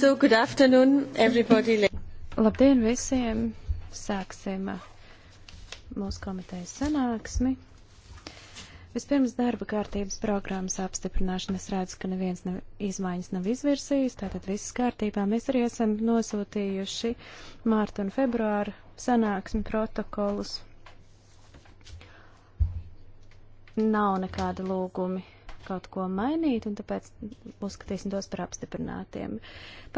So, good afternoon, everybody. Labdien visiem! Sāksim uh, mūsu komitejas sanāksmi. Vispirms darba kārtības programmas apstiprināšana. Es redzu, ka neviens nav, izmaiņas nav izvirsījis, tātad viss kārtībā. Mēs arī esam nosūtījuši mārta un februāra sanāksmi protokolus. Nav nekāda lūgumi kaut ko mainīt, un tāpēc uzskatīsim tos par apstiprinātiem.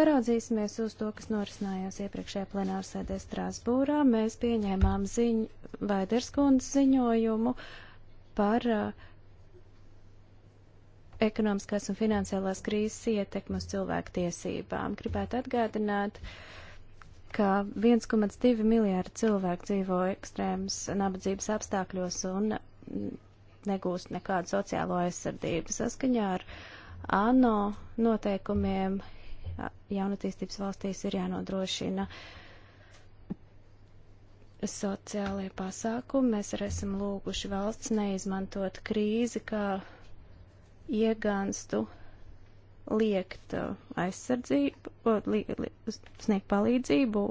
Paraudzīsimies uz to, kas norisinājās iepriekšējā plenārsēdē Strāsbūrā. Mēs pieņēmām ziņ, Vaiderskundas ziņojumu par uh, ekonomiskās un finansiālās krīzes ietekmu uz cilvēku tiesībām. Gribētu atgādināt, ka 1,2 miljārdi cilvēku dzīvo ekstrēmas nabadzības apstākļos un negūst nekādu sociālo aizsardzību. Saskaņā ar ANO noteikumiem jaunatīstības valstīs ir jānodrošina sociālie pasākumi. Mēs arī esam lūguši valsts neizmantot krīzi kā iegānstu liekt uh, aizsardzību, li, li, sniegt palīdzību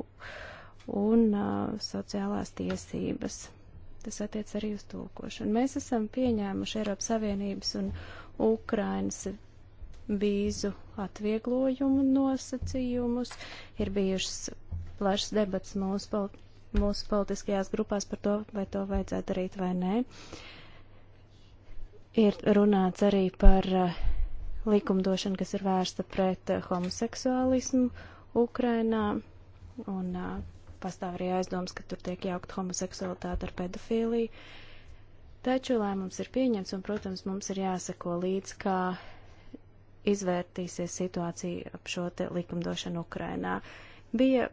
un uh, sociālās tiesības. Tas attiec arī uz tūkošanu. Mēs esam pieņēmuši Eiropas Savienības un Ukrainas vīzu atvieglojumu nosacījumus. Ir bijušas plašas debats mūsu, pol mūsu politiskajās grupās par to, vai to vajadzētu darīt vai nē. Ir runāts arī par eh, likumdošanu, kas ir vērsta pret eh, homoseksuālismu Ukrainā. Un uh, pastāv arī aizdoms, ka tur tiek jaukt homoseksualitāte ar pedofīliju. Taču lēmums ir pieņemts, un, protams, mums ir jāseko līdz, kā izvērtīsies situācija ap šo te likumdošanu Ukrainā. Bija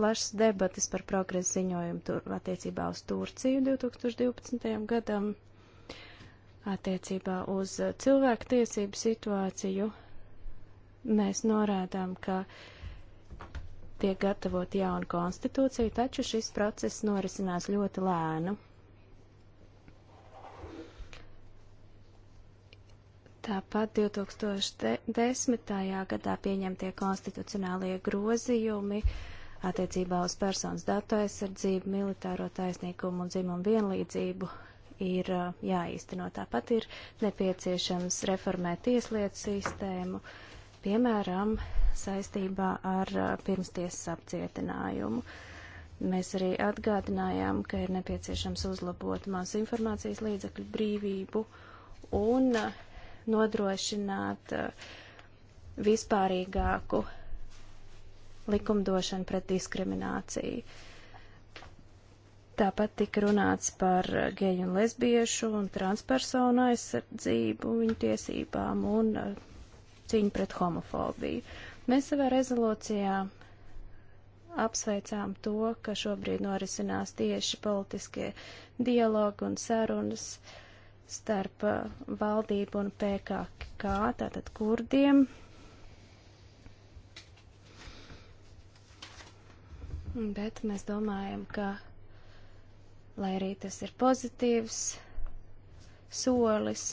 plašs debatas par progresu ziņojumu tur, attiecībā uz Turciju 2012. gadam, attiecībā uz cilvēku tiesību situāciju. Mēs norādām, ka uh, tiek gatavot jauna konstitūcija, taču šis process norisinās ļoti lēnu. Tāpat 2010. gadā pieņemtie konstitucionālie grozījumi attiecībā uz personas datu aizsardzību, militāro taisnīgumu un dzimumu vienlīdzību ir uh, jāīsteno. Tāpat ir nepieciešams reformēt tieslietu sistēmu, uh, piemēram, saistībā ar pirmstiesas apcietinājumu. Mēs arī atgādinājām, ka ir nepieciešams uzlabot masu informācijas līdzekļu brīvību un nodrošināt vispārīgāku likumdošanu pret diskrimināciju. Tāpat tika runāts par geju un lesbiešu un transpersonu aizsardzību, viņu tiesībām un cīņu pret homofobiju. Mēs savā rezolūcijā apsveicām to, ka šobrīd norisinās tieši politiskie dialogi un sarunas starp uh, valdību un PKK, tātad kurdiem. Bet mēs domājam, ka, lai arī tas ir pozitīvs solis,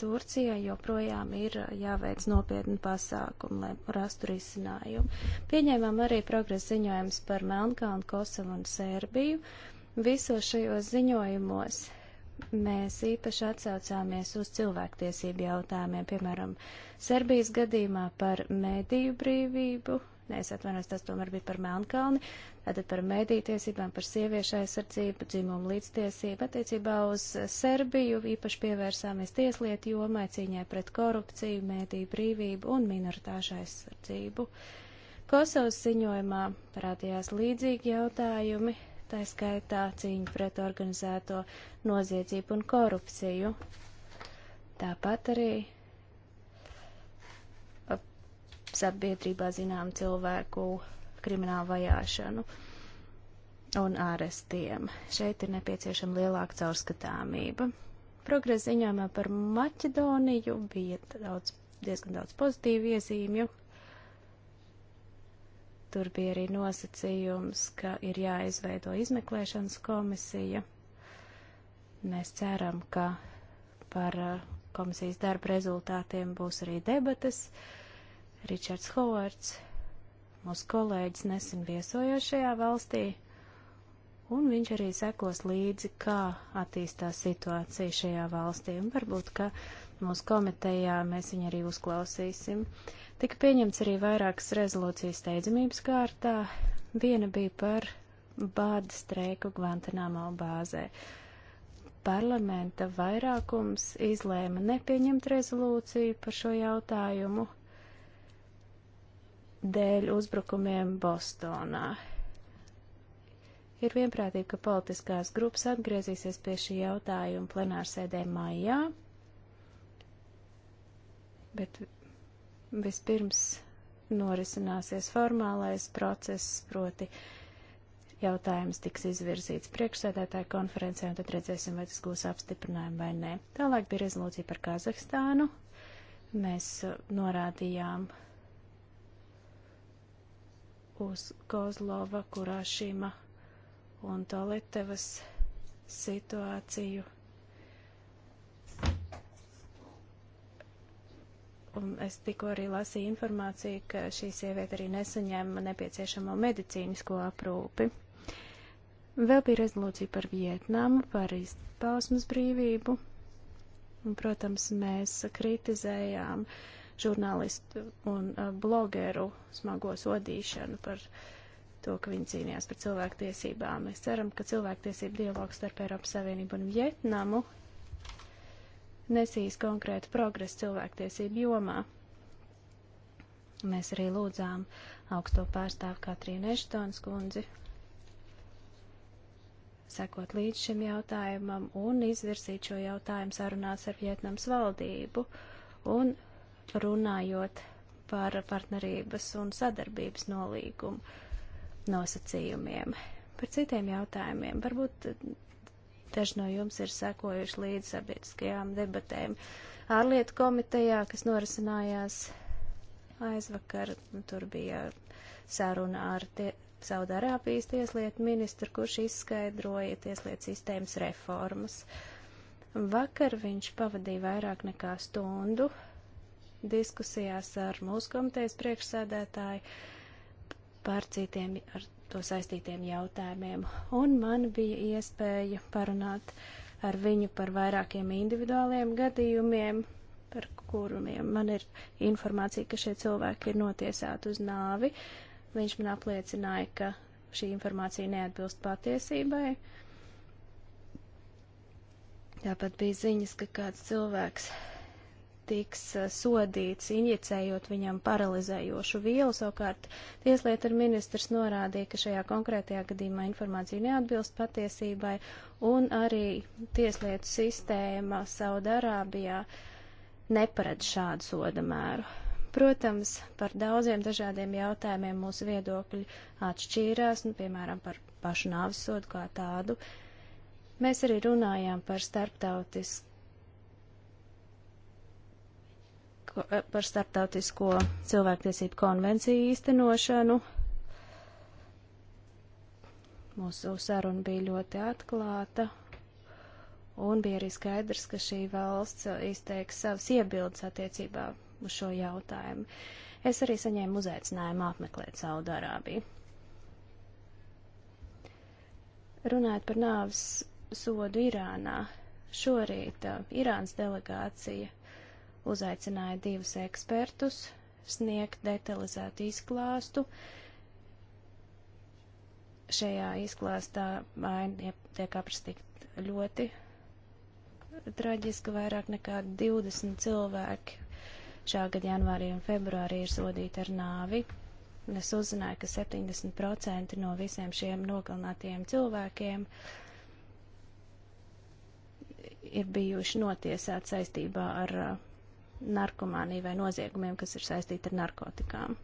Turcijai joprojām ir eh, jāveic nopietni pasākumi, lai rastu risinājumu. Pieņēmām arī progresa ziņojums par Melnkalnu, Kosovu un Sērbiju. Visos šajos ziņojumos mēs īpaši atsaucāmies uz cilvēktiesību jautājumiem, piemēram, Serbijas gadījumā par mēdīju brīvību Nē, es atvainojos, tas tomēr bija par Melnkalni, tātad par mēdītiesībām, par sieviešu aizsardzību, dzimumu līdztiesību. Attiecībā uz Serbiju īpaši pievērsāmies tieslietu jomai, cīņai pret korupciju, mēdīju brīvību un minoritāšu aizsardzību. Kosovas ziņojumā parādījās līdzīgi jautājumi, tā skaitā cīņa pret organizēto noziedzību un korupciju. Tāpat arī sabiedrībā zinām cilvēku kriminālu vajāšanu un ārestiem. Šeit ir nepieciešama lielāka caurskatāmība. Progresa ziņojumā par Maķedoniju bija daudz, diezgan daudz pozitīvu iezīmju. Tur bija arī nosacījums, ka ir jāizveido izmeklēšanas komisija. Mēs ceram, ka par uh, komisijas darba rezultātiem būs arī debatas. Uh, Ričards Hovards, mūsu kolēģis nesen viesojās šajā valstī, un viņš arī sekos līdzi, kā attīstās situācija šajā valstī, un varbūt, ka mūsu komitejā mēs viņu arī uzklausīsim. Tika pieņemts arī vairākas rezolūcijas steidzamības kārtā, viena bija par bāda streiku Gvantanamo bāzē. Parlamenta vairākums izlēma nepieņemt rezolūciju par šo jautājumu, dēļ uzbrukumiem Bostonā. Ir vienprātība, ka politiskās grupas atgriezīsies pie šī jautājuma plenārsēdē maijā, bet vispirms norisināsies formālais process, proti jautājums tiks izvirzīts priekšsēdētāja konferencē, un tad redzēsim, vai tas gūs apstiprinājumu vai nē. Tālāk bija rezolūcija par Kazahstānu. Mēs norādījām Uz Kozlova, Kurāšima un Tolitevas situāciju. Un es tikko arī lasīju informāciju, ka šī sieviete arī nesaņēma nepieciešamo medicīnisko aprūpi. Vēl bija rezolūcija par Vietnamu, par izpausmas brīvību. Un, protams, mēs kritizējām uh, žurnālistu un uh, blogeru smago sodīšanu par to, ka viņi cīnījās par cilvēktiesībām. Mēs ceram, ka cilvēktiesību dialogs starp Eiropas Savienību un Vietnamu nesīs konkrētu progresu cilvēktiesību jomā. Mēs arī lūdzām augsto pārstāvu Katrīnu Eštons kundzi sekot līdz šim jautājumam un izvirsīt šo jautājumu sarunās ar Vietnams valdību. Un runājot par partnerības un sadarbības nolīgumu nosacījumiem. Par citiem jautājumiem. Varbūt daži no jums ir sekojuši līdz sabiedriskajām debatēm ārlietu komitejā, kas norisinājās aizvakar. Nu, tur bija saruna ar tie, Saudārābijas tieslietu ministru, kurš izskaidroja tieslietu sistēmas reformas. Vakar viņš pavadīja vairāk nekā stundu diskusijās ar mūsu komitejas priekšsēdētāju par citiem ar to saistītiem jautājumiem. Un man bija iespēja parunāt ar viņu par vairākiem individuāliem gadījumiem, par kuriem man ir informācija, ka šie cilvēki ir notiesāti uz nāvi. Viņš man apliecināja, ka šī informācija neatbilst patiesībai. Tāpat bija ziņas, ka kāds cilvēks tiks eh, sodīts, injicējot viņam paralizējošu vielu. Savukārt tieslietu ministrs norādīja, ka šajā konkrētajā gadījumā informācija neatbilst patiesībai, un arī tieslietu sistēma Saudarābijā neparedz šādu soda mēru. Protams, par daudziem dažādiem jautājumiem mūsu viedokļi atšķīrās, nu, piemēram, par pašu nāvis sodu kā tādu. Mēs arī runājām par starptautisku Eh, par starptautisko cilvēktiesību konvenciju īstenošanu. Mūsu saruna bija ļoti atklāta, un bija arī skaidrs, ka šī valsts eh, izteiks savas iebildes attiecībā uz šo jautājumu. Es arī saņēmu uzaicinājumu apmeklēt Saudārābiju. Runājot par nāvis sodu Irānā, šorīt eh, Irānas delegācija uzaicināja divus ekspertus sniegt detalizētu izklāstu. Šajā izklāstā vaina tiek aprakstīt ļoti traģiski, vairāk nekā 20 cilvēki šā gada janvārī un februārī ir sodīti ar nāvi. Un es uzzināju, ka 70% no visiem šiem nogalinātajiem cilvēkiem ir bijuši notiesāti saistībā ar uh, narkomāniju vai noziegumiem, kas ir saistīti ar narkotikām.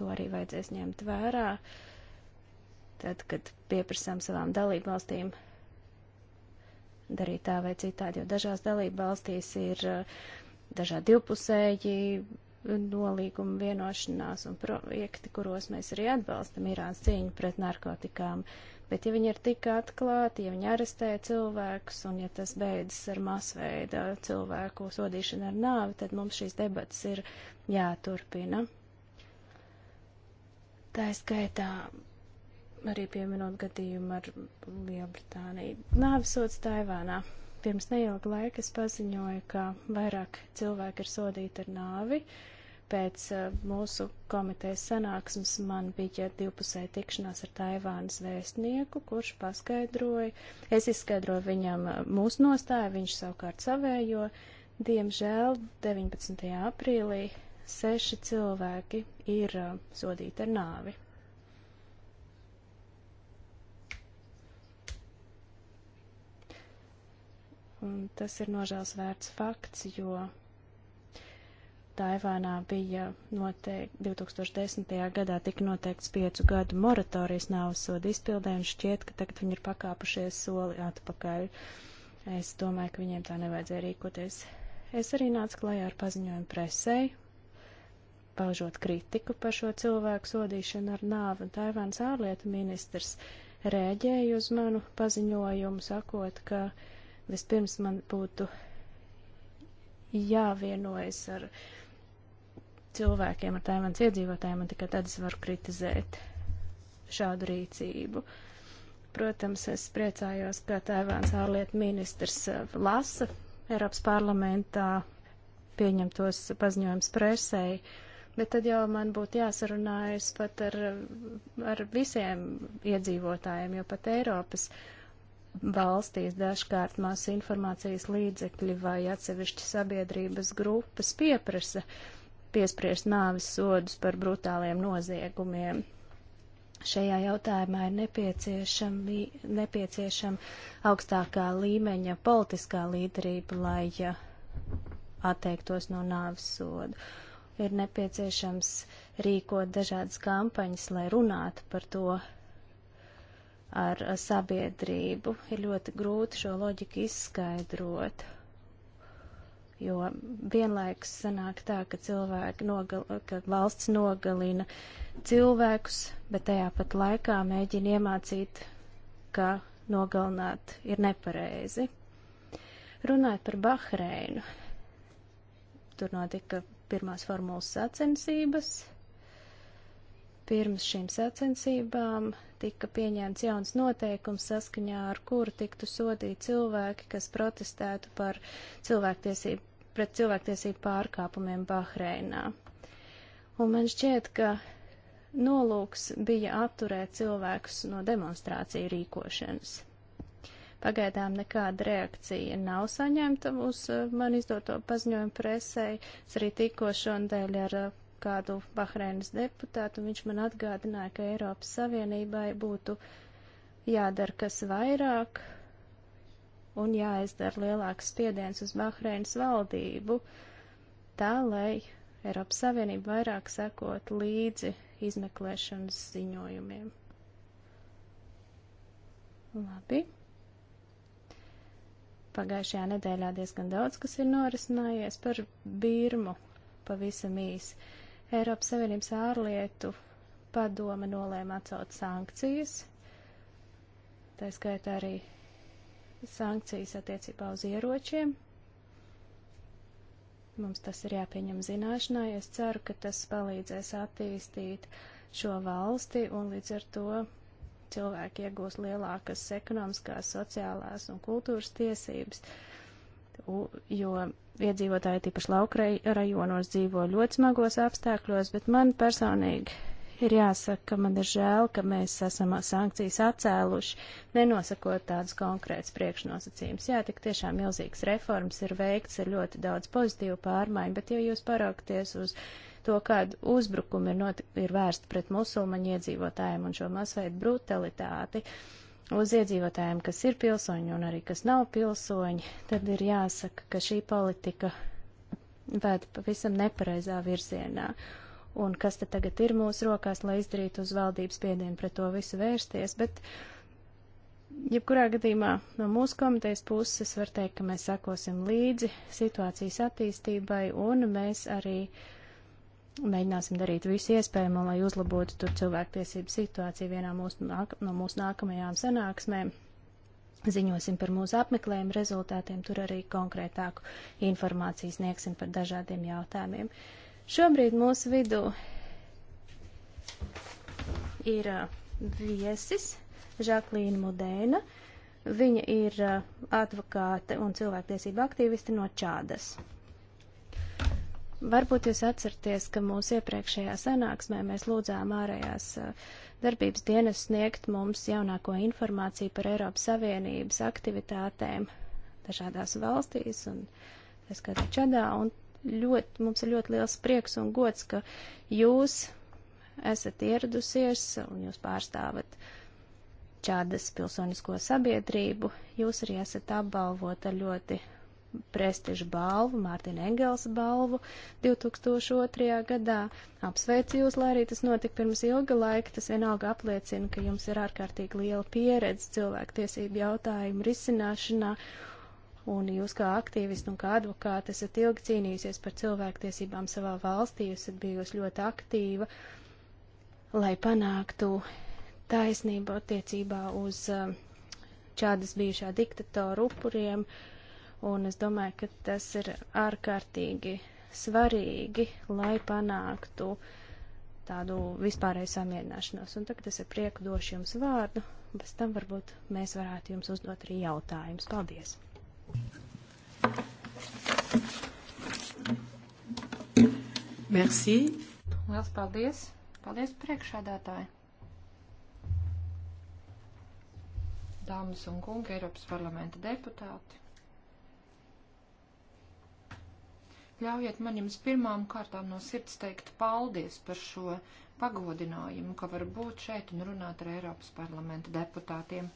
To arī vajadzēs ņemt vērā, tad, kad pieprasām savām dalību valstīm darīt tā vai citādi, jo dažās dalību valstīs ir eh, dažādi divpusēji nolīguma vienošanās un projekti, kuros mēs arī atbalstam Irānas cīņu pret narkotikām. Bet ja viņi ir tik atklāti, ja viņi arestē cilvēkus un ja tas beidzas ar masveida cilvēku sodīšanu ar nāvi, tad mums šīs debatas ir jāturpina. Tā ir skaitā arī pieminot gadījumu ar Lielbritāniju. Nāvisots Taivānā. Pirms neilga laika es paziņoju, ka vairāk cilvēki ir sodīti ar nāvi. Pēc eh, mūsu komitejas sanāksmes man bija divpusēja tikšanās ar Taivānas vēstnieku, kurš paskaidroja, es izskaidroju viņam eh, mūsu nostāju, viņš savukārt savējo. Diemžēl 19. aprīlī seši cilvēki ir eh, sodīti ar nāvi. Un tas ir nožēls vērts fakts, jo Taivānā bija noteikti 2010. gadā tika noteikts piecu gadu moratorijas nāves sodu izpildē, un šķiet, ka tagad viņi ir pakāpušies soli atpakaļ. Es domāju, ka viņiem tā nevajadzēja rīkoties. Es arī nācu klajā ar paziņojumu presē, paužot kritiku par šo cilvēku sodīšanu ar nāvu, un Taivāns ārlietu ministrs rēģēja uz manu paziņojumu, sakot, ka uh, Vispirms man būtu jāvienojas ar cilvēkiem, ar Taivānas iedzīvotājiem, un tikai tad es varu kritizēt šādu rīcību. Protams, es priecājos, ka Taivāns ārlietu ministrs eh, lasa Eiropas parlamentā pieņemtos paziņojums presēji, bet tad jau man būtu jāsarunājas pat ar, eh, ar visiem iedzīvotājiem, jo pat Eiropas uh, valstīs dažkārt masu informācijas līdzekļi vai atsevišķi sabiedrības grupas pieprasa piespriest nāvis sodus par brutāliem noziegumiem. Šajā jautājumā ir nepieciešama nepieciešam augstākā līmeņa politiskā līderība, lai atteiktos no nāvis sodu. Ir nepieciešams rīkot dažādas kampaņas, lai runātu par to, ar sabiedrību. Ir ļoti grūti šo loģiku izskaidrot, jo vienlaikus sanāk tā, ka, nogal, ka valsts nogalina cilvēkus, bet tajā pat laikā mēģina iemācīt, ka nogalināt ir nepareizi. Runājot par Bahreinu, tur notika pirmās formulas sacensības. Pirms šīm sacensībām tika pieņemts jauns noteikums, saskaņā ar kuru tiktu sodīti cilvēki, kas protestētu par cilvēktiesību, pret cilvēktiesību pārkāpumiem Bahreinā. Un man šķiet, ka nolūks bija atturēt cilvēkus no demonstrāciju rīkošanas. Pagaidām nekāda reakcija nav saņemta uz uh, man izdoto paziņojumu presē. Es arī tikko šodien ar uh, kādu Bahreinas deputātu, un viņš man atgādināja, ka Eiropas Savienībai būtu jādara kas vairāk un jāizdara lielāks spiediens uz Bahreinas valdību, tā lai Eiropas Savienība vairāk sekot līdzi izmeklēšanas ziņojumiem. Labi pagājušajā nedēļā diezgan daudz, kas ir norisinājies par Birmu pavisam īsi. Eiropas Savienības ārlietu padome nolēma atcelt sankcijas, tā skaitā arī sankcijas attiecībā uz ieročiem. Mums tas ir jāpieņem zināšanai. Es ceru, ka tas palīdzēs attīstīt šo valsti un līdz ar to cilvēki iegūs lielākas ekonomiskās, sociālās un kultūras tiesības. Uh, jo iedzīvotāji tīpaši lauka rajonos dzīvo ļoti smagos apstākļos, bet man personīgi ir jāsaka, ka man ir žēl, ka mēs esam sankcijas atcēluši, nenosakot tādas konkrētas priekšnosacījumus. Jā, tik tiešām milzīgas reformas ir veikts, ir ļoti daudz pozitīvu pārmaiņu, bet ja jūs paraugties uz to, kādu uzbrukumu ir, ir vērsta pret musulmaņu iedzīvotājiem un šo masveidu brutalitāti, uh, uz iedzīvotājiem, kas ir pilsoņi un arī kas nav pilsoņi, tad ir jāsaka, ka šī politika vēd pavisam nepareizā virzienā. Un kas te tagad ir mūsu rokās, lai izdarītu uz valdības spiedienu pret to visu vērsties, bet jebkurā gadījumā no mūsu komitejas puses var teikt, ka mēs sakosim līdzi situācijas attīstībai un mēs arī uh, mēģināsim darīt visu iespējamo, lai uzlabotu tur cilvēktiesību situāciju vienā mūsu, no mūsu nākamajām sanāksmēm. Ziņosim par mūsu apmeklējumu rezultātiem, tur arī konkrētāku informāciju sniegsim par dažādiem jautājumiem. Šobrīd mūsu vidū ir uh, viesis Žaklīna Mudēna. Viņa ir uh, advokāte un cilvēktiesība aktīviste no Čādas. Varbūt jūs atcerties, ka mūsu iepriekšējā sanāksmē mēs lūdzām ārējās darbības dienas sniegt mums jaunāko informāciju par Eiropas Savienības aktivitātēm dažādās valstīs, un tas, kā Čadā, un ļoti, mums ir ļoti liels prieks un gods, ka jūs esat ieradusies un jūs pārstāvat Čādas pilsonisko sabiedrību. Jūs arī esat apbalvota ļoti prestižu balvu, Mārtiņa Engels balvu 2002. gadā. Apsveicu jūs, lai arī tas notika pirms ilga laika, tas vienalga apliecina, ka jums ir ārkārtīgi liela pieredze cilvēktiesību jautājumu risināšanā. Un jūs kā aktīvisti un kā advokāti esat ilgi cīnījusies par cilvēktiesībām savā valstī, jūs esat bijusi ļoti aktīva, lai panāktu taisnību attiecībā uz uh, čādas bijušā diktatora upuriem. Uh, Un es domāju, ka tas ir ārkārtīgi svarīgi, lai panāktu tādu vispārēju samierināšanos. Un tagad es ar prieku došu jums vārdu, bez tam varbūt mēs varētu jums uzdot arī jautājumus. Paldies! Merci. Liels paldies. Paldies priekšādātāji. Dāmas un kungi, Eiropas parlamenta deputāti. Ļaujiet man jums pirmām kārtām no sirds teikt paldies par šo pagodinājumu, ka var būt šeit un runāt ar Eiropas parlamenta deputātiem.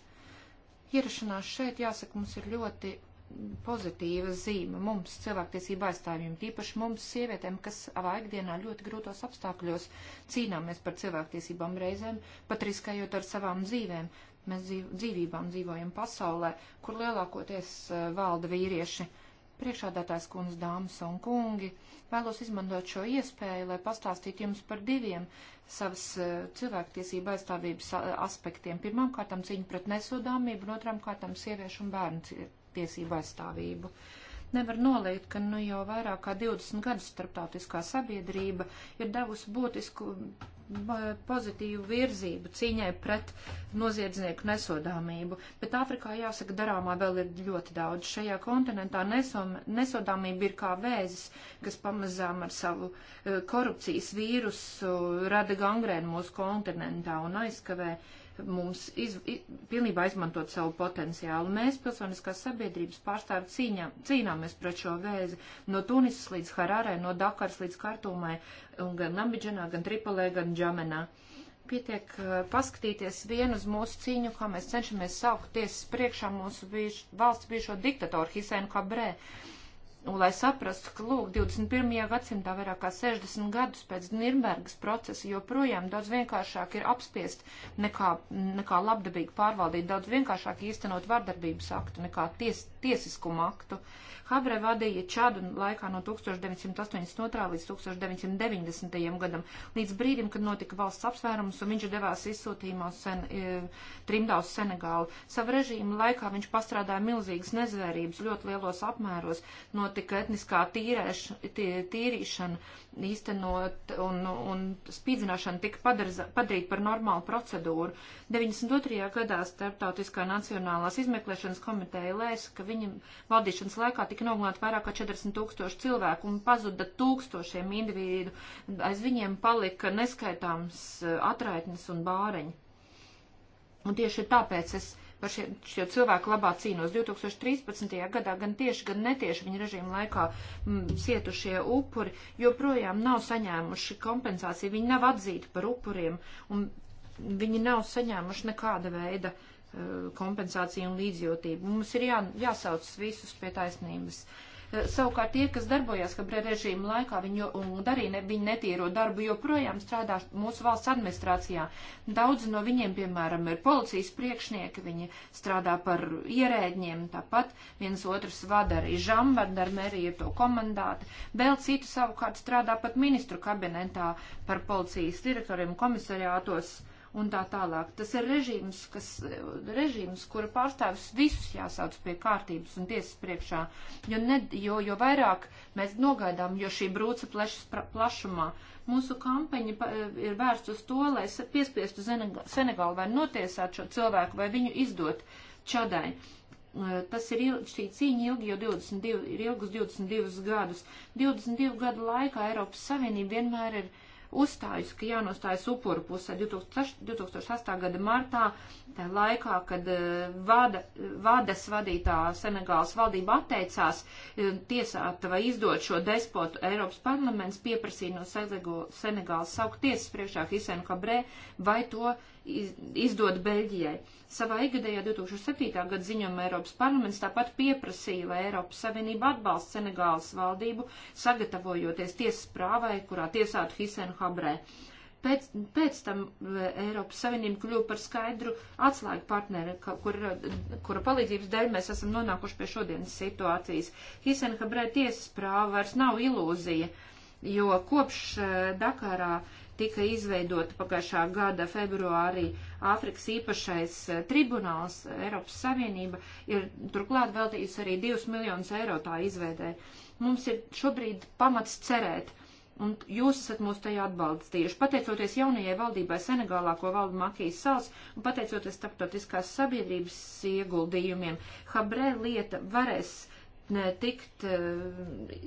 Ierašanās šeit, jāsaka, mums ir ļoti pozitīva zīme mums, cilvēktiesība aizstāvjiem, tīpaši mums, sievietēm, kas savā ikdienā ļoti grūtos apstākļos cīnāmies par cilvēktiesībām reizēm, pat riskējot ar savām dzīvēm. Mēs dzīv, dzīvībām dzīvojam pasaulē, kur lielākoties eh, valda vīrieši. Uh, Priekšādātājs kundz, dāmas un kungi, vēlos izmantot šo iespēju, lai pastāstītu jums par diviem savas eh, cilvēktiesība aizstāvības aspektiem. Pirmām kārtām cīņa pret nesodāmību, un otrām kārtām sieviešu un bērnu tiesību aizstāvību. Nevar noliegt, ka nu jau vairāk kā 20 gadus starptautiskā sabiedrība ir devusi būtisku pozitīvu virzību cīņai pret noziedznieku nesodāmību, bet Āfrikā jāsaka darāmā vēl ir ļoti daudz. Šajā kontinentā nesom, nesodāmība ir kā vēzis, kas pamazām ar savu eh, korupcijas vīrusu rada gangrēnu mūsu kontinentā un aizkavē uh, mums iz, i, pilnībā izmantot savu potenciālu. Mēs, pilsoniskās sabiedrības pārstāvi, cīņā, cīnāmies pret šo vēzi no Tunisas līdz Hararē, no Dakars līdz Kartūmai, gan Nabidžanā, gan Tripolē, gan Džamenā pietiek uh, paskatīties vienu uz mūsu cīņu, kā mēs cenšamies saukt tiesas priekšā mūsu bijuš, valsts bijušo diktatoru Hisēnu Kabrē. Uh, Un, lai saprastu, ka, lūk, 21. gadsimtā vairāk kā 60 gadus pēc Nirnbergas procesa joprojām daudz vienkāršāk ir apspiest nekā, nekā labdabīgi pārvaldīt, daudz vienkāršāk īstenot vardarbības aktu nekā ties, tiesiskumu aktu. Habre vadīja Čadu laikā no 1982. līdz 1990. gadam, līdz brīdim, kad notika valsts apsvērums un viņš devās izsūtījumā sen, e, trimdā uz Senegālu. Savu režīmu laikā viņš pastrādāja milzīgas nezvērības ļoti lielos apmēros. No notika etniskā tīrēš, tī, tīrīšana īstenot un, un spīdzināšana tika padarz, padarīt par normālu procedūru. 92. gadā Startautiskā nacionālās izmeklēšanas komiteja lēsa, ka viņam valdīšanas laikā tika nogalināti vairāk kā 40 tūkstoši cilvēku un pazuda tūkstošiem individu. Aiz viņiem palika neskaitāms uh, atraitnes un bāreņi. Un tieši tāpēc es par šie, šo cilvēku labā cīnos. 2013. gadā gan tieši, gan netieši viņa režīma laikā m, mm, cietušie upuri joprojām nav saņēmuši kompensāciju, viņi nav atzīti par upuriem un viņi nav saņēmuši nekāda veida uh, kompensāciju un līdzjūtību. Mums ir jā, jāsauc visus pie taisnības. Uh, Savukārt tie, kas darbojās Habre režīmu laikā viņi, jo, un darīja ne, viņi netīro darbu, joprojām strādā mūsu valsts administrācijā. Daudzi no viņiem, piemēram, ir policijas priekšnieki, viņi strādā par ierēģiem, tāpat viens otrs vada arī žambardarmeriju, to komandāti. Vēl citu savukārt strādā pat ministru kabinetā par policijas direktoriem komisariātos. Uh, un tā tālāk. Tas ir režīms, kas, režīms kura pārstāvis visus jāsauc pie kārtības un tiesas priekšā, jo, ne, jo, jo vairāk mēs nogaidām, jo šī brūce plešas plašumā. Mūsu kampaņa ir vērsta uz to, lai piespiestu Senegalu vai notiesāt šo cilvēku vai viņu izdot čadai uh, tas ir ilgi, šī cīņa ilgi jau 22, ir ilgus 22 gadus. 22 gadu laikā Eiropas Savienība vienmēr ir uzstājusi, ka jānostājas upuru pusē. 2008. gada martā Tā laikā, kad eh, vada, vadas vadītā Senegāls valdība atteicās eh, tiesāt vai izdot šo despotu, Eiropas parlaments pieprasīja no Senegāls saukt tiesas priekšā Hisenu Kabrē vai to izdod Beļģijai. Savā ikgadējā 2007. gada ziņojumā Eiropas parlaments tāpat pieprasīja, lai Eiropas Savienība atbalsta Senegālas valdību, sagatavojoties tiesas prāvai, kurā tiesātu Hisenu Habrē. Uh, pēc, pēc tam eh, Eiropas Savienība kļuva par skaidru atslēgu partneri, kura, eh, kura palīdzības dēļ mēs esam nonākuši pie šodienas situācijas. Hisenhabrē tiesas prāva vairs nav ilūzija, jo kopš eh, Dakarā tika izveidota pagājušā gada februārī Āfrikas īpašais tribunāls Eiropas Savienība ir turklāt veltījusi arī 2 miljonus eiro tā izveidē. Mums ir šobrīd pamats cerēt, uh, un jūs esat mūs tajā atbalstījuši. Pateicoties jaunajai valdībai Senegālā, ko valda Makijas sals, un pateicoties starptautiskās sabiedrības ieguldījumiem, Habrē lieta varēs ne, tikt eh,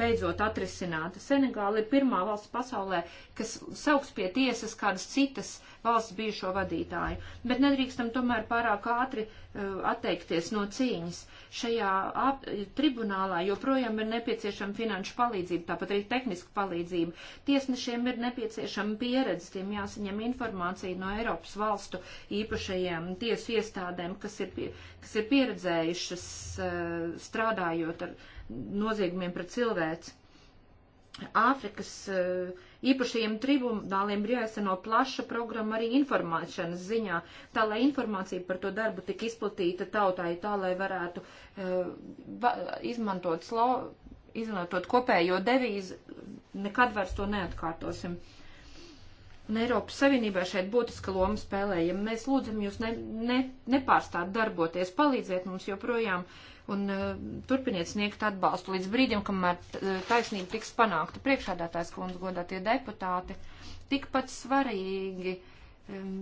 beidzot atrisināta. Senegāla ir pirmā valsts pasaulē, kas sauks pie tiesas kādas citas valsts bijušo vadītāju. Bet nedrīkstam tomēr pārāk ātri uh, atteikties no cīņas. Šajā ap, tribunālā joprojām ir nepieciešama finanšu palīdzība, tāpat arī tehniska palīdzība. Tiesnešiem ir nepieciešama pieredze, tiem jāsaņem informācija no Eiropas valstu īpašajiem tiesu iestādēm, kas ir, pie, kas ir pieredzējušas uh, strādājot ar noziegumiem pret cilvēci. Āfrikas uh, Īpašajiem tribunāliem ir jāizsano plaša programma arī informēšanas ziņā, tā lai informācija par to darbu tik izplatīta tautai, tā lai varētu uh, izmantot, slo, izmantot kopējo devīzi, nekad vairs to neatkārtosim. Un Eiropas Savienībā šeit būtiska loma spēlējam. Mēs lūdzam jūs ne, ne, nepārstāt darboties, palīdziet mums joprojām uh, un e, turpiniet sniegt atbalstu līdz brīdim, kamēr e, taisnība tiks panākta. Priekšādātājs kundze godā tie deputāti. Tikpat svarīgi um,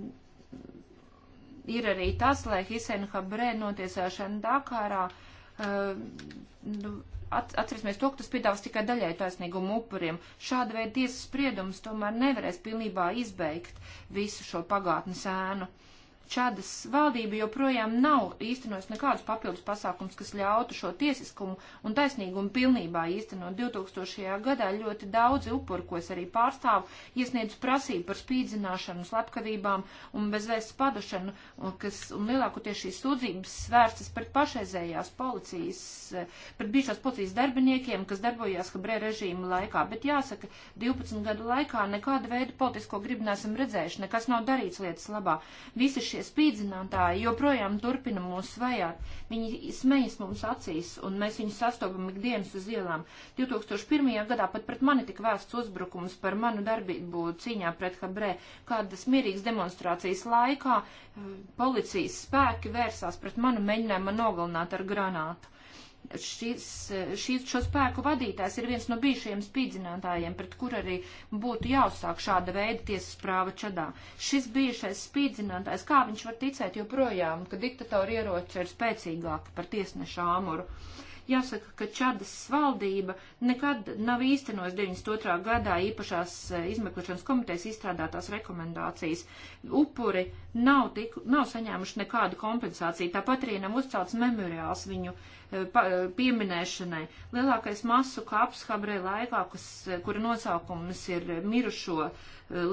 ir arī tas, lai Hisenha Brē notiesāšana Dakārā. E, uh, nu, at, atcerēsimies to, ka tas piedāvās tikai daļai taisnīgumu upuriem. Šāda veida tiesas spriedums tomēr nevarēs pilnībā izbeigt visu šo pagātnes ēnu. Uh, Čadas valdība joprojām nav īstenojusi nekādus papildus pasākums, kas ļautu šo tiesiskumu un taisnīgumu pilnībā īstenot. 2000. gadā ļoti daudzi upuri, ko es arī pārstāvu, iesniedz prasību par spīdzināšanu, slepkavībām un bezvēsts padušanu, un, kas, un lielākoties šīs sūdzības svērstas pret pašreizējās policijas, pret bijušās policijas darbiniekiem, kas darbojās Habrē režīma laikā. Bet jāsaka, 12 gadu laikā nekāda veida politisko gribu neesam redzējuši, nekas nav darīts lietas labā. Visi šie šie spīdzinātāji joprojām turpina mūs vajāt. Viņi smejas mums acīs, un mēs viņus sastopam ikdienas uz ielām. 2001. gadā pat pret mani tika vērsts uzbrukums par manu darbību cīņā pret Habrē. Kādas mierīgas demonstrācijas laikā eh, policijas spēki vērsās pret manu mēģinājumu nogalināt ar granātu šis, šis, šo spēku vadītājs ir viens no bijušajiem spīdzinātājiem, pret kur arī būtu jāuzsāk šāda veida tiesas prāva čadā. Šis bijušais spīdzinātājs, kā viņš var ticēt joprojām, ka diktatori ieroči ir spēcīgāki par tiesnešu āmuru? Uh, Jāsaka, ka Čadas valdība nekad nav īstenojis 92. gadā īpašās eh, izmeklēšanas komitejas izstrādātās rekomendācijas. Upuri nav, tik, nav saņēmuši nekādu kompensāciju, tāpat arī nav uzcelts memoriāls viņu eh, pa, eh, pieminēšanai. Lielākais masu kaps Habrē laikā, kas, kura nosaukums ir mirušo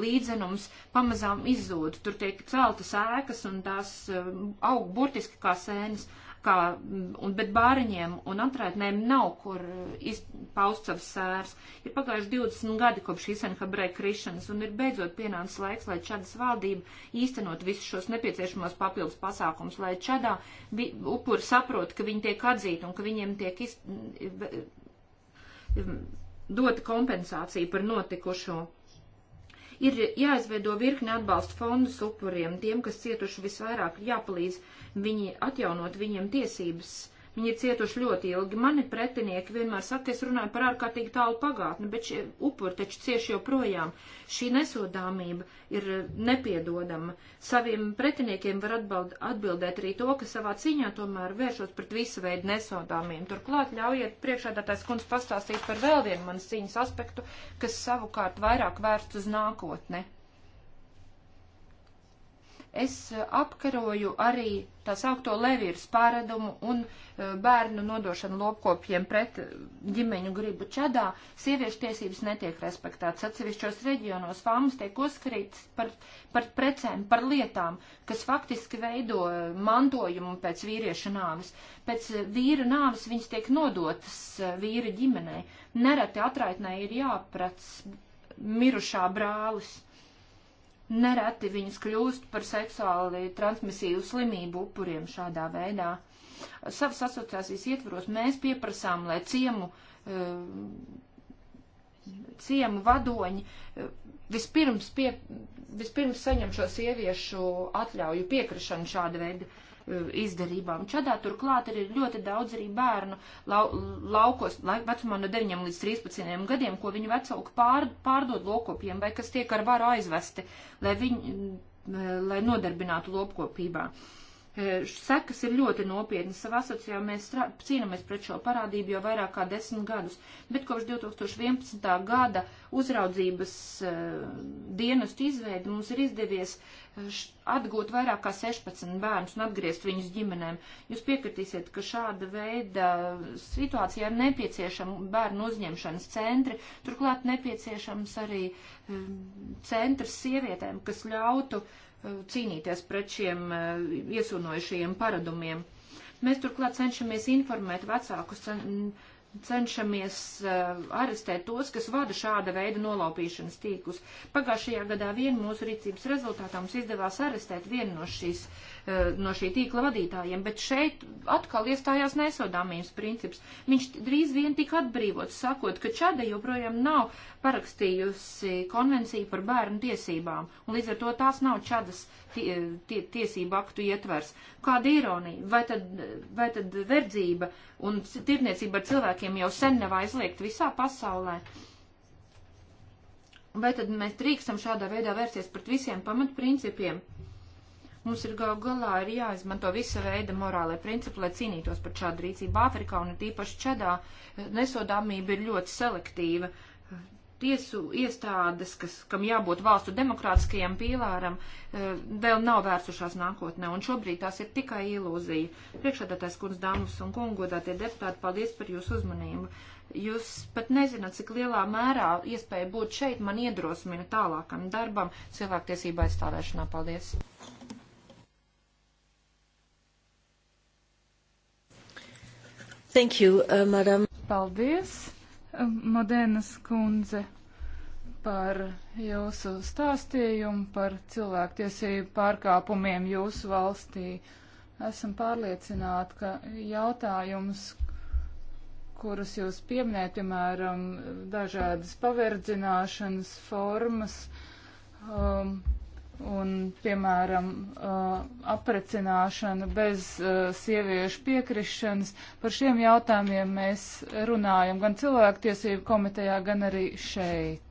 līdzenums, pamazām izzūd. Tur tiek celtas ēkas un tās aug burtiski kā sēnes. Uh, kā, un, bet bāriņiem un atraitnēm nav, kur eh, paust savas sērs. Ir pagājuši 20 gadi kopš Isenhabrē krišanas, un ir beidzot pienācis laiks, lai Čadas valdība īstenot visus šos nepieciešamos papildus pasākums, lai Čadā upuri saprot, ka viņi tiek atzīti un ka viņiem tiek iz... dota kompensācija par notikušo. Ir jāizveido virkni atbalsta fondus upuriem, tiem, kas cietuši visvairāk, ir jāpalīdz viņi atjaunot viņiem tiesības Viņi ir cietuši ļoti ilgi. Mani pretinieki vienmēr saka, es runāju par ārkārtīgi tālu pagātni, bet šie upuri taču cieši joprojām. Šī nesodāmība ir eh, nepiedodama. Saviem pretiniekiem var atbald, atbildēt arī to, ka savā cīņā tomēr vēršos pret visu veidu nesodāmību. Turklāt ļaujiet priekšādātais kundz pastāstīt par vēl vienu manas cīņas aspektu, kas savukārt vairāk vērsts uz nākotni es eh, apkaroju arī tā saukto levīru spāradumu un eh, bērnu nodošanu lopkopiem pret eh, ģimeņu gribu čadā. Sieviešu tiesības netiek respektētas. Atsevišķos reģionos fāmas tiek uzskatītas par, par precēm, par lietām, kas faktiski veido mantojumu pēc vīrieša nāves. Pēc vīra nāves viņas tiek nodotas vīra ģimenei. Nereti atraitnē ir jāprats mirušā brālis. Nereti viņas kļūst par seksuāli transmisīvu slimību upuriem šādā veidā. Savas asociācijas ietvaros mēs pieprasām, lai ciemu, eh, ciemu vadoņi eh, vispirms, pie, vispirms saņem šo sieviešu atļauju piekrišanu šāda veida izdarībām. Čadā turklāt ir ļoti daudz arī bērnu lau, laukos, lai, vecumā no 9 līdz 13 gadiem, ko viņu vecauki pār, pārdod lokopiem vai kas tiek ar varu aizvesti, lai, viņu, lai nodarbinātu lopkopībā. E, sekas ir ļoti nopietnas. Savā asociācijā mēs cīnāmies pret šo parādību jau vairāk kā desmit gadus, bet kopš 2011. gada uzraudzības uh, dienestu izveidi mums ir izdevies atgūt vairāk kā 16 bērnus un atgriezt viņus ģimenēm. Jūs piekritīsiet, ka šāda veida situācijā ir nepieciešama bērnu uzņemšanas centri, turklāt nepieciešams arī um, centrs sievietēm, kas ļautu uh, cīnīties pret šiem uh, iesūnojušajiem paradumiem. Mēs turklāt cenšamies informēt vecākus cenšamies uh, arestēt tos, kas vada šāda veida nolaupīšanas tīklus. Pagājušajā gadā vien mūsu rīcības rezultātā mums izdevās arestēt vienu no šīs uh, Eh, no šī tīkla vadītājiem, bet šeit atkal iestājās nesodāmības princips. Viņš drīz vien tika atbrīvots, sakot, ka Čada joprojām nav parakstījusi konvenciju par bērnu tiesībām, un līdz ar to tās nav Čadas tie, tie, tiesību aktu ietvers. Kāda ironija, vai tad, vai tad verdzība un tirniecība ar cilvēkiem jau sen nav aizliegt visā pasaulē? Vai tad mēs drīkstam šādā veidā vērsties pret visiem pamatprincipiem? Mums ir gal galā ir jāizmanto visa veida morālai principi, lai cīnītos par šādu rīcību Āfrikā un tīpaši Čadā. Nesodāmība ir ļoti selektīva. Tiesu iestādes, kas, kam jābūt valstu demokrātiskajam pīlāram, eh, vēl nav vērsušās nākotnē, un šobrīd tās ir tikai ilūzija. Priekšādātais kundz dāmas un kungu, godātie deputāti, paldies par jūsu uzmanību. Jūs pat nezināt, cik lielā mērā iespēja būt šeit man iedrosmina tālākam darbam cilvēktiesība aizstāvēšanā. Paldies! Thank you, uh, madam. Paldies, um, Modēnas kundze, par jūsu stāstījumu par cilvēktiesību pārkāpumiem jūsu valstī. Esam pārliecināti, ka jautājums, kurus jūs pieminējat, piemēram, dažādas paverdzināšanas formas, um, un, piemēram, uh, aprecināšana bez uh, sieviešu piekrišanas. Par šiem jautājumiem mēs runājam gan cilvēktiesību komitejā, gan arī šeit.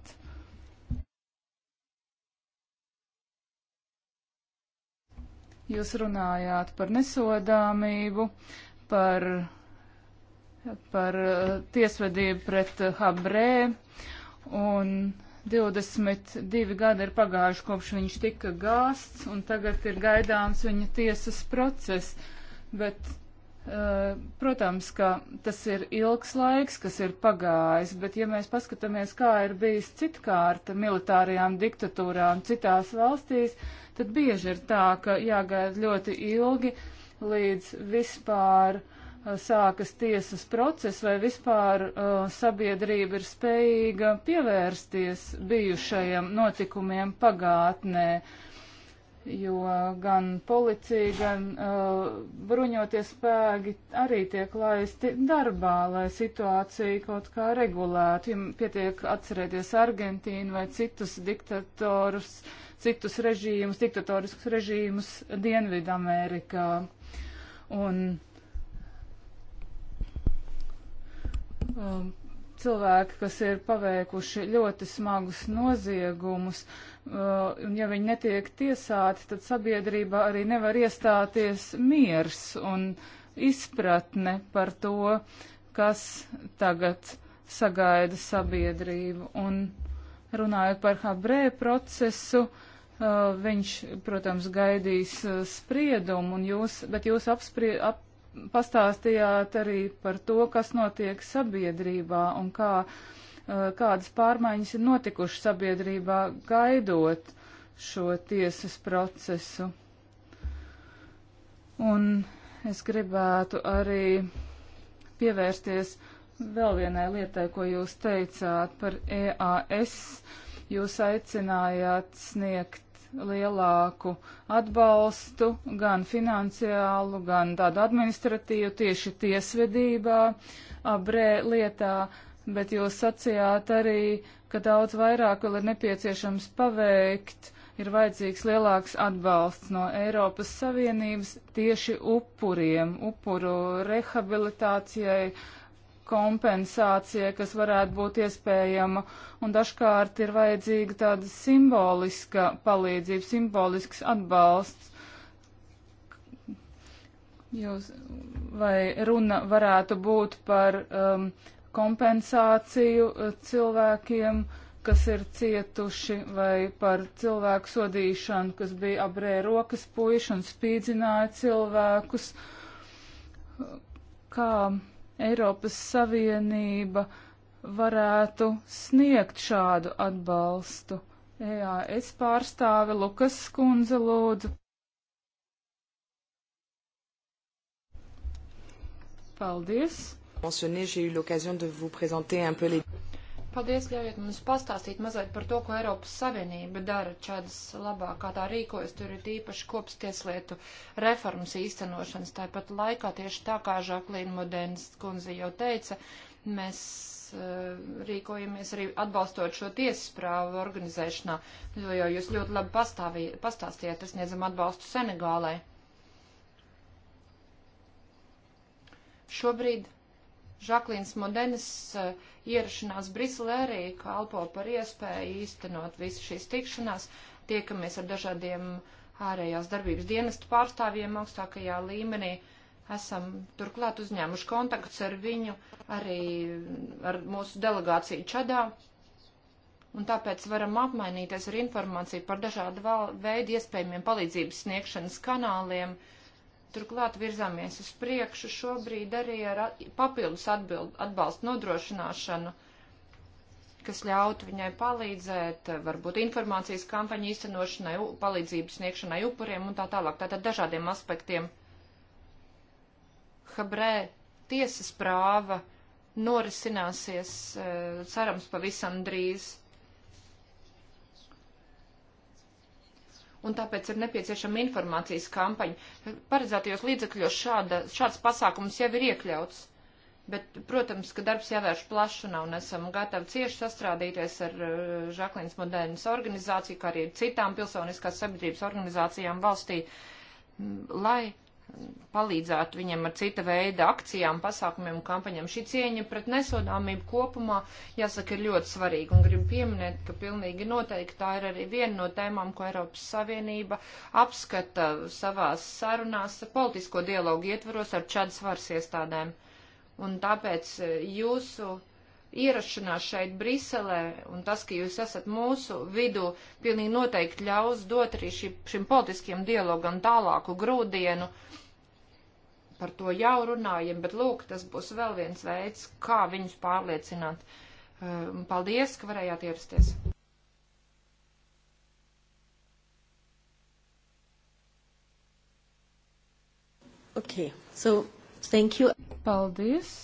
Jūs runājāt par nesodāmību, par, par uh, tiesvedību pret Habrē un 22 gadi ir pagājuši kopš viņš tika gāsts, un tagad ir gaidāms viņa tiesas process. Bet, uh, protams, ka tas ir ilgs laiks, kas ir pagājis, bet ja mēs paskatāmies, kā ir bijis citkārt militārajām diktatūrām citās valstīs, tad bieži ir tā, ka jāgaida ļoti ilgi, līdz vispār uh, sākas tiesas process, vai vispār uh, sabiedrība ir spējīga pievērsties bijušajiem notikumiem pagātnē, jo gan policija, gan uh, bruņoties spēki arī tiek laisti darbā, lai situāciju kaut kā regulētu. Jum pietiek atcerēties Argentīnu vai citus diktatorus, citus režīmus, diktatoriskus režīmus Dienvidamerikā. Un um, cilvēki, kas ir paveikuši ļoti smagus noziegumus, uh, un ja viņi netiek tiesāti, tad sabiedrībā arī nevar iestāties miers un izpratne par to, kas tagad sagaida sabiedrību. Un runājot par Habrē procesu, uh, viņš, protams, gaidīs uh, spriedumu, un jūs, bet jūs apsprie, ap, pastāstījāt arī par to, kas notiek sabiedrībā un kā, uh, kādas pārmaiņas ir notikušas sabiedrībā gaidot šo tiesas procesu. Un es gribētu arī pievērsties vēl vienai lietai, ko jūs teicāt par EAS. Jūs aicinājāt sniegt lielāku atbalstu, gan finansiālu, gan tādu administratīvu tieši tiesvedībā, abrē lietā, bet jūs sacījāt arī, ka daudz vairāk vēl ir nepieciešams paveikt, ir vajadzīgs lielāks atbalsts no Eiropas Savienības tieši upuriem, upuru rehabilitācijai, kompensācija, kas varētu būt iespējama, un dažkārt ir vajadzīga tāda simboliska palīdzība, simbolisks atbalsts. Jūs vai runa varētu būt par um, kompensāciju uh, cilvēkiem, kas ir cietuši, vai par cilvēku sodīšanu, kas bija abrē rokas puiši un spīdzināja cilvēkus. Kā Eiropas Savienība varētu sniegt šādu atbalstu. Jā, es pārstāvi Lukas skundze lūdzu. Paldies. Mentionné, j'ai eu l'occasion de vous présenter un peu les Paldies, ļaujiet mums pastāstīt mazliet par to, ko Eiropas Savienība dara Čadas labā, kā tā rīkojas. Tur ir īpaši kopstieslietu reformas īstenošanas. Tāpat laikā tieši tā kā Žaklīna Modēnas kundze jau teica, mēs eh, rīkojamies arī atbalstot šo tiesas prāvu organizēšanā, jo jau jūs ļoti labi pastāvī, pastāstījāt, es niedzam atbalstu Senegālai. Šobrīd Žaklīns Modenis uh, eh, ierašanās Briselē arī kalpo par iespēju īstenot visu šīs tikšanās. Tiekamies ar dažādiem ārējās darbības dienestu pārstāvjiem augstākajā līmenī. Esam turklāt uzņēmuši kontaktus ar viņu, arī ar mūsu delegāciju Čadā. Un tāpēc varam apmainīties ar informāciju par dažādu veidu iespējamiem palīdzības sniegšanas kanāliem. Uh, Turklāt virzāmies uz priekšu šobrīd arī ar papildus atbild, atbalstu nodrošināšanu, kas ļautu viņai palīdzēt, varbūt informācijas kampaņu īstenošanai, palīdzības sniegšanai upuriem un tā tālāk. Tātad dažādiem aspektiem. Habrē tiesas prāva norisināsies, eh, cerams, pavisam drīz. un tāpēc ir nepieciešama informācijas kampaņa. Paredzētajos līdzekļos šāda, šāds pasākums jau ir iekļauts, bet, protams, ka darbs jāvērš plašumā, un esam gatavi cieši sastrādīties ar uh, Žaklīnas Modēnas organizāciju, kā arī citām pilsoniskās sabiedrības organizācijām valstī, mm, lai palīdzētu viņiem ar cita veida akcijām, pasākumiem un kampaņām. Šī cieņa pret nesodāmību kopumā, jāsaka, ir ļoti svarīga un gribu pieminēt, ka pilnīgi noteikti tā ir arī viena no tēmām, ko Eiropas Savienība apskata savās sarunās politisko dialogu ietvaros ar Čadas varas iestādēm. Un tāpēc eh, jūsu ierašanās šeit Briselē un tas, ka jūs esat mūsu vidū, pilnīgi noteikti ļaus dot arī šī, šim politiskiem dialogam tālāku grūdienu. Par to jau runājam, bet lūk, tas būs vēl viens veids, kā viņus pārliecināt. Ehm, paldies, ka varējāt ierasties. Okay, so thank you. Paldies.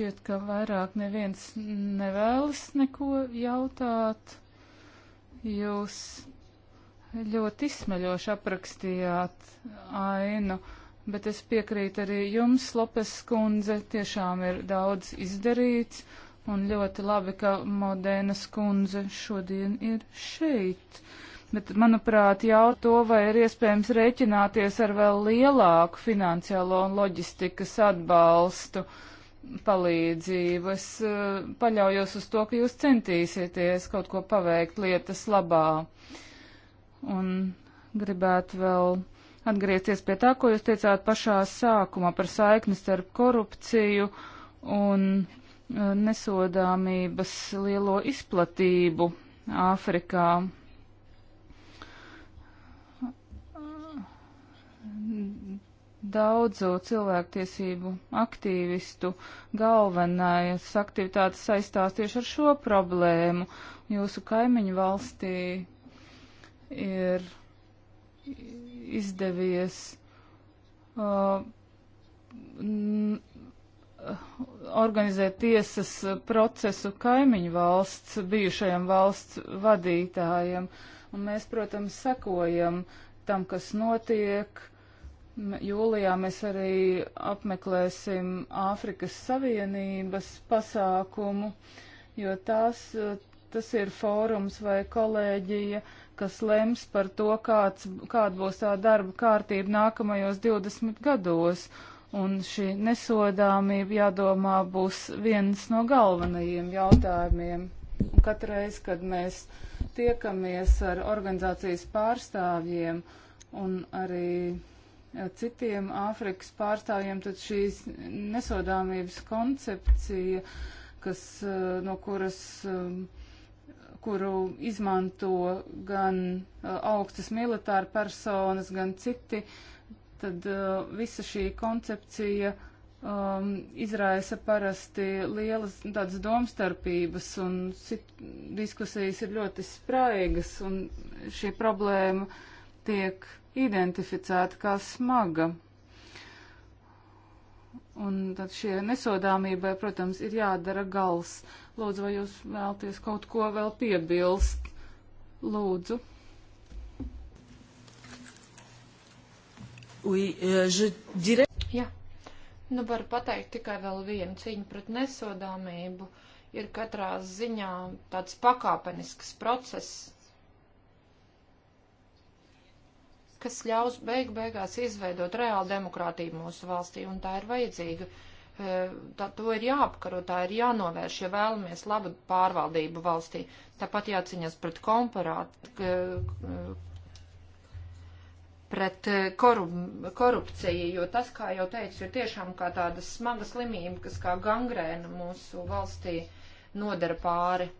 Šķiet, ka vairāk neviens nevēlas neko jautāt. Jūs ļoti izsmeļoši aprakstījāt ainu, bet es piekrītu arī jums, Lopes kundze, tiešām ir daudz izdarīts un ļoti labi, ka Modēnas kundze šodien ir šeit. Bet, manuprāt, jau to vai ir iespējams rēķināties ar vēl lielāku finansiālo un loģistikas atbalstu. Uh, palīdzību. Es uh, paļaujos uz to, ka jūs centīsieties kaut ko paveikt lietas labā. Un gribētu vēl atgriezties pie tā, ko jūs teicāt pašā sākumā par saikni starp korupciju un uh, nesodāmības lielo izplatību Āfrikā daudzu cilvēktiesību aktīvistu galvenais aktivitātes saistās tieši ar šo problēmu. Jūsu kaimiņu valstī ir izdevies uh, organizēt tiesas procesu kaimiņu valsts, bijušajiem valsts vadītājiem. Un mēs, protams, sekojam tam, kas notiek, uh, Jūlijā mēs arī apmeklēsim Āfrikas Savienības pasākumu, jo tās, e, tas ir fórums vai kolēģija, kas lems par to, kāds, kāda būs tā darba kārtība nākamajos 20 gados. Un šī nesodāmība, jādomā, būs viens no galvenajiem jautājumiem. Katreiz, kad mēs tiekamies ar organizācijas pārstāvjiem un arī citiem Āfrikas pārstāvjiem, tad šīs nesodāmības koncepcija, kas, eh, no kuras, eh, kuru izmanto gan eh, augstas militāra personas, gan citi, tad visa šī koncepcija um, izraisa parasti lielas tādas domstarpības un sit, diskusijas ir ļoti spraigas un šī problēma tiek identificēta kā smaga. Un tad šie nesodāmībai, protams, ir jādara gals. Lūdzu, vai jūs vēlties kaut ko vēl piebilst? Lūdzu. Oui, euh, je dirais... Jā, nu varu pateikt tikai vēl vienu cīņu pret nesodāmību. Ir katrā ziņā tāds pakāpenisks process, kas ļaus beig beigās izveidot reālu demokrātiju mūsu valstī, un tā ir vajadzīga. E, tā, to ir jāapkaro, tā ir jānovērš, ja vēlamies labu pārvaldību valstī. Tāpat jāciņas pret komparāt, e, pret e, korup, korupciju, jo tas, kā jau teicu, ir tiešām kā tāda smaga slimība, kas kā gangrēna mūsu valstī nodara pāri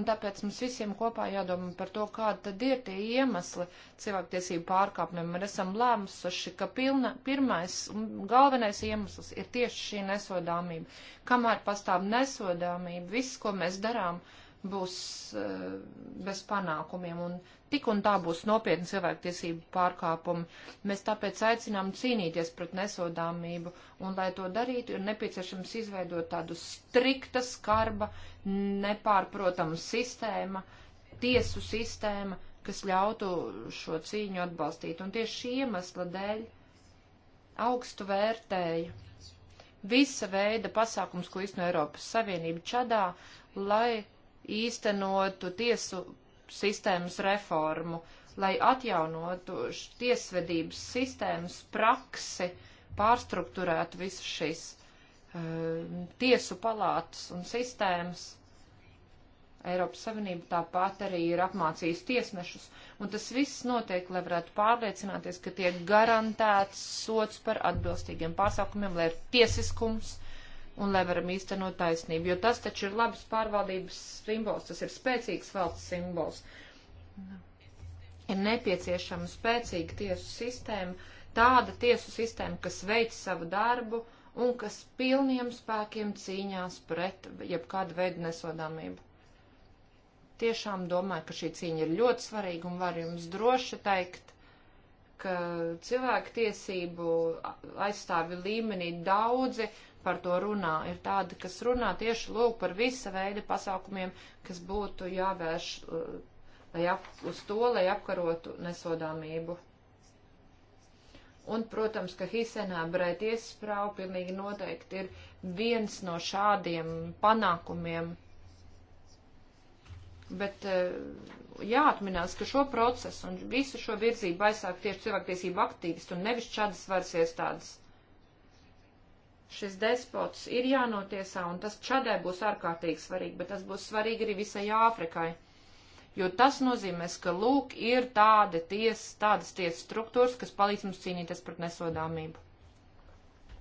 un tāpēc mums visiem kopā jādomā par to, kāda tad ir tie iemesli cilvēktiesību pārkāpumiem. Mēs esam lēmusuši, ka pilna, pirmais un galvenais iemesls ir tieši šī nesodāmība. Kamēr pastāv nesodāmība, viss, ko mēs darām, uh, būs uh, bez panākumiem un tik un tā būs nopietni cilvēktiesību pārkāpumi. Mēs tāpēc aicinām cīnīties pret nesodāmību un, lai to darītu, ir nepieciešams izveidot tādu strikta, skarba, nepārprotamu sistēmu, tiesu sistēmu, kas ļautu šo cīņu atbalstīt. Un tieši šī iemesla dēļ augstu vērtēju visa veida pasākums, ko izno Eiropas Savienība čadā, lai īstenotu tiesu sistēmas reformu, lai atjaunotu tiesvedības sistēmas praksi, pārstruktūrētu visu šīs uh, tiesu palātas un sistēmas. Eiropas Savienība tāpat arī ir apmācījis tiesnešus, un tas viss notiek, lai varētu pārliecināties, ka tiek garantēts sots par atbilstīgiem pārsākumiem, lai ir tiesiskums, un lai varam īstenot taisnību, jo tas taču ir labas pārvaldības simbols, tas ir spēcīgs valsts simbols. Ir nepieciešama spēcīga tiesu sistēma, tāda tiesu sistēma, kas veic savu darbu un kas pilniem spēkiem cīņās pret jebkādu veidu nesodāmību. Tiešām domāju, ka šī cīņa ir ļoti svarīga un var jums droši teikt, ka cilvēku tiesību aizstāvi līmenī daudzi par to runā, ir tādi, kas runā tieši lūk par visa veida pasākumiem, kas būtu jāvērš eh, lai ap, uz to, lai apkarotu nesodāmību. Un, protams, ka Hisenā brēties sprāvu pilnīgi noteikti ir viens no šādiem panākumiem. Bet eh, jāatminās, ka šo procesu un visu šo virzību aizsāk tieši cilvēktiesību aktīvisti un nevis čadas varas iestādes. Šis despots ir jānotiesā, un tas čadai būs ārkārtīgi svarīgi, bet tas būs svarīgi arī visai Āfrikai. Jo tas nozīmēs, ka lūk ir tāda tiesa, tādas tiesas struktūras, kas palīdz mums cīnīties pret nesodāmību.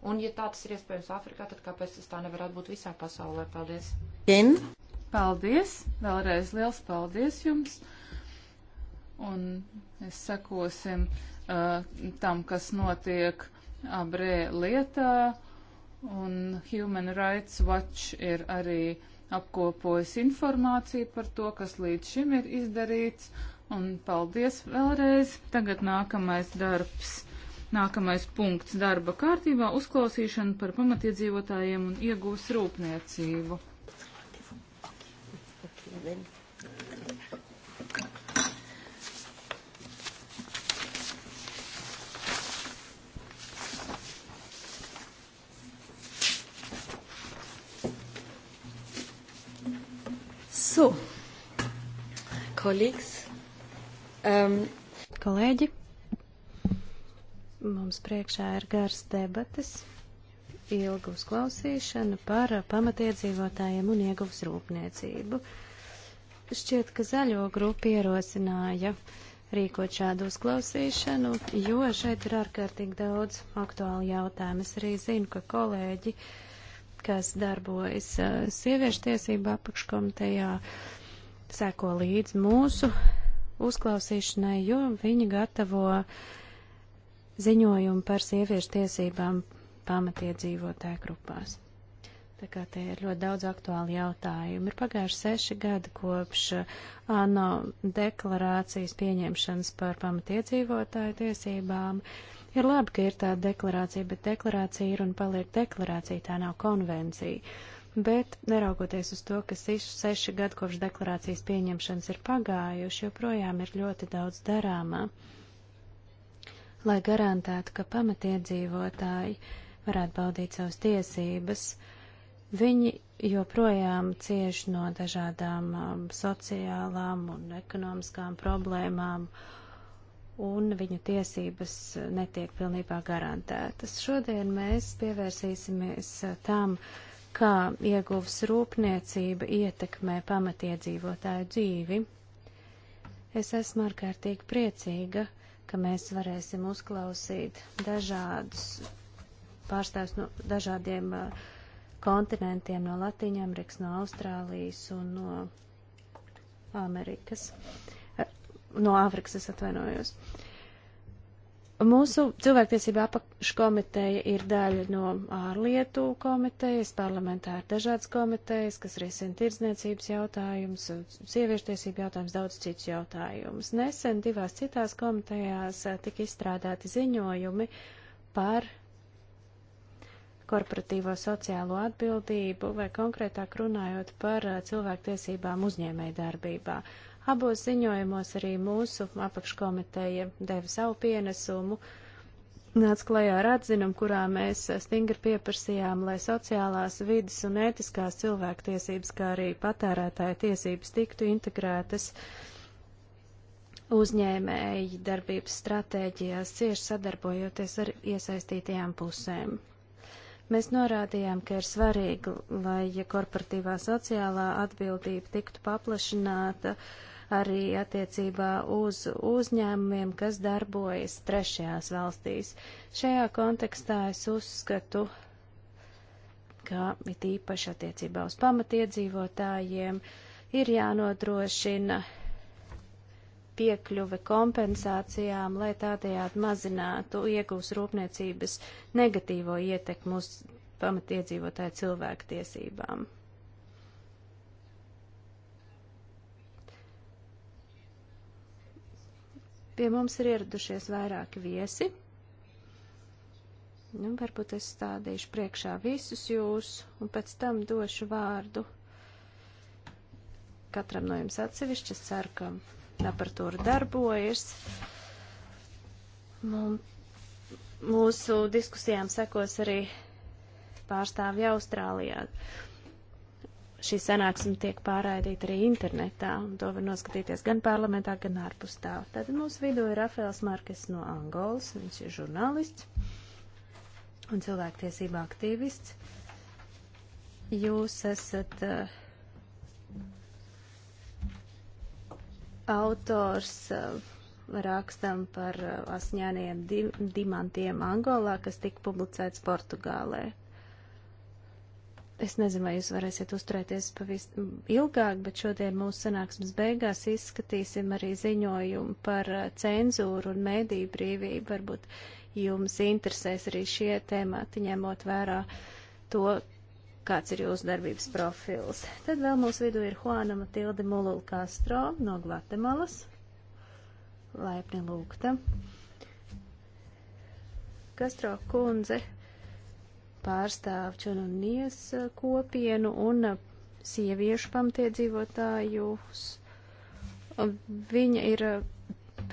Un, ja tā tas ir iespējams Āfrikā, tad kāpēc tas tā nevarētu būt visā pasaulē? Paldies! In. Paldies! Vēlreiz liels paldies jums! Un es sekosim uh, tam, kas notiek abrē lietā Un Human Rights Watch ir arī apkopojis informāciju par to, kas līdz šim ir izdarīts. Un paldies vēlreiz. Tagad nākamais darbs, nākamais punkts darba kārtībā - uzklausīšana par pamatiedzīvotājiem un iegūs rūpniecību. Okay. Okay. So, kolēģis. Um, Kolēģi, mums priekšā ir gars debatas, ilga uzklausīšana par pamatiedzīvotājiem un ieguvas rūpniecību. Šķiet, ka zaļo grupu ierosināja rīkot šādu uzklausīšanu, jo šeit ir ārkārtīgi daudz aktuāli jautājumu. Es arī zinu, ka kolēģi uh, kas darbojas sieviešu tiesību apakškomitejā, seko līdz mūsu uzklausīšanai, jo viņi gatavo ziņojumu par sieviešu tiesībām pamatiedzīvotāju grupās. Tā kā te ir ļoti daudz aktuāli jautājumi. Ir pagājuši seši gadi kopš ANO deklarācijas pieņemšanas par pamatiedzīvotāju tiesībām. Uh, Ir labi, ka ir tāda deklarācija, bet deklarācija ir un paliek deklarācija, tā nav konvencija. Bet, neraugoties uz to, ka seši gadi kopš deklarācijas pieņemšanas ir pagājuši, joprojām ir ļoti daudz darāmā, lai garantētu, ka pamatiedzīvotāji varētu baudīt savas tiesības. Viņi joprojām cieš no dažādām um, sociālām un ekonomiskām problēmām, uh, un viņu tiesības netiek pilnībā garantētas. Šodien mēs pievērsīsimies tam, kā ieguvs rūpniecība ietekmē pamatiedzīvotāju dzīvi. Es esmu ārkārtīgi priecīga, ka mēs varēsim uzklausīt dažādus pārstāvs no dažādiem uh, kontinentiem, no Latīņa Amerikas, no Austrālijas un no Amerikas. Uh, no Āfrikas, es atvainojos. Mūsu cilvēktiesība apakškomiteja ir daļa no ārlietu komitejas, parlamentā ir dažādas komitejas, kas risina tirdzniecības jautājumus, sieviešu tiesību jautājumus, daudz citus jautājumus. Nesen divās citās komitejās eh, tika izstrādāti ziņojumi par korporatīvo sociālo atbildību vai konkrētāk runājot par eh, cilvēktiesībām uzņēmējdarbībā. darbībā Abos ziņojumos arī mūsu apakškomiteja deva savu pienesumu, nāca klajā ar atzinumu, kurā mēs stingri pieprasījām, lai sociālās vidas un ētiskās cilvēktiesības, kā arī patērētāja tiesības tiktu integrētas uzņēmēji darbības stratēģijās, cieši sadarbojoties ar iesaistītajām pusēm. Mēs norādījām, ka ir svarīgi, lai ja korporatīvā sociālā atbildība tiktu paplašināta, uh, arī attiecībā uz uzņēmumiem, kas darbojas trešajās valstīs. Šajā kontekstā es uzskatu, ka it īpaši attiecībā uz pamatiedzīvotājiem ir jānodrošina piekļuve kompensācijām, lai tādējādi mazinātu iegūs rūpniecības negatīvo ietekmu uz pamatiedzīvotāju cilvēku tiesībām. Pie mums ir ieradušies vairāki viesi. Nu, varbūt es stādīšu priekšā visus jūs, un pēc tam došu vārdu katram no jums atsevišķi. Es ceru, ka aparatūra darbojas. Mums, mūsu diskusijām sekos arī pārstāvja Austrālijā šī sanāksme tiek pārraidīta arī internetā, un to var noskatīties gan parlamentā, gan ārpus tā. Tad mūsu vidū ir Rafaels Markes no Angolas, viņš ir žurnālists un cilvēktiesība aktīvists. Jūs esat uh, autors uh, rakstam par uh, eh, asņēniem di dimantiem Angolā, kas tika publicēts Portugālē. Es nezinu, vai jūs varēsiet uzturēties pavis ilgāk, bet šodien mūsu sanāksmes beigās izskatīsim arī ziņojumu par eh, cenzūru un mēdīju brīvību. Varbūt jums interesēs arī šie temati, ņemot vērā to, kāds ir jūsu darbības profils. Tad vēl mūsu vidū ir Juana Matilde Mulul Castro no Gvatemalas. Laipni lūgta. Castro kundze pārstāv Čanunijas eh, kopienu un eh, sieviešu pamatiedzīvotājus. Viņa ir eh,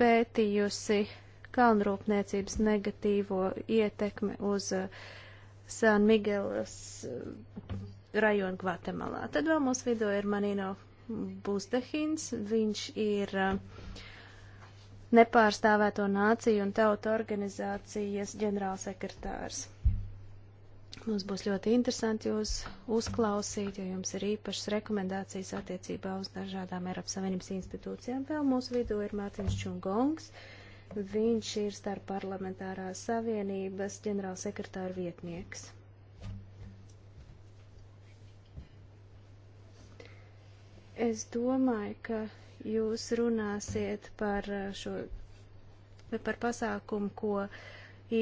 pētījusi kalnrūpniecības negatīvo ietekmi uz San Miguelas rajonu Gvatemalā. Tad vēl mūsu vidū ir Manino Buzdehins. Viņš ir nepārstāvēto nāciju un tautu organizācijas ģenerālsekretārs. Mums būs ļoti interesanti jūs uzklausīt, jo jums ir īpašas rekomendācijas attiecībā uz dažādām Eiropas Savienības institūcijām. Vēl mūsu vidū ir Mārtiņš Čungongs. Viņš ir starp parlamentārās savienības ģenerālsekretāra vietnieks. Es domāju, ka jūs runāsiet par uh, šo, par pasākumu, ko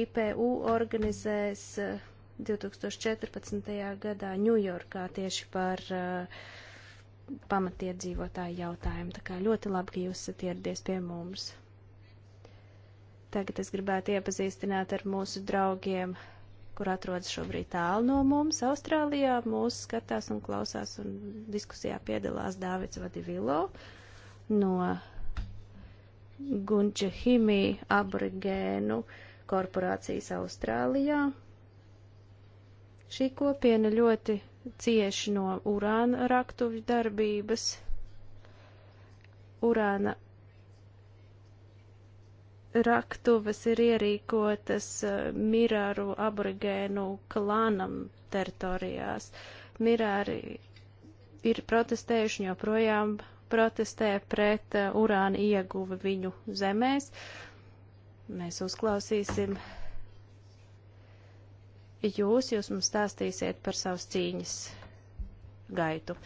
IPU organizēs uh, 2014. gadā Ņujorkā tieši par uh, pamatiedzīvotāju jautājumu. Tā kā ļoti labi, ka jūs esat ieradies pie mums. Tagad es gribētu iepazīstināt ar mūsu draugiem, kur atrodas šobrīd tālu no mums, Austrālijā. Mūsu skatās un klausās un diskusijā piedalās Dāvids Vadivilo no Gunča Himī aborigēnu korporācijas Austrālijā. Šī kopiena ļoti cieši no urāna raktuvju darbības. Urāna raktuves ir ierīkotas eh, mirāru aborigēnu klānam teritorijās. Mirāri ir protestējuši un joprojām protestē pret eh, urāna ieguvi viņu zemēs. Mēs uzklausīsim jūs, jūs mums stāstīsiet par savas cīņas gaitu.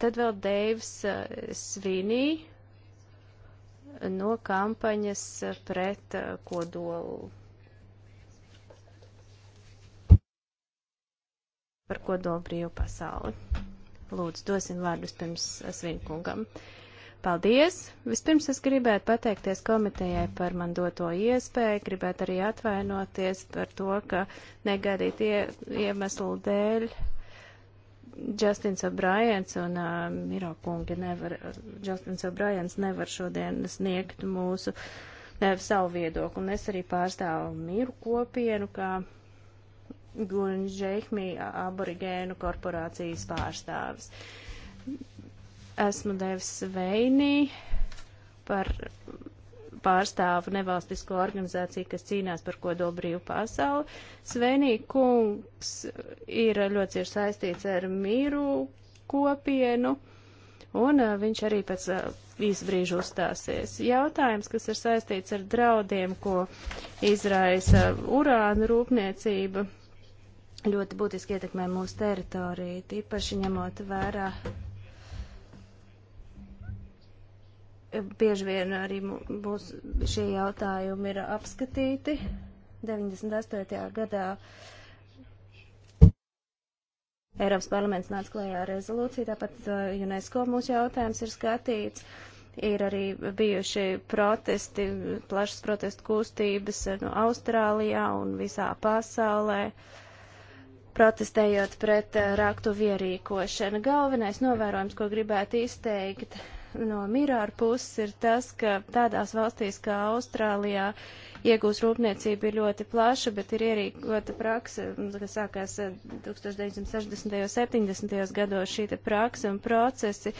Tad vēl Deivs eh, Svinī no kampaņas pret eh, kodolu. Par kodolu brīvu pasauli. Lūdzu, dosim vārdus pirms eh, Svinkungam. Uh, Paldies! Vispirms es gribētu pateikties komitejai par man doto iespēju, gribētu arī atvainoties par to, ka negadīt ie, iemeslu dēļ Justins O'Briens un uh, Miro kungi nevar, Justins O'Briens nevar šodien sniegt mūsu ne, savu viedokli, un es arī pārstāvu Miru kopienu, kā Gunžeihmi aborigēnu korporācijas pārstāvis. Esmu devis veinī par pārstāvu nevalstisko organizāciju, kas cīnās par kodolbrīvu pasauli. Svenī kungs ir ļoti cieši saistīts ar mīru kopienu, un uh, viņš arī pēc uh, īsa brīža uzstāsies. Jautājums, kas ir saistīts ar draudiem, ko izraisa urāna rūpniecība, ļoti būtiski ietekmē mūsu teritoriju, tīpaši ņemot vērā bieži vien arī būs šie jautājumi ir apskatīti 98. gadā. Eiropas parlaments nāca klajā ar rezolūciju, tāpat uh, UNESCO mūsu jautājums ir skatīts. Ir arī bijuši protesti, plašas protestu kustības uh, no Austrālijā un visā pasaulē. Uh, protestējot pret uh, raktu vierīkošanu. Galvenais novērojums, ko gribētu izteikt, no mirāra puses ir tas, ka tādās valstīs kā Austrālijā iegūs rūpniecība ir ļoti plaša, bet ir ierīkota praksa, kas sākās 1960. un 70. gados šī praksa un procesi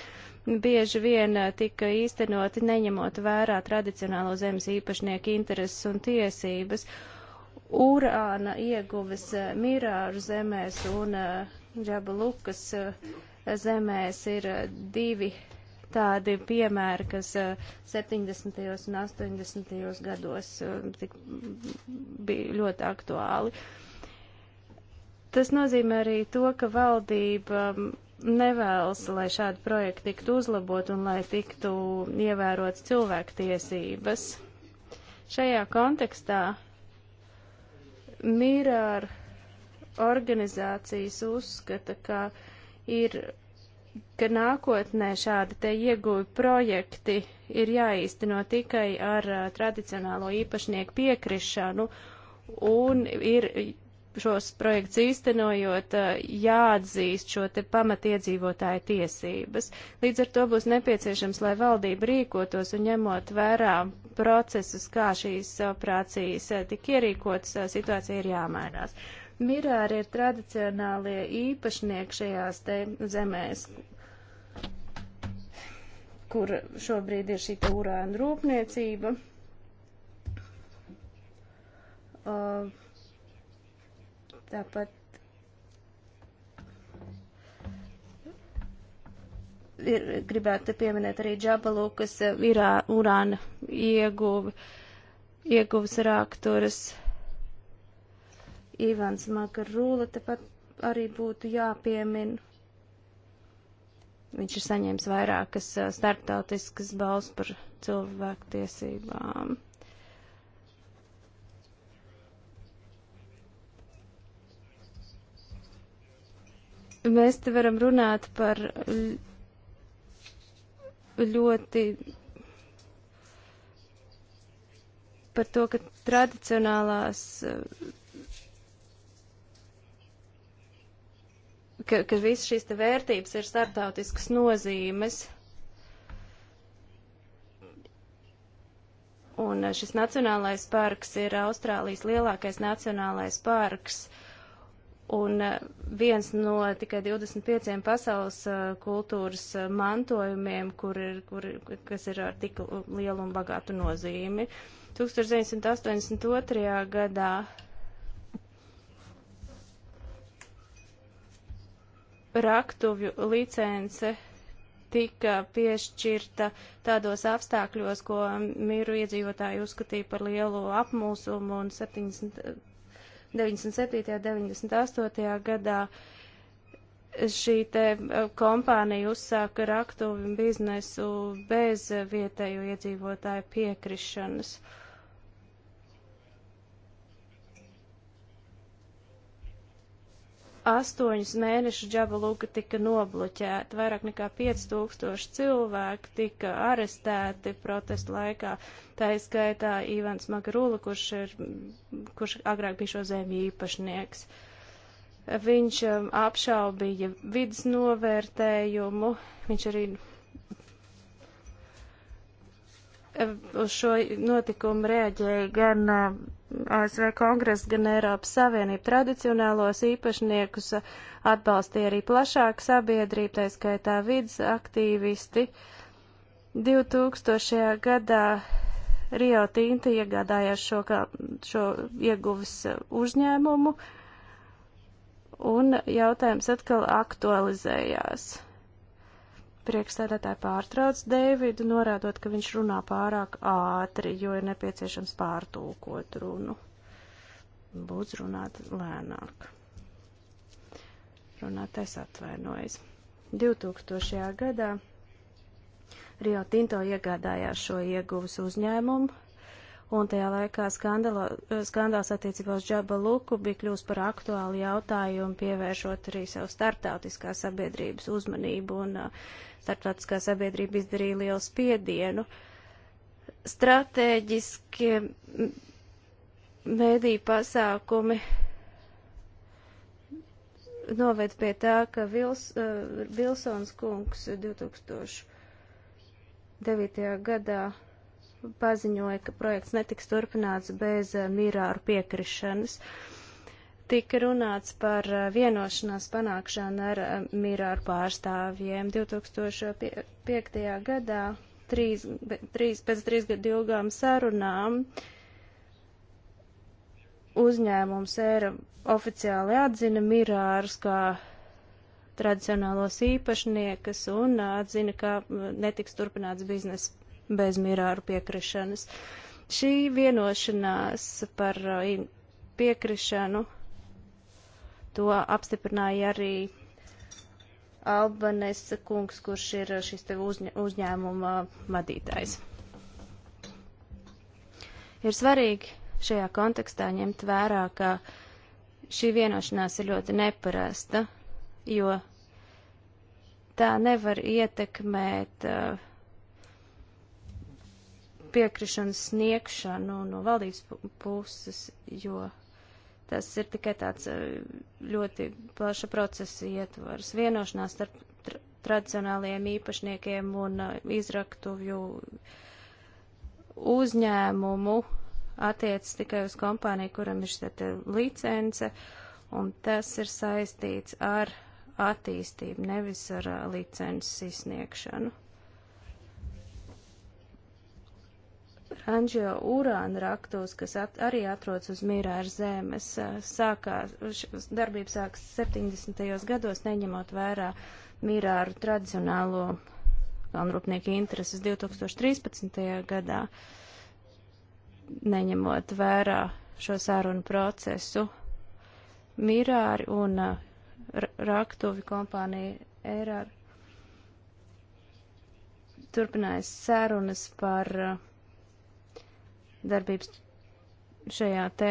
bieži vien eh, tika īstenoti neņemot vērā tradicionālo zemes īpašnieku intereses un tiesības. Urāna ieguves eh, mirāru zemēs un eh, džabalukas zemēs ir divi tādi piemēri, kas 70. Eh, un 80. gados eh, tik, bija ļoti aktuāli. Tas nozīmē arī to, ka valdība mm, nevēlas, lai šādi projekti tiktu uzlabot un lai tiktu ievērots cilvēktiesības. Šajā kontekstā Mirror organizācijas uzskata, ka ir ka nākotnē šādi te ieguvi projekti ir jāīsteno tikai ar uh, tradicionālo īpašnieku piekrišanu un ir šos projekts īstenojot uh, jāatzīst šo te pamatiedzīvotāju tiesības. Līdz ar to būs nepieciešams, lai valdība rīkotos un ņemot vērā procesus, kā šīs operācijas uh, tik ierīkotas, situācija ir jāmainās. Mirāri ir tradicionālie īpašnieki šajās te zemēs, kur šobrīd ir šī urāna rūpniecība. Uh, tāpat ir, gribētu pieminēt arī džabalu, kas ir urāna ieguvi, ieguvis rakturas. Ivans Makarūla tepat arī būtu jāpiemin. Viņš ir saņēmis vairākas starptautiskas balss par cilvēku tiesībām. Mēs te varam runāt par ļoti par to, ka tradicionālās ka, ka visas šīs te vērtības ir startautiskas nozīmes. Un eh, šis nacionālais parks ir Austrālijas lielākais nacionālais parks. Un eh, viens no tikai 25 pasaules eh, kultūras mantojumiem, kur ir, kur, kas ir ar tik lielu un bagātu nozīmi. 1982. gadā raktuvju licence tika piešķirta tādos apstākļos, ko miru iedzīvotāji uzskatīja par lielu apmūsumu un 70, 97. 98. gadā šī te eh, kompānija uzsāka raktuvi biznesu bez vietēju iedzīvotāju piekrišanas. Uh, astoņus mēnešus Džabaluka tika nobloķēta, vairāk nekā 5000 cilvēku tika arestēti protestu laikā, tā izskaitā Ivans Magarula, kurš, ir, kurš agrāk bija šo zemju īpašnieks. Viņš um, apšaubīja vidas novērtējumu, viņš arī um, uz šo notikumu reaģēja gan um, ASV kongress, gan Eiropas Savienība tradicionālos īpašniekus atbalstīja arī plašāka sabiedrība, tā skaitā vidas aktīvisti. 2000. gadā Rio Tinta iegādājās šo, kā, šo ieguvis uzņēmumu, un jautājums atkal aktualizējās. Priekšstādātāji pārtrauc Deividu, norādot, ka viņš runā pārāk ātri, jo ir nepieciešams pārtulkot runu. Lūdzu, runāt lēnāk. Runātais atvainojas. 2000. gadā Rio Tinto iegādājās šo ieguvas uzņēmumu, un tajā laikā skandalo, skandāls attiecībā uz Džaba Luku bija kļūst par aktuālu jautājumu, pievēršot arī savu starptautiskā sabiedrības uzmanību, un uh, starptautiskā sabiedrība izdarīja lielu spiedienu. Stratēģiskie mēdī pasākumi noved pie tā, ka Vils, uh, Vilsons kungs 2009. Uh, gadā paziņoja, ka projekts netiks turpināts bez eh, Mīrāru piekrišanas. Tika runāts par eh, vienošanās panākšanu ar eh, Mīrāru pārstāvjiem 2005. gadā, trīs, trīs, pēc trīs gadu ilgām sarunām. Uzņēmums ēra oficiāli atzina Mirārus kā tradicionālos īpašniekus un atzina, ka netiks turpināts biznesa bez Mirāru piekrišanas. Šī vienošanās par uh, piekrišanu to apstiprināja arī Albanes kungs, kurš ir uh, šis te uzņ uzņēmuma vadītājs. Ir svarīgi šajā kontekstā ņemt vērā, ka šī vienošanās ir ļoti neparasta, jo tā nevar ietekmēt uh, piekrišanas sniegšanu no valdības puses, jo tas ir tikai tāds e, ļoti plaša procesa ietvars. Vienošanās starp tra tradicionālajiem īpašniekiem un e, izraktuvju uzņēmumu attiec tikai uz kompāniju, kuram ir šī licence, un tas ir saistīts ar attīstību, nevis ar e, licences izsniegšanu. Anģela urāna raktos, kas at, arī atrodas uz mīrā ar zemes, eh, sākās, darbība sākas 70. gados, neņemot vērā mīrā ar tradicionālo kalnrūpnieku intereses 2013. gadā, neņemot vērā šo sārunu procesu. Mirāri un eh, raktuvi kompānija Erāri turpinājas sarunas par uh, darbības šajā te,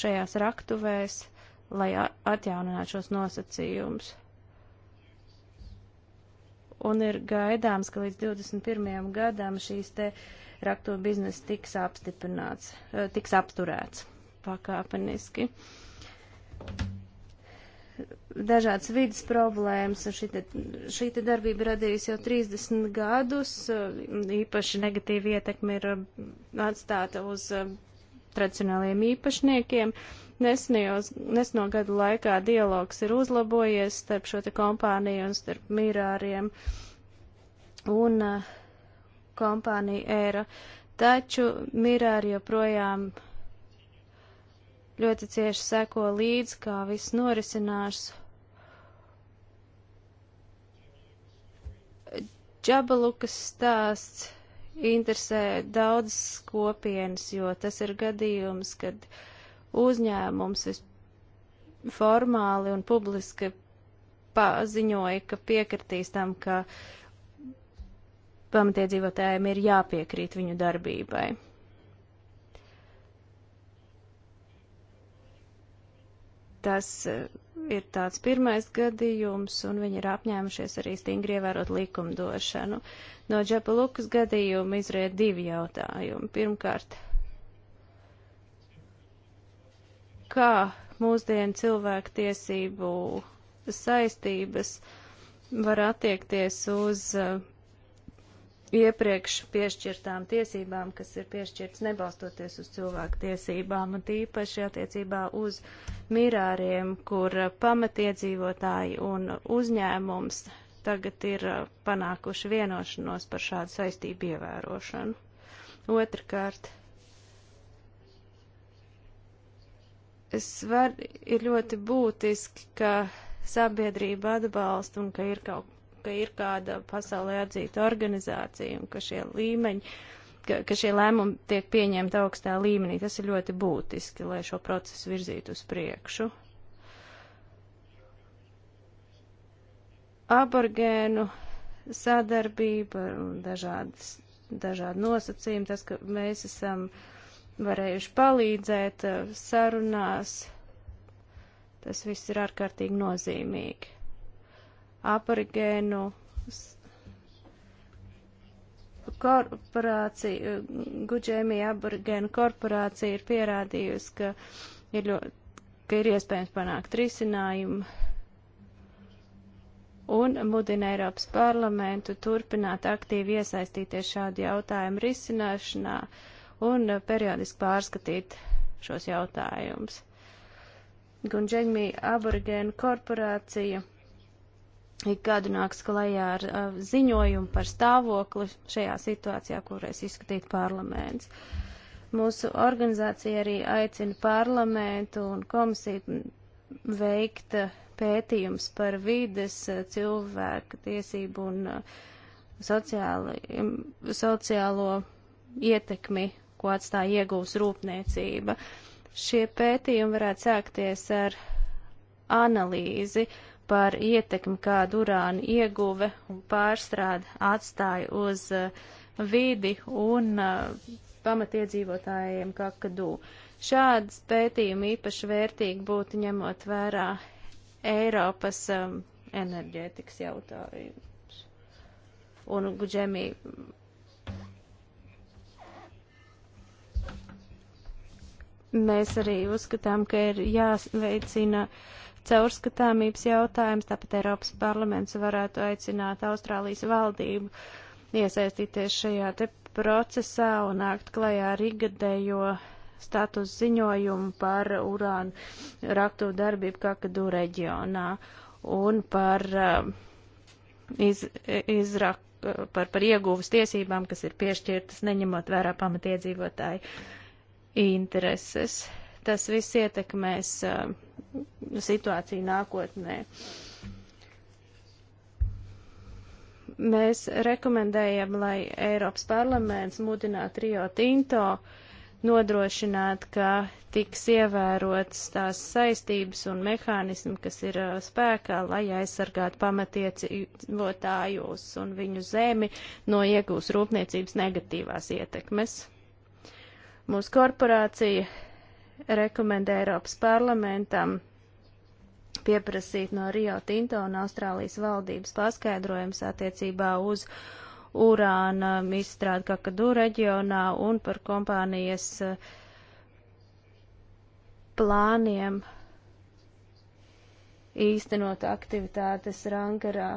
šajās raktuvēs, lai atjauninātu šos nosacījumus. Un ir gaidāms, ka līdz 21. gadam šīs te raktu biznesa tiks apstiprināts, eh, tiks apturēts pakāpeniski dažādas vidas problēmas, un šita, šita darbība radījusi jau 30 gadus, uh, īpaši negatīva ietekme ir uh, atstāta uz uh, tradicionāliem īpašniekiem. Nesnijos, nesno gadu laikā dialogs ir uzlabojies starp šo te kompāniju un starp mirāriem un kompāniju ēra, taču mirāri joprojām ļoti cieši seko līdz, kā viss norisinās, Džabalukas stāsts interesē daudzas kopienas, jo tas ir gadījums, kad uzņēmums formāli un publiski paziņoja, ka piekritīs tam, ka pamatiedzīvotājiem ir jāpiekrīt viņu darbībai. Tas eh, ir tāds pirmais gadījums, un viņi ir apņēmušies arī stingri ievērot likumdošanu. No Džepa Lukas gadījuma izriet divi jautājumi. Pirmkārt, kā mūsdienu cilvēku tiesību saistības var attiekties uz uh, iepriekš piešķirtām tiesībām, kas ir piešķirts nebalstoties uz cilvēku tiesībām, un tīpaši attiecībā uz mirāriem, kur pamatiedzīvotāji un uzņēmums tagad ir panākuši vienošanos par šādu saistību ievērošanu. Otrakārt, svar ir ļoti būtiski, ka sabiedrība atbalsta un ka ir kaut ka ir kāda pasaulē atzīta organizācija un ka šie līmeņi, ka, ka šie lēmumi tiek pieņemti augstā līmenī. Tas ir ļoti būtiski, lai šo procesu virzītu uz priekšu. aborgēnu sadarbība un dažādas, dažādi nosacījumi, tas, ka mēs esam varējuši palīdzēt uh, sarunās, tas viss ir ārkārtīgi nozīmīgi aporigēnu korporācija, eh, Guģēmī aborigēnu korporācija ir pierādījusi, ka ir, ļoti, ka ir iespējams panākt risinājumu un mudina Eiropas parlamentu turpināt aktīvi iesaistīties šādu jautājumu risināšanā un eh, periodiski pārskatīt šos jautājumus. Gunģēmī aborigēnu korporācija ik gadu nāks klajā ar uh, ziņojumu par stāvokli šajā situācijā, kur varēs izskatīt parlaments. Mūsu organizācija arī aicina parlamentu un komisiju veikt eh, pētījums par vides, eh, cilvēku tiesību un eh, sociāli, sociālo ietekmi, ko atstāja iegūs rūpniecība. Šie pētījumi varētu sākties ar analīzi, uh, par ietekmi, kādu urāna ieguve un pārstrāde atstāja uz uh, vidi un uh, pamatiedzīvotājiem kakadū. Šādas pētījumi īpaši vērtīgi būtu ņemot vērā Eiropas um, enerģētikas jautājumus. Un Guģemī mēs arī uzskatām, ka ir jāveicina uh, caurskatāmības jautājums, tāpat Eiropas parlaments varētu aicināt Austrālijas valdību iesaistīties šajā te procesā un nākt klajā ar igadējo status ziņojumu par urānu raktu darbību Kakadu reģionā un par, um, iz, izrak, par, par ieguvas tiesībām, kas ir piešķirtas neņemot vērā pamatiedzīvotāju intereses. Tas viss ietekmēs uh, situāciju nākotnē. Mēs rekomendējam, lai Eiropas parlaments mudinātu Rio Tinto nodrošināt, ka tiks ievērotas tās saistības un mehānismi, kas ir uh, spēkā, lai aizsargātu pamatiecivotājus un viņu zemi no iegūs rūpniecības negatīvās ietekmes. Mūsu korporācija rekomendē Eiropas parlamentam pieprasīt no Rio Tinto un Austrālijas valdības paskaidrojums attiecībā uz urāna izstrādi Kakadu reģionā un par kompānijas eh, plāniem īstenot aktivitātes rangarā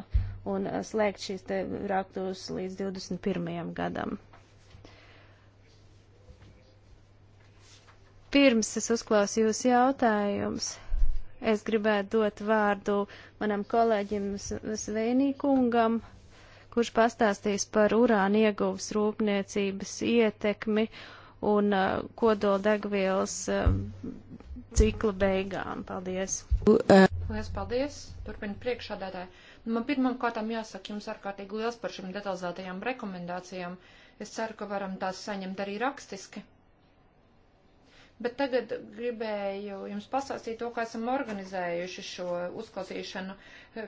un eh, slēgt šīs te raktos līdz 21. gadam. Pirms es uzklausu jūs jautājums, es gribētu dot vārdu manam kolēģim Zvejnīkungam, kurš pastāstīs par urāna ieguvas rūpniecības ietekmi un uh, kodola degvielas uh, um, cikla beigām. Paldies! Lielas paldies! Turpiniet priekšādātāji. Nu, man pirmam kārtām jāsaka jums ārkārtīgi liels par šīm detalizētajām rekomendācijām. Es ceru, ka varam tās saņemt arī rakstiski. Bet tagad gribēju jums pastāstīt to, kā esam organizējuši šo uzklausīšanu.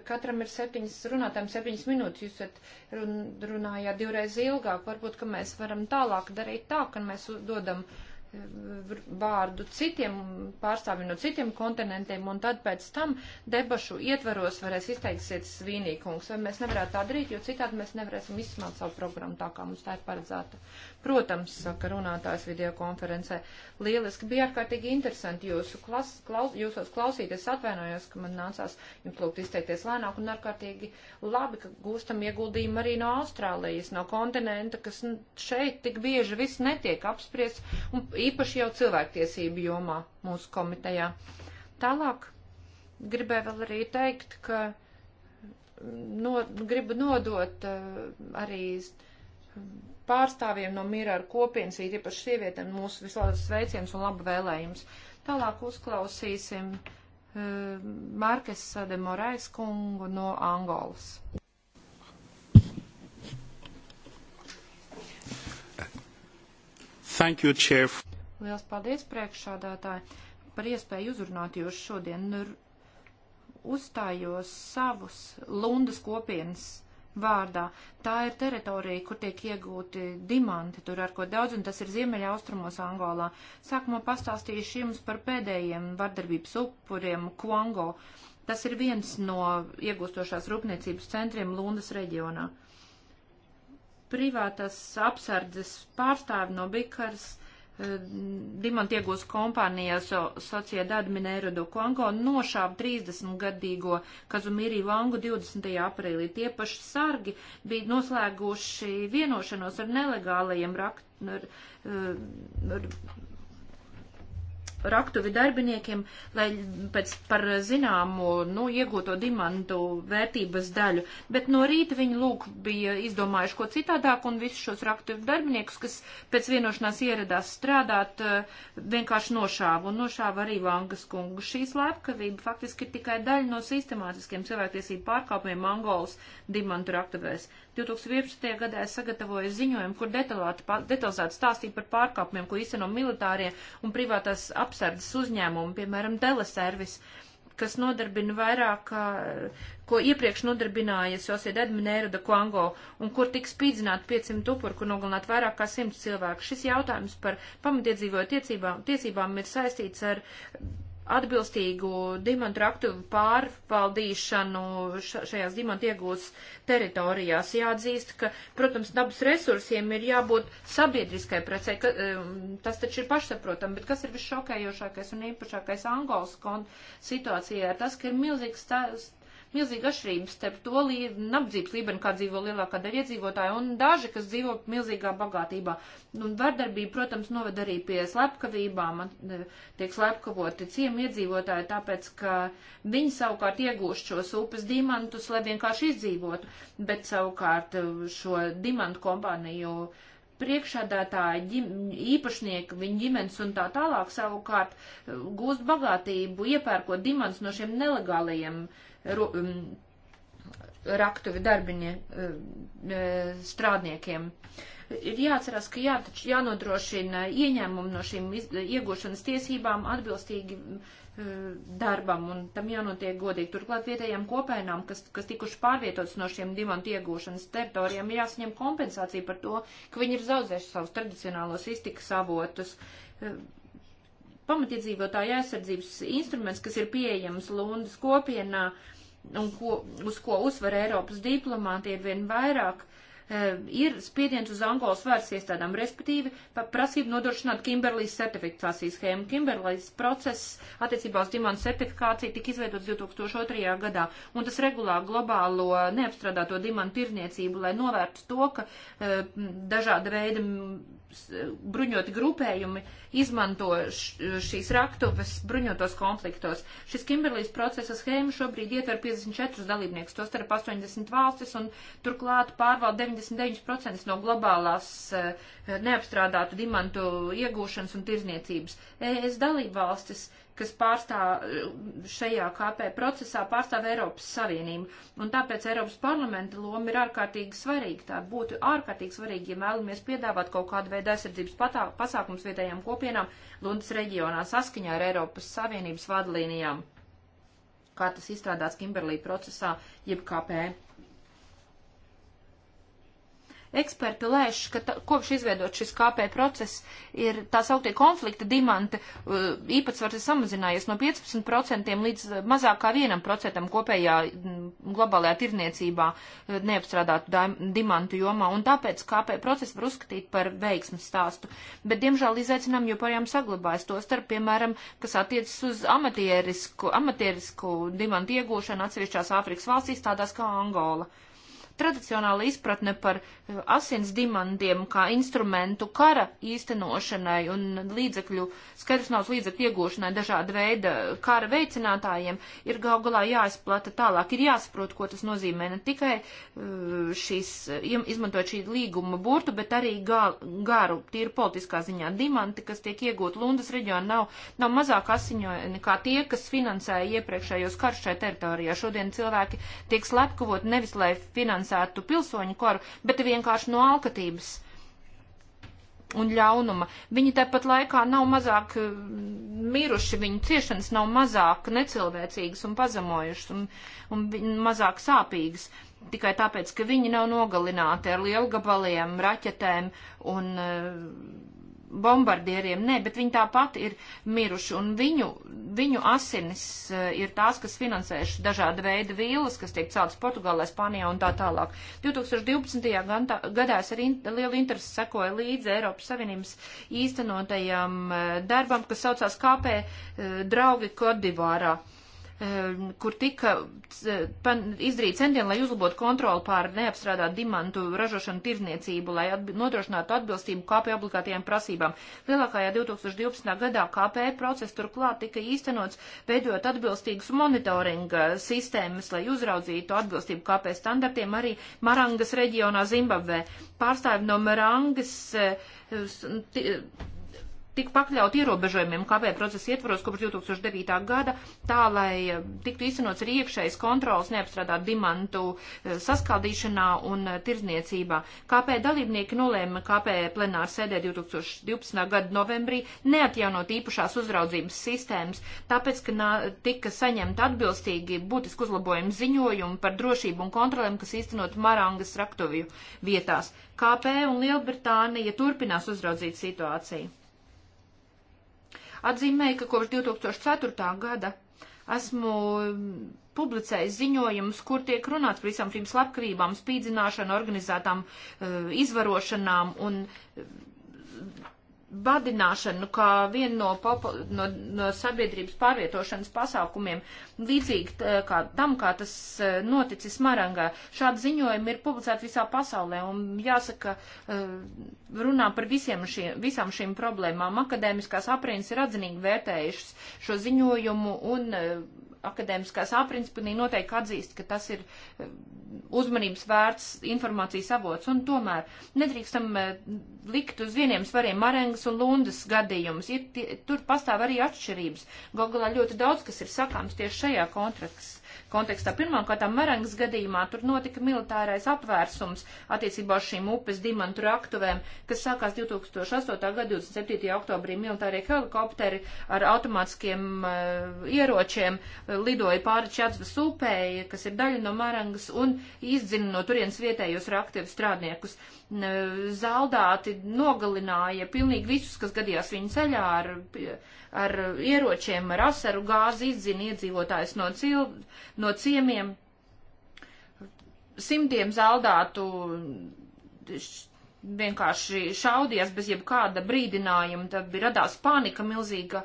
Katram ir septiņas runātājiem septiņas minūtes. Jūs esat run, runājāt divreiz ilgāk. Varbūt, ka mēs varam tālāk darīt tā, ka mēs dodam eh, vārdu citiem pārstāvjiem no citiem kontinentiem, un tad pēc tam debašu ietvaros varēs izteiksies svīnīkums. Vai mēs nevarētu tā darīt, jo citādi mēs nevarēsim izsmelt savu programmu tā, kā mums tā ir paredzēta. Protams, saka runātājs videokonferencē. Lieliski bija ārkārtīgi interesanti jūsu klas, klaus, jūsos klausīties. Atvainojos, ka man nācās jums lūgt izteikties lēnāk un ārkārtīgi labi, ka gūstam ieguldījumu arī no Austrālijas, no kontinenta, kas nu, šeit tik bieži viss netiek apspriests un īpaši jau cilvēktiesību jomā mūsu komitejā. Tālāk gribēju vēl arī teikt, ka mm, no, gribu nodot eh, arī pārstāvjiem no Mirror kopienas, it īpaši sievietēm, mūsu vislabākos sveicienus un labu vēlējumus. Tālāk uzklausīsim uh, Markes Sade Morais kungu no Angolas. Thank you, Chair. Liels paldies, priekšādātāji, par iespēju uzrunāt jūs šodien. Uzstājos savus Lundas kopienas vārdā. Tā ir teritorija, kur tiek iegūti dimanti, tur ar ko daudz, un tas ir ziemeļa austrumos Angolā. Sākumā pastāstīšu jums par pēdējiem vardarbības upuriem Kongo. Tas ir viens no iegūstošās rūpniecības centriem Lundas reģionā. Privātas apsardzes pārstāvi no Bikars Dimontiegos kompānijā so, Sociedad Minēra do Kongo nošāva 30-gadīgo Kazumīri Langu 20. aprīlī. Tie paši sargi bija noslēguši vienošanos ar nelegālajiem rak, ar, ar, ar raktuvi darbiniekiem, lai pēc par zināmu, nu, iegūto dimantu vērtības daļu. Bet no rīta viņi lūk bija izdomājuši ko citādāk un visus šos raktuvi darbiniekus, kas pēc vienošanās ieradās strādāt, eh, vienkārši nošāva un nošāva arī Vangas kungu. Šī slepkavība faktiski ir tikai daļa no sistemātiskiem cilvēktiesību pārkāpumiem Angolas dimantu raktuvēs. 2011. gadā es sagatavoju ziņojumu, kur detalizēti stāstīja par pārkāpumiem, ko īsteno militārie un privātās apsardzes uzņēmumi, piemēram, teleservis, kas nodarbina vairāk, ko iepriekš nodarbināja Sociedad Adminēra de Kongo, un kur tika spīdzināti 500 upuri, kur nogalināt vairāk kā 100 cilvēku. Šis jautājums par pamatiedzīvoju tiesībām, tiesībām ir saistīts ar atbilstīgu dimantu aktīvu pārvaldīšanu šajās dimantu iegūtas teritorijās. Jāatzīst, ka, protams, dabas resursiem ir jābūt sabiedriskai precē, ka, um, tas taču ir pašsaprotam, bet kas ir visšokējošākais un īpašākais Angolas situācijā, tas, ka ir milzīgs stāsts milzīga atšķirība starp to lī, nabadzības līmeni, kā dzīvo lielākā daļa iedzīvotāja, un daži, kas dzīvo milzīgā bagātībā. Nu, un vardarbība, protams, noved arī pie slepkavībām, e, tiek slepkavoti ciemi iedzīvotāji, tāpēc, ka viņi savukārt iegūst šos upes dimantus, lai vienkārši izdzīvotu, bet savukārt e, šo dimantu kompāniju priekšādātāji, īpašnieki, viņa ģimenes un tā tālāk savukārt e, gūst bagātību, iepērkot dimants no šiem nelegālajiem uh, Um, raktuvi darbinie, um, e, strādniekiem. Ir jāatcerās, ka jā, jānodrošina ieņēmumu no šīm iegūšanas tiesībām atbilstīgi um, e, darbam, un tam jānotiek godīgi. Turklāt vietējām kopainām, kas, kas tikuši pārvietotas no šiem dimantu iegūšanas teritorijām, ir jāsaņem kompensācija par to, ka viņi ir zaudējuši savus tradicionālos iztikas avotus. E, pamatiedzīvotāja aizsardzības instruments, kas ir pieejams Lundas kopienā un ko, uz ko uzvar Eiropas diplomāti ir vien vairāk, e, ir spiediens uz Angolas vairs iestādām, respektīvi prasība nodrošināt Kimberlīs certifikācijas schēmu. Kimberlīs process attiecībā uz dimantu certifikāciju tika izveidots 2002. gadā, un tas regulā globālo neapstrādāto dimantu tirniecību, lai novērtu to, ka e, dažāda veida bruņoti grupējumi izmanto š, šīs raktuves bruņotos konfliktos. Šis Kimberlīs procesa schēma šobrīd ietver 54 dalībniekus, to starp 80 valstis, un turklāt pārvalda 99% no globālās eh, neapstrādātu dimantu iegūšanas un tirzniecības. ES dalība valstis kas pārstāv eh, šajā KP procesā, pārstāv Eiropas Savienību. Un tāpēc Eiropas parlamenta loma ir ārkārtīgi svarīga. Tā būtu ārkārtīgi svarīga, ja vēlamies piedāvāt kaut kādu veidu aizsardzības pasākums vietējām kopienām Lundas reģionā saskaņā ar Eiropas Savienības vadlīnijām, kā tas izstrādāts Kimberlī procesā, jeb KP. Eksperti lēš, ka ta, kopš izveidot šis KP process ir tā sauktie konflikta dimanta uh, īpatsvars ir samazinājies no 15% līdz uh, mazāk kā 1% kopējā mm, globālajā tirniecībā uh, neapstrādātu dimantu jomā, un tāpēc KP procesu var uzskatīt par veiksmu stāstu. Bet, diemžēl, izaicinām joprojām saglabājas to starp, piemēram, kas attiecas uz amatierisku, amatierisku dimantu iegūšanu atsevišķās Āfrikas valstīs, tādās kā Angola. Tradicionāla izpratne par eh, asins dimantiem kā instrumentu kara īstenošanai un līdzekļu, skaidrs nav līdzekļu iegūšanai dažāda veida kara veicinātājiem, ir gal galā jāizplata tālāk, ir jāsaprot, ko tas nozīmē ne tikai eh, šīs, eh, izmantojot šī līguma burtu, bet arī garu, tīri politiskā ziņā dimanti, kas tiek iegūti Lundas reģionā, nav, nav mazāk asiņoja kā tie, kas finansēja iepriekšējos karš šajā teritorijā. Šodien cilvēki tiek slepkavot nevis, lai finansētu finansētu pilsoņu karu, bet vienkārši no alkatības un ļaunuma. Viņi tāpat laikā nav mazāk eh, miruši, viņu ciešanas nav mazāk necilvēcīgas un pazemojušas un, un mazāk sāpīgas. Tikai tāpēc, ka viņi nav nogalināti ar lielgabaliem, raķetēm un uh, bombardieriem, nē, bet viņi tāpat ir miruši, un viņu, viņu asinis eh, ir tās, kas finansējuši dažāda veida vīlas, kas tiek celtas Portugālē, Spānijā un tā tālāk. 2012. gadā es ar in lielu interesi sekoju līdzi Eiropas Savienības īstenotajam eh, darbam, kas saucās KP eh, draugi Kodivārā. Uh, Ehm, kur tika izdarīt centieni, lai uzlabotu kontroli pār neapstrādāt dimantu ražošanu tirzniecību, lai atb nodrošinātu atbilstību KP obligātajām prasībām. Lielākajā 2012. gadā KP process turklāt tika īstenots, veidojot atbilstīgas monitoringa sistēmas, lai uzraudzītu atbilstību KP standartiem arī Marangas reģionā Zimbabvē. Pārstāvi no Marangas eh, tik pakļauti ierobežojumiem KB procesa ietvaros kopš 2009. gada, tā lai eh, tiktu īstenots arī iekšējas kontrols neapstrādāt dimantu eh, saskaldīšanā un eh, tirzniecībā. KB dalībnieki nolēma KB plenāru sēdē 2012. gada novembrī neatjaunot īpašās uzraudzības sistēmas, tāpēc, ka nā, tika saņemta atbilstīgi būtiski uzlabojumi ziņojumi par drošību un kontrolēm, kas īstenot Marangas raktuvju vietās. KP un Lielbritānija turpinās uzraudzīt situāciju. Atzīmēju, ka kopš 2004. gada esmu mm, publicējis ziņojumus, kur tiek runāts par visām šīm slepkavībām, spīdzināšanu, organizētām uh, izvarošanām un uh, badināšanu kā vienu no, popu, no, no sabiedrības pārvietošanas pasākumiem, līdzīgi kā tam, kā tas e, noticis Marangā. Šādi ziņojumi ir publicēti visā pasaulē un jāsaka, e, runā par visiem šiem, visām šīm problēmām. Akadēmiskās aprīnas ir atzinīgi vērtējušas šo ziņojumu un e, akadēmiskā sāprinspatī noteikti atzīst, ka tas ir eh, uzmanības vērts informācijas avots, un tomēr nedrīkstam eh, likt uz vieniem svariem marengas un lundas gadījumus. Ir, tie, tur pastāv arī atšķirības. Galgalā ļoti daudz, kas ir sakāms tieši šajā kontrakts, kontekstā. Pirmkārt, Marangas gadījumā tur notika militārais apvērsums attiecībā uz šīm upes dimantu raktuvēm, kas sākās 2008. gada 27. oktobrī. Militārie helikopteri ar automātiskiem uh, ieročiem eh, lidoja pāri Čatsvas upēji, kas ir daļa no Marangas, un izdzina no turienes vietējos raktuves strādniekus. Eh, zaldāti nogalināja pilnīgi visus, kas gadījās viņu ceļā ar ar ieročiem, ar asaru gāzi izdzina iedzīvotājus no, cil, no ciemiem. Simtiem zaldātu vienkārši šaudies bez jebkāda brīdinājuma, tad radās panika milzīga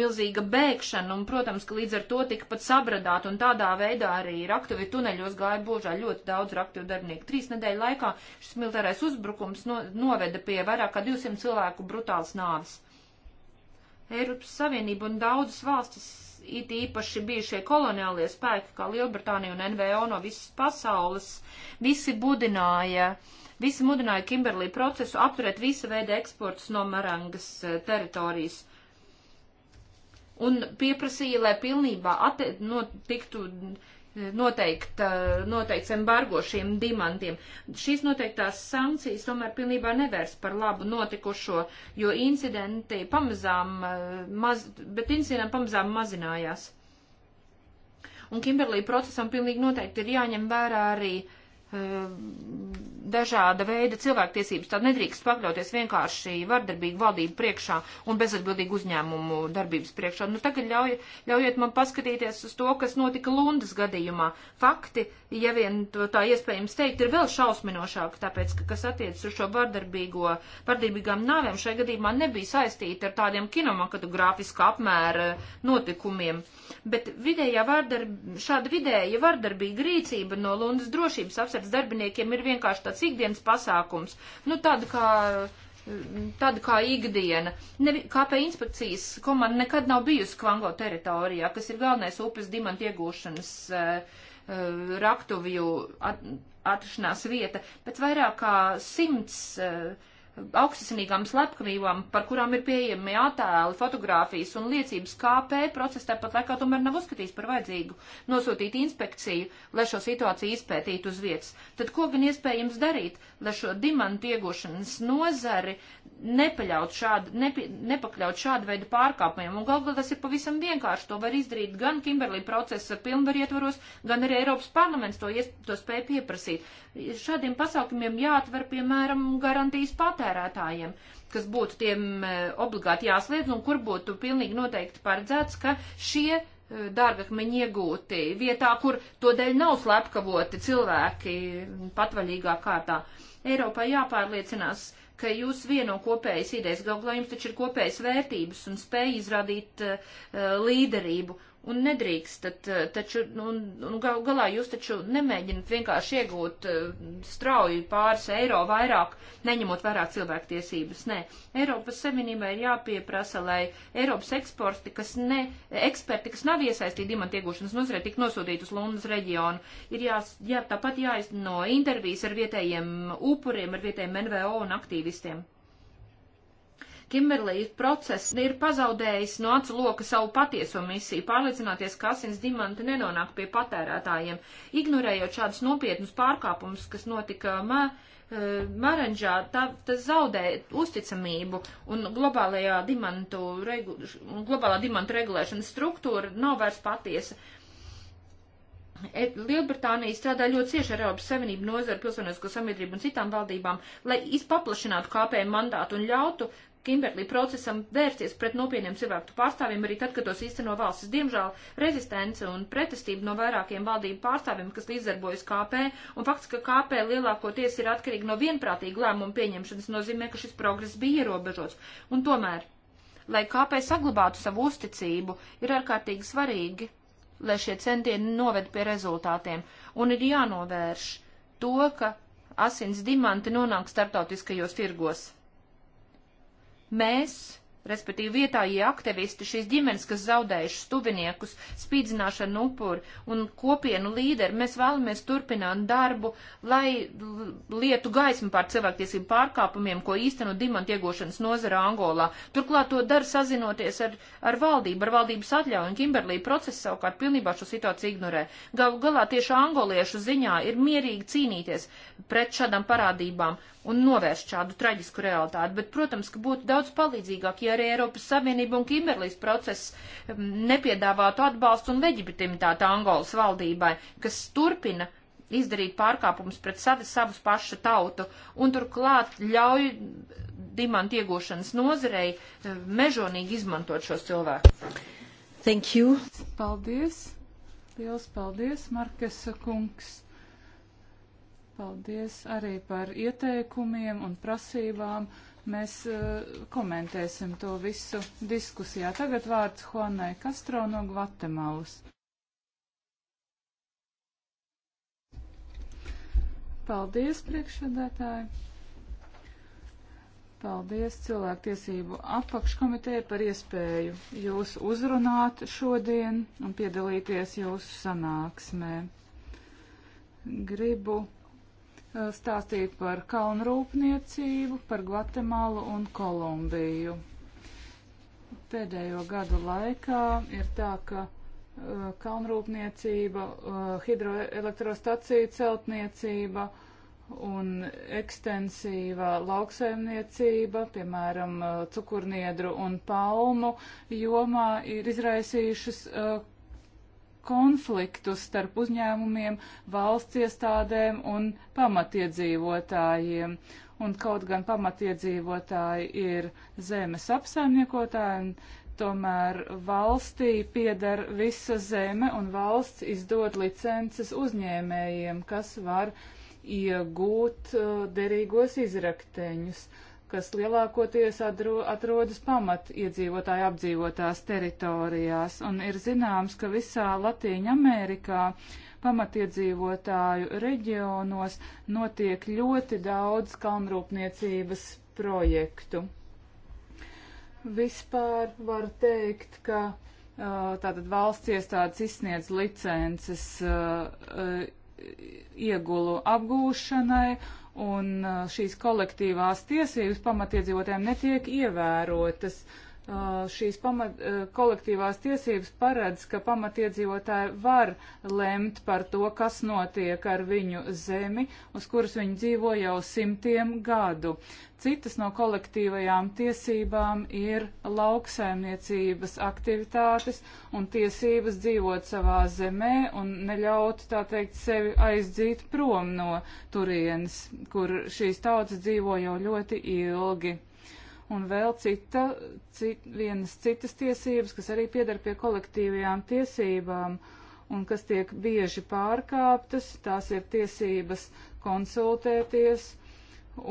milzīga bēgšana, un, protams, ka līdz ar to tika pat sabradāta, un tādā veidā arī raktuvi tuneļos gāja božā ļoti daudz raktuvi darbinieku. Trīs nedēļu laikā šis militārais uzbrukums no, noveda pie vairāk kā 200 cilvēku brutāls nāvis. Eiropas Savienība un daudzas valstis, it īpaši bijušie koloniālie spēki, kā Lielbritānija un NVO no visas pasaules, visi budināja, visi mudināja Kimberlī procesu apturēt visa veida eksports no Marangas eh, teritorijas un pieprasīja, lai pilnībā atte, no, tiktu noteikta, eh, noteikts embargo šiem dimantiem. Šīs noteiktās sankcijas tomēr pilnībā nevērs par labu notikušo, jo incidenti pamazām, eh, maz, bet incidenti pamazām mazinājās. Un Kimberlī procesam pilnīgi noteikti ir jāņem vērā arī uh, Eh, dažāda veida cilvēktiesības. Tad nedrīkst pakļauties vienkārši vardarbīgu valdību priekšā un bezatbildīgu uzņēmumu darbības priekšā. Nu, tagad ļauj, ļaujiet man paskatīties uz to, kas notika Lundas gadījumā. Fakti, ja vien to tā iespējams teikt, ir vēl šausminošāk, tāpēc, ka kas attiecas uz šo vardarbīgo, vardarbīgām nāvēm, šajā gadījumā nebija saistīta ar tādiem kinematogrāfiska apmēra notikumiem. Bet vidējā vardar, šāda vidēja vardarbīga rīcība no Lundas drošības apsardzes jāparedz darbiniekiem ir vienkārši tāds ikdienas pasākums, nu tāda kā, tāda kā ikdiena. Ne, KP inspekcijas komanda nekad nav bijusi Kvango teritorijā, kas ir galvenais upes dimanta iegūšanas uh, uh, raktuvju at, atrašanās vieta, bet vairāk kā simts. Uh, augstasinīgām slepkavībām, par kurām ir pieejami attēli, fotografijas un liecības, KP process tāpat laikā tomēr nav uzskatījis par vajadzīgu nosūtīt inspekciju, lai šo situāciju izpētītu uz vietas. Tad ko gan iespējams darīt, lai šo dimantu iegūšanas nozari nepaļaut šādu, nepi, nepakļaut šādu veidu pārkāpumiem. Un galvā tas ir pavisam vienkārši. To var izdarīt gan Kimberlī procesa pilnvar ietvaros, gan arī Eiropas parlaments to, ies, to spēja pieprasīt. Šādiem pasākumiem jāatver, piemēram, garantijas patērētājiem, kas būtu tiem e, obligāti jāsliedz un kur būtu pilnīgi noteikti paredzēts, ka šie e, dārgakmeņi iegūti vietā, kur to dēļ nav slepkavoti cilvēki patvaļīgā kārtā. Eiropai jāpārliecinās, uh, ka jūs vieno kopējas idejas, galvā jums taču ir kopējas vērtības un spēja izrādīt uh, līderību. Un nedrīkst, tad, eh, taču, nu, un, un gal, galā jūs taču nemēģinat vienkārši iegūt eh, strauji pāris eiro vairāk, neņemot vērā cilvēktiesības. Nē, Eiropas Savienībai ir jāpieprasa, lai Eiropas eksporti, kas ne, eksperti, kas nav iesaistīti dimanta iegūšanas nozarē, tik nosūtīti uz Lundas reģionu. Ir jā, jā tāpat jāizno intervijas ar vietējiem upuriem, ar vietējiem NVO un aktīvistiem. Kimberlī process ir pazaudējis no acu loka savu patieso misiju, pārliecināties, ka asins dimanti nenonāk pie patērētājiem, ignorējot šādus nopietnus pārkāpumus, kas notika mē. Eh, Maranžā tā, tas zaudē uzticamību un globālajā dimantu, regu, globālā dimantu regulēšanas struktūra nav vairs patiesa. Lielbritānija strādā ļoti cieši ar Eiropas Savienību nozaru, pilsonisko sabiedrību un citām valdībām, lai paplašinātu KP mandātu un ļautu Kimberlī procesam vērsties pret nopietniem cilvēku pārstāvjiem arī tad, kad tos īsteno valstis. Diemžēl rezistence un pretestība no vairākiem valdību pārstāvjiem, kas līdzdarbojas KP, un fakts, ka KP lielākoties ir atkarīgi no vienprātīga lēmuma pieņemšanas, nozīmē, ka šis progress bija ierobežots. Un tomēr, lai KP saglabātu savu uzticību, ir ārkārtīgi svarīgi, lai šie centieni noved pie rezultātiem, un ir jānovērš to, ka asins dimanti nonāk starptautiskajos tirgos. Mēs respektīvi vietējie aktivisti, šīs ģimenes, kas zaudējuši stuviniekus, spīdzināšanu upuri un kopienu līderi, mēs vēlamies turpināt darbu, lai lietu gaismu pār cilvēktiesību pārkāpumiem, ko īsteno dimantu iegūšanas nozara Angolā. Turklāt to dara sazinoties ar, ar valdību, ar valdības atļauju, un Kimberlī process savukārt pilnībā šo situāciju ignorē. Galu galā tieši angoliešu ziņā ir mierīgi cīnīties pret šādām parādībām un novērst šādu traģisku realitāti. Bet, protams, ka būtu daudz palīdzīgāk, ja arī Eiropas Savienība un Kimberlīs process mm, nepiedāvātu atbalstu un leģitimitāti Angolas valdībai, kas turpina izdarīt pārkāpumus pret savi, savus pašu tautu, un turklāt ļauj dimantu iegūšanas nozarei eh, mežonīgi izmantot šos cilvēkus. Thank you. Paldies. Liels paldies, Markesa kungs. Paldies arī par ieteikumiem un prasībām. Mēs uh, komentēsim to visu diskusijā. Tagad vārds Juanai Castro no Gvatemalas. Paldies, priekšsēdētāji! Paldies Cilvēktiesību apakškomiteja par iespēju jūs uzrunāt šodien un piedalīties jūsu sanāksmē. Gribu Eh, stāstīja par kalnrūpniecību, par Gvatemalu un Kolumbiju. Pēdējo gadu laikā ir tā, ka uh, kalnrūpniecība, uh, hidroelektrostaciju celtniecība un ekstensīva lauksaimniecība, piemēram, cukurniedru un palmu jomā ir izraisījušas uh, konfliktus starp uzņēmumiem, valsts iestādēm un pamatiedzīvotājiem. Un kaut gan pamatiedzīvotāji ir zemes apsaimniekotāji, tomēr valstī pieder visa zeme un valsts izdod licences uzņēmējiem, kas var iegūt uh, derīgos izrakteņus kas lielākoties atro, atrodas pamat iedzīvotāju apdzīvotās teritorijās. Un ir zināms, ka visā Latīņa Amerikā pamatiedzīvotāju reģionos notiek ļoti daudz kalnrūpniecības projektu. Vispār var teikt, ka uh, tātad valsts iestādes izsniedz licences uh, uh, iegulu apgūšanai un uh, šīs kolektīvās tiesības pamatiedzīvotājiem netiek ievērotas. Uh, Uh, šīs pamat, uh, kolektīvās tiesības paredz, ka pamatiedzīvotāji var lemt par to, kas notiek ar viņu zemi, uz kuras viņi dzīvo jau simtiem gadu. Citas no kolektīvajām tiesībām ir lauksaimniecības aktivitātes un tiesības dzīvot savā zemē un neļaut, tā teikt, sevi aizdzīt prom no turienes, kur šīs tautas dzīvo jau ļoti ilgi un vēl cita, cit, vienas citas tiesības, kas arī piedar pie kolektīvajām tiesībām un kas tiek bieži pārkāptas, tās ir tiesības konsultēties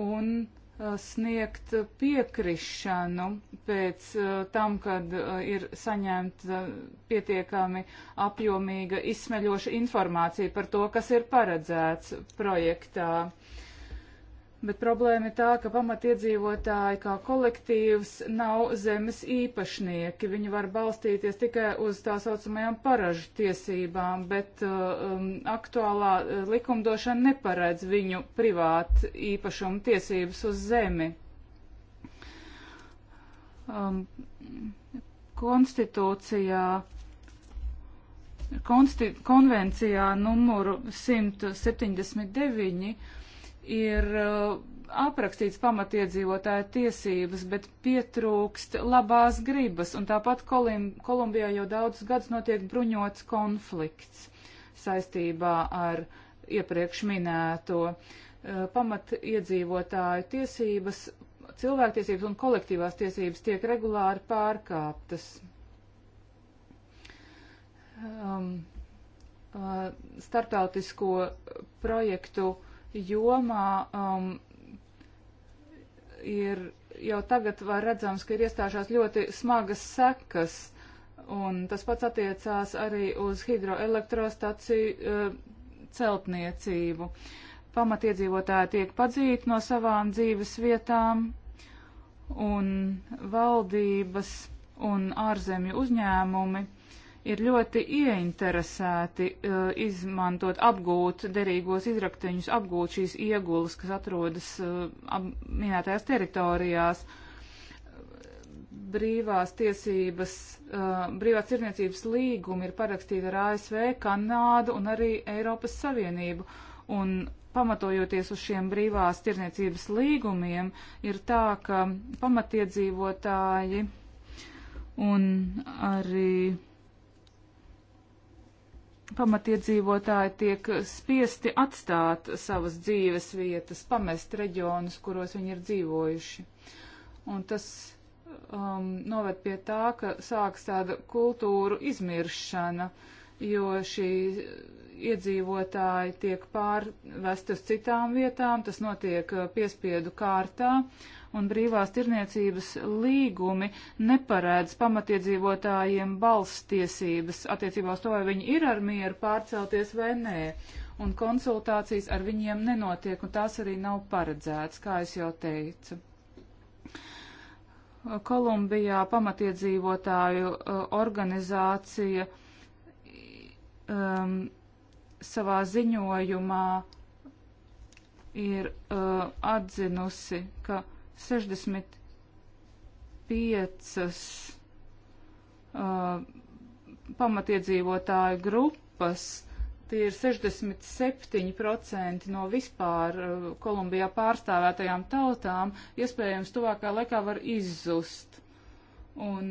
un uh, sniegt piekrišanu pēc uh, tam, kad uh, ir saņemta uh, pietiekami apjomīga izsmeļoša informācija par to, kas ir paredzēts projektā. Bet problēma ir tā, ka pamatiedzīvotāji kā kolektīvs nav zemes īpašnieki. Viņi var balstīties tikai uz tā saucamajām paražu tiesībām, bet uh, um, aktuālā uh, likumdošana neparedz viņu privātu īpašumu tiesības uz zemi. Um, konstitūcijā, konsti, konvencijā numuru 179 ir uh, aprakstīts pamatiedzīvotāja tiesības, bet pietrūkst labās gribas, un tāpat Kolim, Kolumbijā jau daudzus gadus notiek bruņots konflikts saistībā ar iepriekš minēto uh, pamatiedzīvotāju tiesības, cilvēktiesības un kolektīvās tiesības tiek regulāri pārkāptas. Um, uh, startautisko projektu uh, jomā um, ir jau tagad var redzams, ka ir iestājušās ļoti smagas sekas, un tas pats attiecās arī uz hidroelektrostaciju uh, celtniecību. Pamatiedzīvotāji tiek padzīti no savām dzīves vietām, un valdības un ārzemju uzņēmumi ir ļoti ieinteresēti uh, izmantot, apgūt derīgos izrakteņus, apgūt šīs iegulas, kas atrodas uh, ap, minētajās teritorijās. Brīvās tiesības, uh, brīvās tirniecības līgumi ir parakstīti ar ASV, Kanādu un arī Eiropas Savienību. Un pamatojoties uz šiem brīvās tirniecības līgumiem, ir tā, ka pamatiedzīvotāji un arī pamatiedzīvotāji tiek spiesti atstāt savas dzīves vietas, pamest reģionus, kuros viņi ir dzīvojuši. Un tas um, noved pie tā, ka sāks tāda kultūru izmiršana. Uh, jo šī iedzīvotāji tiek pārvest uz citām vietām, tas notiek piespiedu kārtā, un brīvās tirniecības līgumi neparēdz pamatiedzīvotājiem balss tiesības attiecībā uz to, vai viņi ir ar mieru pārcelties vai nē, un konsultācijas ar viņiem nenotiek, un tās arī nav paredzētas, kā es jau teicu. Kolumbijā pamatiedzīvotāju organizācija uh, um, savā ziņojumā ir uh, atzinusi, ka 65 uh, pamatiedzīvotāju grupas, tie ir 67% no vispār uh, Kolumbijā pārstāvētajām tautām, iespējams tuvākā laikā var izzust. Un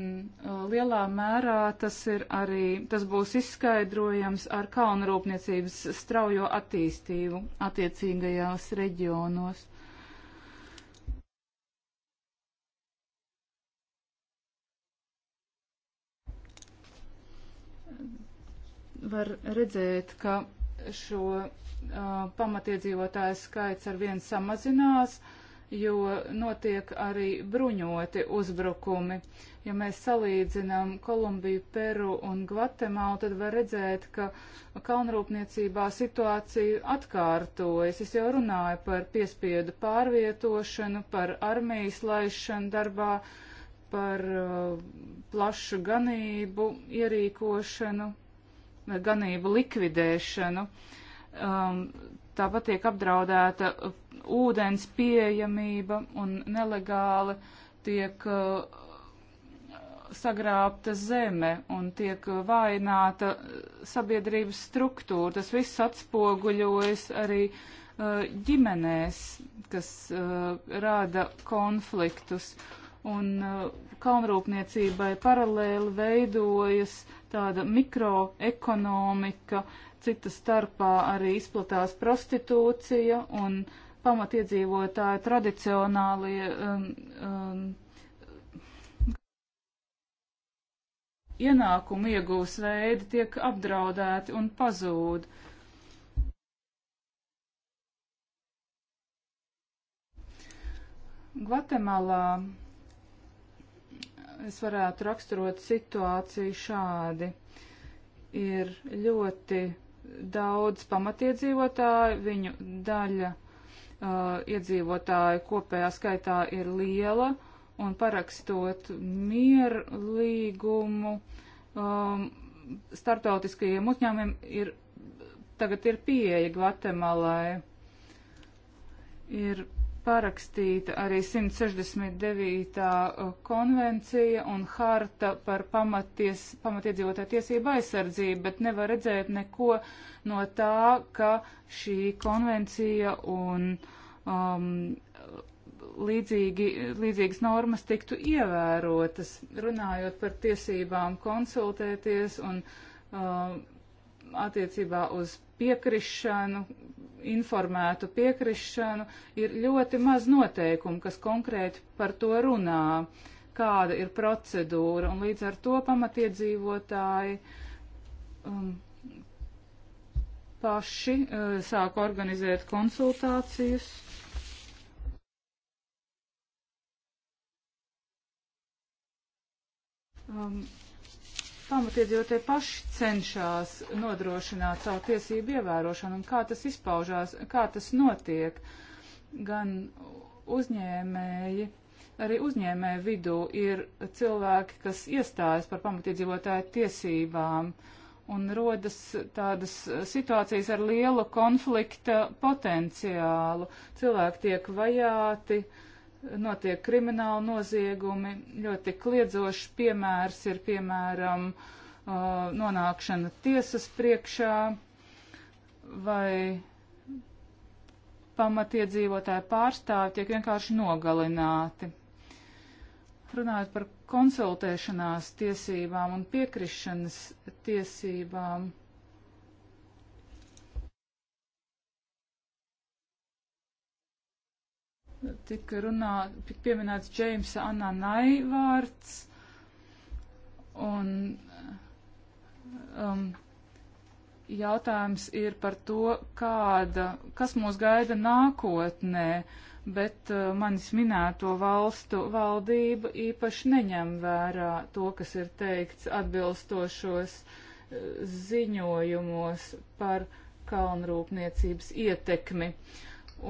uh, lielā mērā tas ir arī, tas būs izskaidrojams ar kalnrūpniecības straujo attīstību attiecīgajās reģionos. Var redzēt, ka šo uh, pamatiedzīvotāju skaits ar vienu samazinās. Uh, jo notiek arī bruņoti uzbrukumi. Ja mēs salīdzinām Kolumbiju, Peru un Gvatemalu, tad var redzēt, ka kalnrūpniecībā situācija atkārtojas. Es jau runāju par piespiedu pārvietošanu, par armijas laišanu darbā, par uh, plašu ganību ierīkošanu, ganību likvidēšanu. Um, tāpat tiek apdraudēta ūdens pieejamība un nelegāli tiek uh, sagrābta zeme un tiek vaināta sabiedrības struktūra. Tas viss atspoguļojas arī uh, ģimenēs, kas uh, rada konfliktus. Un kalnrūpniecībai paralēli veidojas tāda mikroekonomika, cita starpā arī izplatās prostitūcija un uh, pamatiedzīvotāji tradicionāli um, um, ienākumu iegūs veidi tiek apdraudēti un pazūd. Gvatemalā es varētu raksturot situāciju šādi. Ir ļoti daudz pamatiedzīvotāju, viņu daļa uh, iedzīvotāju kopējā skaitā ir liela un parakstot mieru līgumu um, startautiskajiem uzņēmumiem ir, tagad ir pieeja Gvatemalai. Ir parakstīta arī 169. Uh, konvencija un harta par pamaties, pamatiedzīvotāju tiesību aizsardzību, bet nevar redzēt neko no tā, ka šī konvencija un uh, um, līdzīgi, līdzīgas normas tiktu ievērotas, runājot par tiesībām konsultēties un um, attiecībā uz piekrišanu, informētu piekrišanu, ir ļoti maz noteikumu, kas konkrēti par to runā, kāda ir procedūra, un līdz ar to pamatiedzīvotāji um, paši eh, sāka organizēt konsultācijas. Um, pamatiedzīvotie paši cenšas nodrošināt savu tiesību ievērošanu un kā tas izpaužās, kā tas notiek. Gan uzņēmēji, arī uzņēmēju vidū ir cilvēki, kas iestājas par pamatiedzīvotāju tiesībām. Uh, un rodas tādas situācijas ar lielu konflikta potenciālu. Cilvēki tiek vajāti, notiek krimināli noziegumi. Ļoti kliedzošs piemērs ir, piemēram, uh, nonākšana tiesas priekšā vai pamatiedzīvotāju pārstāvi tiek vienkārši nogalināti runājot par konsultēšanās tiesībām un piekrišanas tiesībām. Tika runā, pieminēts Džeimsa Ananai vārds, un um, jautājums ir par to, kāda, kas mūs gaida nākotnē. Uh, bet uh, manis minēto valstu valdība īpaši neņem vērā to, kas ir teikts atbilstošos uh, ziņojumos par kalnrūpniecības ietekmi.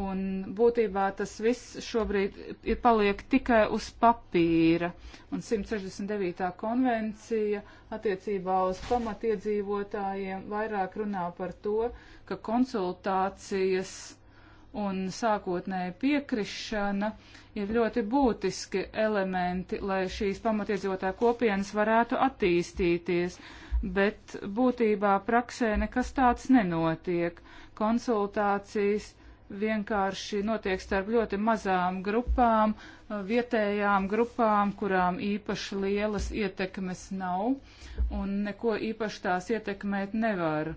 Un būtībā tas viss šobrīd ir paliek tikai uz papīra. Un 169. konvencija attiecībā uz pamatiedzīvotājiem vairāk runā par to, ka konsultācijas un sākotnēja piekrišana ir ļoti būtiski elementi, lai šīs pamatiedzīvotāju kopienas varētu attīstīties, bet būtībā praksē nekas tāds nenotiek. Konsultācijas vienkārši notiek starp ļoti mazām grupām, vietējām grupām, kurām īpaši lielas ietekmes nav un neko īpaši tās ietekmēt nevar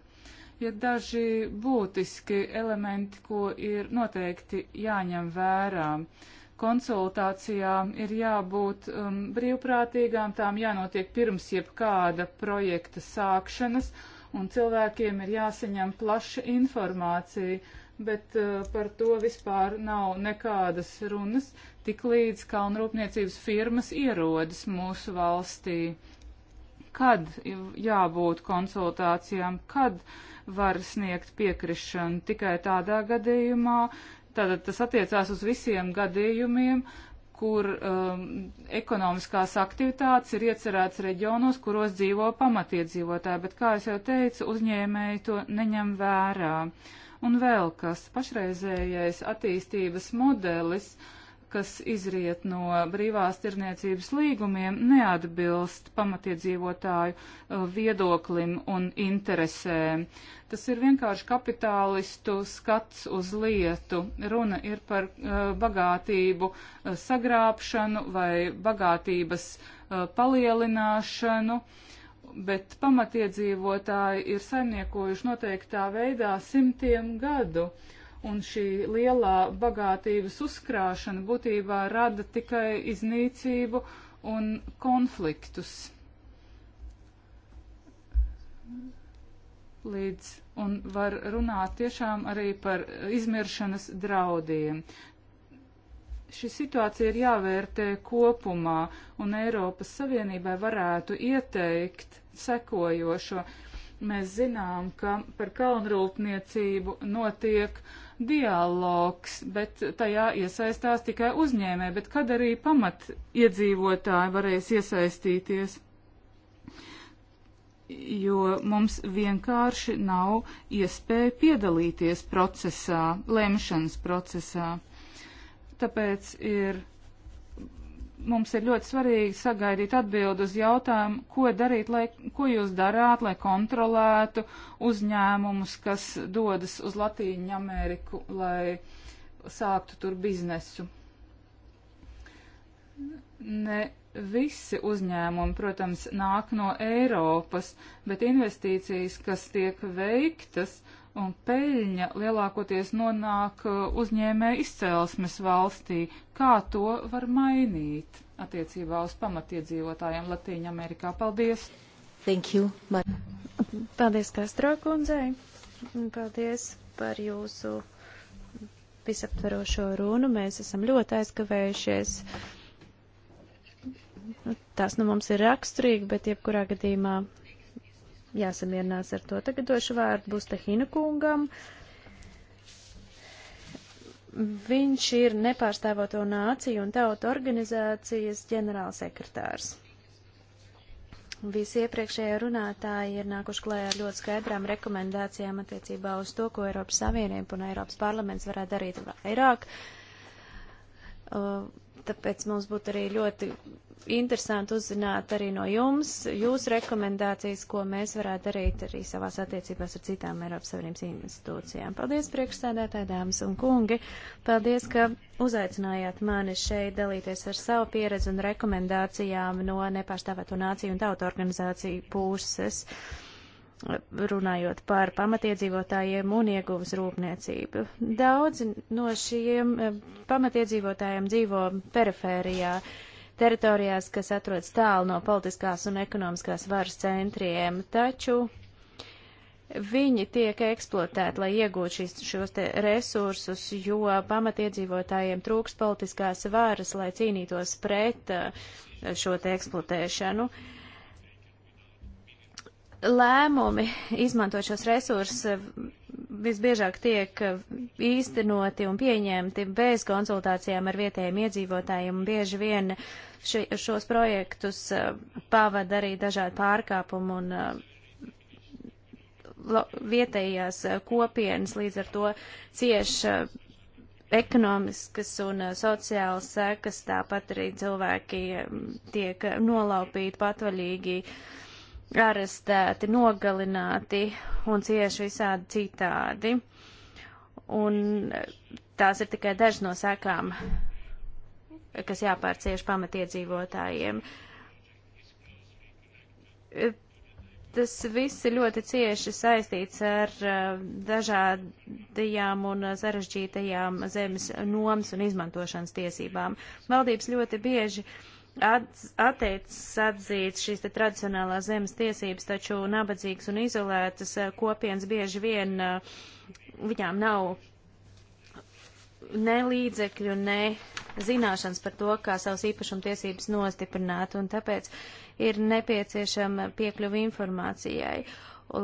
ir daži būtiski elementi, ko ir noteikti jāņem vērā. Konsultācijām ir jābūt um, brīvprātīgām, tām jānotiek pirms jebkāda projekta sākšanas, un cilvēkiem ir jāsaņem plaša informācija, bet uh, par to vispār nav nekādas runas, tik līdz kalnrūpniecības firmas ierodas mūsu valstī. Kad jābūt konsultācijām, kad uh, var sniegt piekrišanu tikai tādā gadījumā. Tātad tas attiecās uz visiem gadījumiem, kur um, ekonomiskās aktivitātes ir iecerētas reģionos, kuros dzīvo pamatiedzīvotāji, bet, kā es jau teicu, uzņēmēji to neņem vērā. Un vēl kas, pašreizējais attīstības modelis uh, kas izriet no brīvās tirniecības līgumiem, neatbilst pamatiedzīvotāju uh, viedoklim un interesēm. Tas ir vienkārši kapitālistu skats uz lietu. Runa ir par uh, bagātību uh, sagrābšanu vai bagātības palielināšanu. Bet pamatiedzīvotāji ir saimniekojuši noteiktā veidā simtiem gadu. Uh, un šī lielā bagātības uzkrāšana būtībā rada tikai iznīcību un konfliktus. Līdz un var runāt tiešām arī par izmiršanas draudiem. Šī situācija ir jāvērtē kopumā, un Eiropas Savienībai varētu ieteikt sekojošo. Mēs zinām, ka par kalnrūpniecību notiek uh, dialogs, bet tajā iesaistās tikai uzņēmē, bet kad arī pamat iedzīvotāji varēs iesaistīties, jo mums vienkārši nav iespēja piedalīties procesā, lemšanas procesā. Tāpēc ir mums ir ļoti svarīgi sagaidīt atbildi uz jautājumu, ko darīt, lai, ko jūs darāt, lai kontrolētu uzņēmumus, kas dodas uz Latīņu Ameriku, lai sāktu tur biznesu. Ne visi uzņēmumi, protams, nāk no Eiropas, bet investīcijas, kas tiek veiktas, un peļņa lielākoties nonāk uh, uzņēmē izcēlesmes valstī. Kā to var mainīt attiecībā uz pamatiedzīvotājiem Latīņa Amerikā? Paldies! Thank you. Man... Paldies, Kastro kundzei. Paldies par jūsu visaptverošo runu. Mēs esam ļoti aizkavējušies. Tas nu mums ir raksturīgi, bet jebkurā gadījumā jāsamierinās ar to. Tagad došu vārdu Bustahina kungam. Viņš ir nepārstāvoto nāciju un tautu organizācijas ģenerālsekretārs. Visi iepriekšējie runātāji ir nākuši klējā ar ļoti skaidrām rekomendācijām attiecībā uz to, ko Eiropas Savienība un Eiropas parlaments varētu darīt vairāk. Uh, tāpēc mums būtu arī ļoti interesanti uzzināt arī no jums, jūsu rekomendācijas, ko mēs varētu darīt arī savās attiecībās ar citām Eiropas Savienības institūcijām. Paldies, priekšsēdētāji, dāmas un kungi! Paldies, ka uzaicinājāt mani šeit dalīties ar savu pieredzi un rekomendācijām no nepārstāvēto nāciju un tautu organizāciju puses. Uh, runājot par pamatiedzīvotājiem un ieguvas rūpniecību. Daudz no šiem eh, pamatiedzīvotājiem dzīvo perifērijā, teritorijās, kas atrodas tālu no politiskās un ekonomiskās varas centriem, taču viņi tiek eksploatēti, lai iegūtu šis, šos te resursus, jo pamatiedzīvotājiem trūks politiskās varas, lai cīnītos pret eh, šo te eksploatēšanu. Uh, lēmumi izmantot šos resursus eh, visbiežāk tiek eh, īstenoti un pieņemti bez konsultācijām ar vietējiem iedzīvotājiem. Bieži vien ši, šos projektus eh, pavada arī dažādi pārkāpumi un vietējās kopienas līdz ar to cieš ekonomiskas un sociālas sekas, tāpat arī cilvēki tiek nolaupīti patvaļīgi. Uh, arestēti, nogalināti un cieši visādi citādi. Un tās ir tikai dažas no sekām, kas jāpārcieš pamatiedzīvotājiem. Tas viss ir ļoti cieši saistīts ar uh, dažādajām un sarežģītajām zemes nomas un izmantošanas tiesībām. Valdības ļoti bieži uh, atteicis atzīt šīs te tradicionālās zemes tiesības, taču nabadzīgas un izolētas eh, kopienas bieži vien eh, viņām nav ne līdzekļu, ne zināšanas par to, kā savas īpašumtiesības nostiprināt, un tāpēc ir nepieciešama piekļuva informācijai,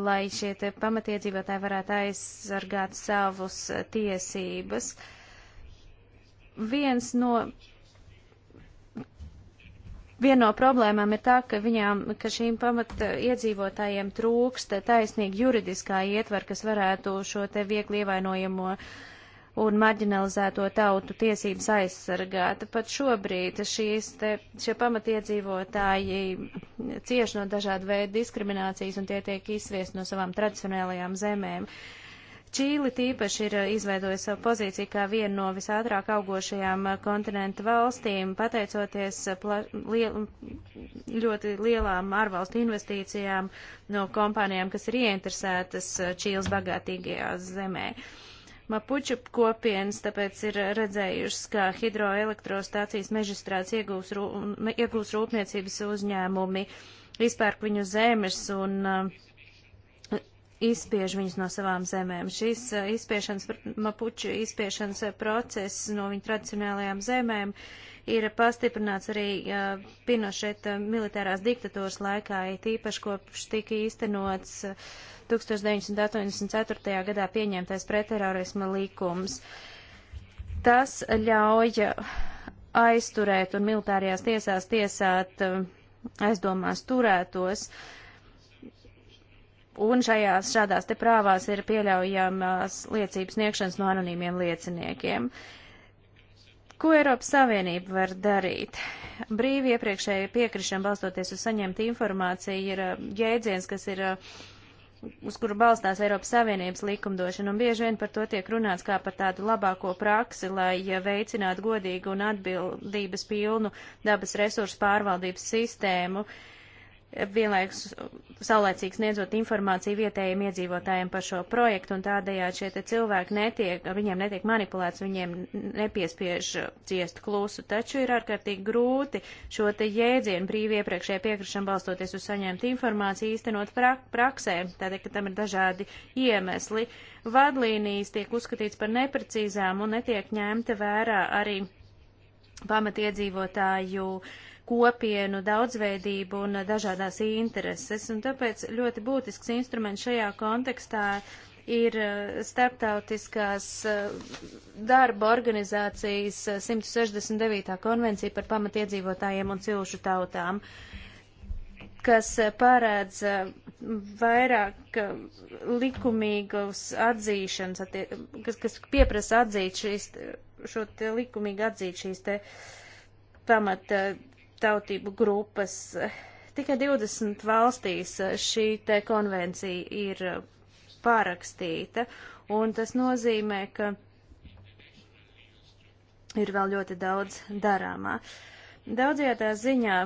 lai šie pamatiedzīvotāji varētu aizsargāt savus tiesības. Viens no Viena no problēmām ir tā, ka, viņām, ka šīm pamat iedzīvotājiem trūkst taisnīgi juridiskā ietver, kas varētu šo te viegli ievainojamo un marginalizēto tautu tiesības aizsargāt. Pat šobrīd šīs te, šie pamatiedzīvotāji cieš no dažāda veida diskriminācijas un tie tiek izsviest no savām tradicionālajām zemēm. Uh, Čīli tīpaši ir eh, izveidojusi savu pozīciju kā vienu no visātrāk augošajām eh, kontinentu valstīm, pateicoties eh, pla, liel, ļoti lielām ārvalstu investīcijām no kompānijām, kas ir ieinteresētas Čīles bagātīgajā zemē. Mapuču kopienas tāpēc ir redzējušas, ka hidroelektrostācijas mežistrāts iegūs, rū, iegūs rūpniecības uzņēmumi, izpērk viņu zemes un uh, izspiež viņus no savām zemēm. Šis eh, izspiešanas, mapuču izspiešanas eh, process no viņu tradicionālajām zemēm ir pastiprināts arī uh, eh, Pinošeta militārās diktatūras laikā, it īpaši kopš tika īstenots 1984. gadā pieņemtais pretterorisma likums. Tas ļauj aizturēt un militārajās tiesās tiesāt uh, aizdomās turētos. Uh, Un šajās šādās te prāvās ir pieļaujamās liecības sniegšanas no anonīmiem lieciniekiem. Ko Eiropas Savienība var darīt? Brīvi iepriekšēja piekrišana balstoties uz saņemtu informāciju ir uh, jēdziens, kas ir, uh, uz kuru balstās Eiropas Savienības likumdošana, un bieži vien par to tiek runāts kā par tādu labāko praksi, lai veicinātu godīgu un atbildības pilnu dabas resursu pārvaldības sistēmu. Uh, vienlaikus saulēcīgi sniedzot informāciju vietējiem iedzīvotājiem par šo projektu, un tādējādi šie cilvēki netiek, viņiem netiek manipulēts, viņiem nepiespiež ciest klusu, taču ir ārkārtīgi grūti šo te jēdzienu brīvi iepriekšējā piekrišana balstoties uz saņemtu informāciju īstenot prak praksē, tādēļ, ka tam ir dažādi iemesli. Vadlīnijas tiek uzskatīts par neprecīzām un netiek ņemta vērā arī pamatiedzīvotāju uh, kopienu daudzveidību un dažādās intereses. Un tāpēc ļoti būtisks instruments šajā kontekstā ir uh, starptautiskās uh, darba organizācijas 169. Uh, konvencija par pamatiedzīvotājiem un cilšu tautām kas pārēdz vairāk likumīgus atzīšanas, kas, kas pieprasa atzīt šīs, šo te likumīgi atzīt šīs te pamata tautību grupas. Tikai 20 valstīs šī te konvencija ir pārakstīta, un tas nozīmē, ka ir vēl ļoti daudz darāmā. Daudzajā tā ziņā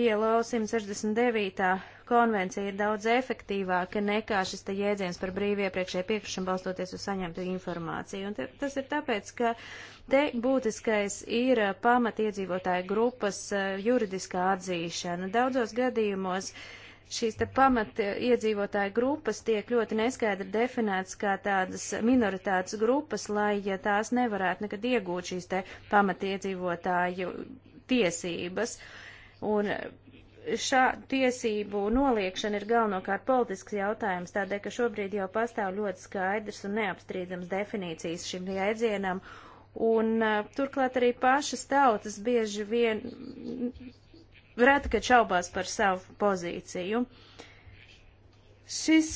ILO 169 konvencija ir daudz efektīvāka nekā šis te jēdziens par brīvu iepriekšēju piekrišanu balstoties uz saņemtu informāciju. Un te, tas ir tāpēc, ka te būtiskais ir uh, pamatiedzīvotāju grupas uh, juridiskā atzīšana. Daudzos gadījumos šīs te pamat iedzīvotāju grupas tiek ļoti neskaidri definētas kā tādas minoritātes grupas, lai ja tās nevarētu nekad iegūt šīs te pamat iedzīvotāju tiesības. Un uh, šā tiesību noliekšana ir galvenokārt politisks jautājums, tādēļ, ka šobrīd jau pastāv ļoti skaidrs un neapstrīdams definīcijas šim jēdzienam, un uh, turklāt arī pašas tautas bieži vien reti, kad šaubās par savu pozīciju. Šis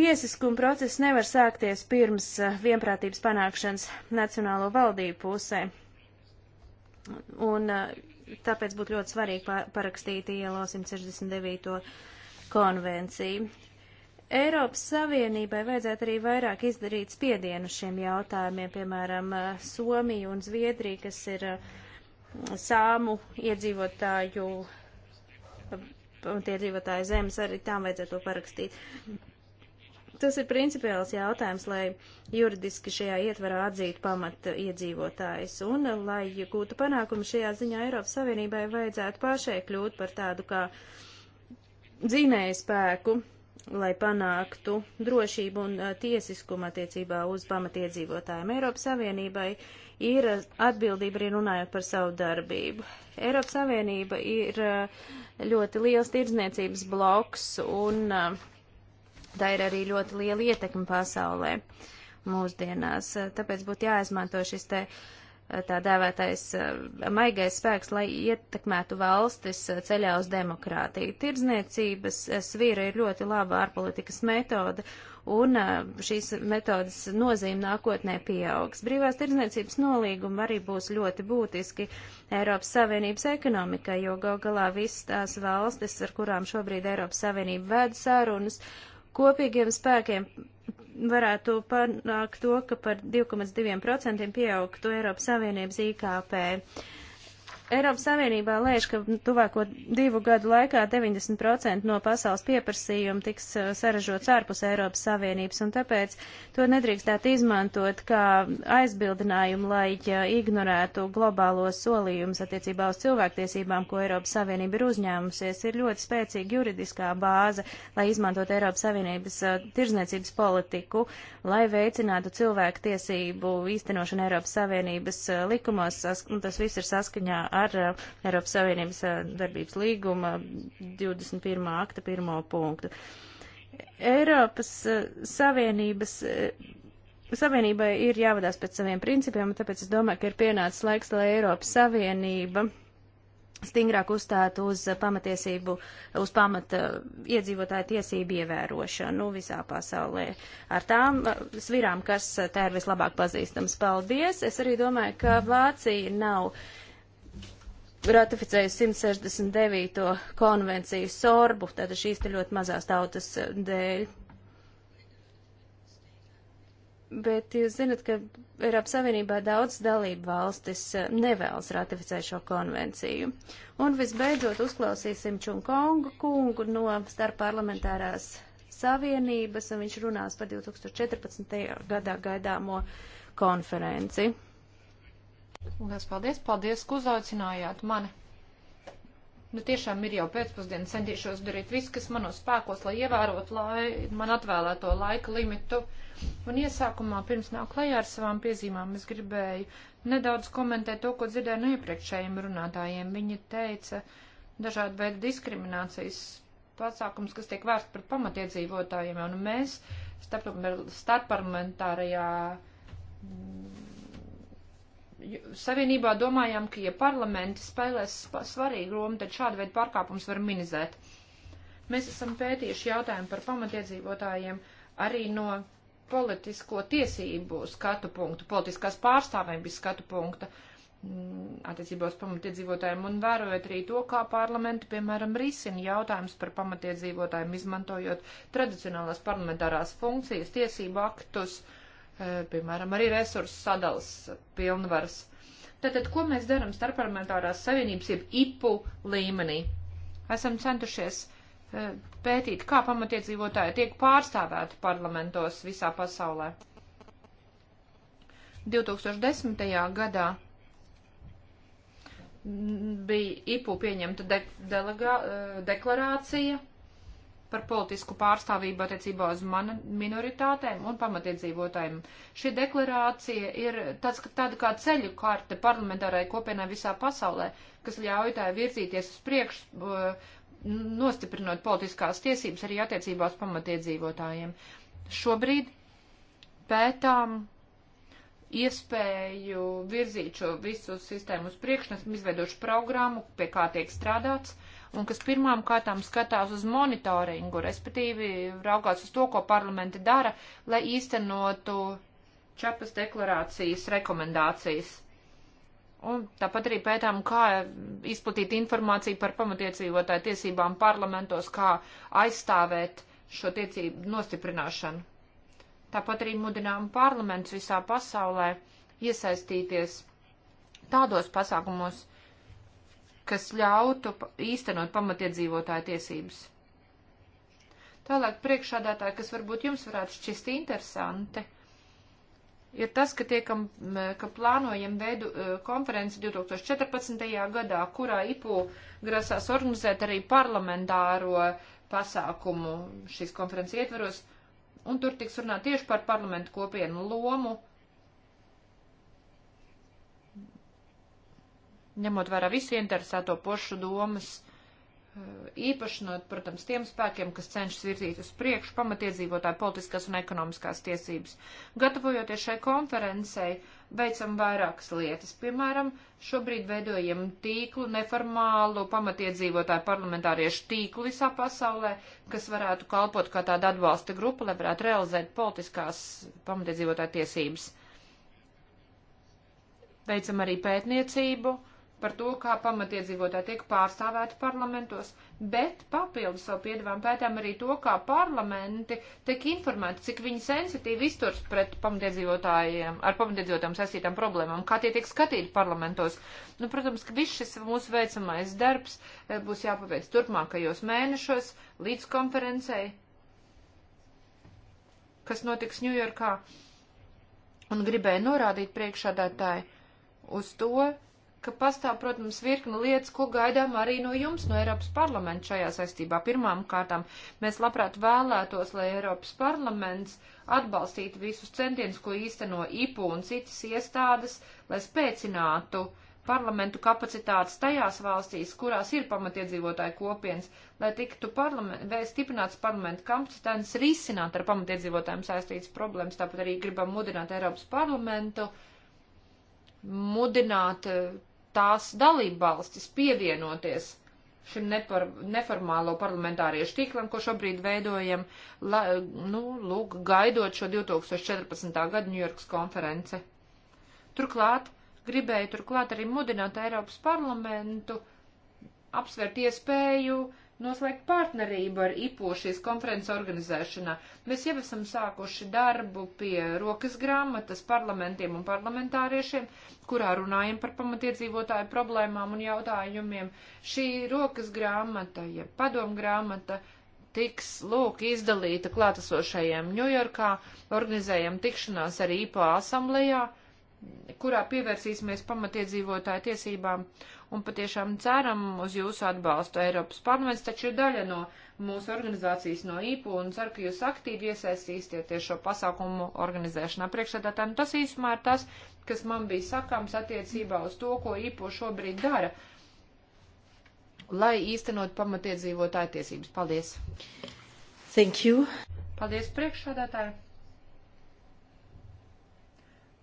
tiesiskuma process nevar sākties pirms uh, vienprātības panākšanas Nacionālo valdību pusē. Un uh, tāpēc būtu ļoti svarīgi parakstīt ILO 169. konvenciju. Eiropas Savienībai vajadzētu arī vairāk izdarīt spiedienu šiem jautājumiem, piemēram, Somija un Zviedrija, kas ir uh, sāmu iedzīvotāju uh, un tie dzīvotāji zemes, arī tām vajadzētu to parakstīt tas ir principiāls jautājums, lai juridiski šajā ietvarā atzītu pamata iedzīvotājs. Un, lai gūtu panākumu šajā ziņā, Eiropas Savienībai vajadzētu pašai kļūt par tādu kā dzinēju spēku, lai panāktu drošību un tiesiskumu attiecībā uz pamatiedzīvotājiem. Eiropas Savienībai ir atbildība arī runājot par savu darbību. Eiropas Savienība ir ļoti liels tirdzniecības bloks un uh, tā ir arī ļoti liela ietekme pasaulē mūsdienās. Tāpēc būtu jāizmanto šis te tā dēvētais eh, maigais spēks, lai ietekmētu valstis eh, ceļā uz demokrātiju. Tirdzniecības eh, svīra ir ļoti laba ārpolitikas metode, un šīs metodas nozīme nākotnē pieaugs. Brīvās tirdzniecības nolīgumi arī būs ļoti būtiski Eiropas Savienības ekonomikai, jo gal galā visas tās valstis, ar kurām šobrīd Eiropas Savienība ved sarunas, kopīgiem spēkiem varētu panākt to, ka par 2,2% pieaugtu Eiropas Savienības IKP. Eiropas Savienībā lēš, ka tuvāko divu gadu laikā 90% no pasaules pieprasījuma tiks uh, saražots ārpus Eiropas Savienības, un tāpēc to nedrīkstētu izmantot kā aizbildinājumu, lai ignorētu globālos solījumus attiecībā uz cilvēktiesībām, ko Eiropas Savienība ir uzņēmusies. Ir ļoti spēcīga juridiskā bāze, lai izmantot Eiropas Savienības uh, tirzniecības politiku, lai veicinātu cilvēku tiesību īstenošanu Eiropas Savienības uh, likumos, un tas viss ir saskaņā ar uh, Eiropas Savienības uh, darbības līguma 21. akta pirmo punktu. Eiropas uh, Savienības Savienībai ir jāvadās pēc saviem principiem, un tāpēc es domāju, ka ir pienācis laiks, lai Eiropas Savienība stingrāk uzstātu uz pamatiesību, uz pamata iedzīvotāju tiesību ievērošanu visā pasaulē. Ar tām svirām, kas tā ir vislabāk pazīstams. Paldies! Es arī domāju, ka Vācija nav. Uh, ratificēja 169. konvenciju Sorbu, tātad šīs te ļoti mazās tautas eh, dēļ. Bet jūs zinat, ka Eiropas Savienībā daudz dalību valstis eh, nevēlas ratificēt šo konvenciju. Un visbeidzot uzklausīsim Čunkongu kungu no starpparlamentārās savienības, un viņš runās par 2014. gadā gaidāmo konferenci. Lielas paldies, paldies, ka uzaicinājāt mani. Nu, tiešām ir jau pēcpusdiena, centīšos darīt visu, kas manos spēkos, lai ievērotu lai, man atvēlēto laika limitu. Un iesākumā, pirms nāk klajā ar savām piezīmām, es gribēju nedaudz komentēt to, ko dzirdēju no iepriekšējiem runātājiem. Viņi teica dažādu veidu diskriminācijas pasākums, kas tiek vērsts par pamatiedzīvotājiem, un mēs starpparlamentārajā. Starp Savienībā domājām, ka ja parlamenti spēlēs svarīgu lomu, tad šāda veida pārkāpums var minizēt. Mēs esam pētījuši jautājumu par pamatiedzīvotājiem arī no politisko tiesību skatu punktu, politiskās pārstāvēm skatu punkta mm, attiecībā uz pamatiedzīvotājiem un vērojot arī to, kā parlamenti, piemēram, risina jautājums par pamatiedzīvotājiem, izmantojot tradicionālās parlamentārās funkcijas, tiesību aktus, uh, Eh, piemēram, arī resursu sadalas pilnvaras. Tātad, ko mēs darām starpparlamentārās savienības, jeb IPU līmenī? Esam centušies eh, pētīt, kā pamatiedzīvotāji tiek pārstāvēti parlamentos visā pasaulē. 2010. gadā bija IPU pieņemta de delegā, eh, deklarācija par politisku pārstāvību attiecībā uz mana, minoritātēm un pamatiedzīvotājiem. Šī deklarācija ir tāds, tāda kā ceļu karte parlamentārai kopienai visā pasaulē, kas ļauj tā virzīties uz priekšu, nostiprinot politiskās tiesības arī attiecībā uz pamatiedzīvotājiem. Šobrīd pētām iespēju virzīt šo visu sistēmu uz priekšu, esam izveidojuši programmu, pie kā tiek strādāts. Uh, un kas pirmām kārtām skatās uz monitoringu, respektīvi raugās uz to, ko parlamenti dara, lai īstenotu Čapas deklarācijas rekomendācijas. Un tāpat arī pētām, kā izplatīt informāciju par pamatiedzīvotāju tiesībām parlamentos, kā aizstāvēt šo tiecību nostiprināšanu. Tāpat arī mudinām parlaments visā pasaulē iesaistīties tādos pasākumos, kas ļautu īstenot pamatiedzīvotāju tiesības. Tālāk priekšādātāji, kas varbūt jums varētu šķist interesanti, ir tas, ka tiekam, ka plānojam veidu e, konferenci 2014. gadā, kurā IPU grasās organizēt arī parlamentāro pasākumu šīs konferences ietveros, un tur tiks runāt tieši par parlamentu kopienu lomu ņemot vērā visu interesēto pošu domas, eh, īpašanot, protams, tiem spēkiem, kas cenšas virzīt uz priekšu pamatiedzīvotāju politiskās un ekonomiskās tiesības. Gatavojoties šai konferencei, veicam vairākas lietas. Piemēram, šobrīd veidojam tīklu, neformālu pamatiedzīvotāju parlamentāriešu tīklu visā pasaulē, kas varētu kalpot kā tāda atbalsta grupa, lai varētu realizēt politiskās pamatiedzīvotāju tiesības. Veicam arī pētniecību par to, kā pamatiedzīvotāji tiek pārstāvēti parlamentos, bet papildus savu piedevām pētām arī to, kā parlamenti tiek informēti, cik viņi sensitīvi izturs pret pamatiedzīvotājiem, ar pamatiedzīvotājiem saistītām problēmām, kā tie tiek skatīti parlamentos. Nu, protams, ka viss šis mūsu veicamais darbs eh, būs jāpaveic turpmākajos mēnešos līdz konferencei, kas notiks Ņujorkā un gribēja norādīt priekšādātāji uz to, ka pastāv, protams, virkni lietas, ko gaidām arī no jums, no Eiropas parlamenta šajā saistībā. Pirmām kārtām mēs labprāt vēlētos, lai Eiropas parlaments atbalstītu visus centienus, ko īsteno IPU un citas iestādes, lai spēcinātu parlamentu kapacitātes tajās valstīs, kurās ir pamatiedzīvotāju kopienas, lai tiktu parlament, vai stiprināts parlamentu kapacitātes risināt ar pamatiedzīvotājiem saistītas problēmas, tāpat arī gribam mudināt Eiropas parlamentu mudināt tās dalībvalstis pievienoties šim nepar, neformālo parlamentāriešu tīklam, ko šobrīd veidojam, la, nu, lūk, gaidot šo 2014. gadu Ņujorkas konference. Turklāt, gribēju turklāt arī mudināt Eiropas parlamentu apsvērt iespēju uh, noslēgt partnerību ar IPO šīs konferences organizēšanā. Mēs jau esam sākuši darbu pie rokas grāmatas parlamentiem un parlamentāriešiem, kurā runājam par pamatiedzīvotāju problēmām un jautājumiem. Šī rokas grāmata, ja padom grāmata, tiks, lūk, izdalīta klātesošajiem Ņujorkā, organizējam tikšanās arī IPO asamblējā kurā pievērsīsimies pamatiedzīvotāju tiesībām un patiešām ceram uz jūsu atbalstu. Eiropas parlaments taču ir daļa no mūsu organizācijas no IPU un ceru, ka jūs aktīvi iesaistīsieties šo pasākumu organizēšanā. Priekšsēdētājiem nu, tas īsumā ir tas, kas man bija sakāms attiecībā uz to, ko IPU šobrīd dara, lai īstenot pamatiedzīvotāju tiesības. Paldies! Thank you! Paldies priekšsēdētājiem!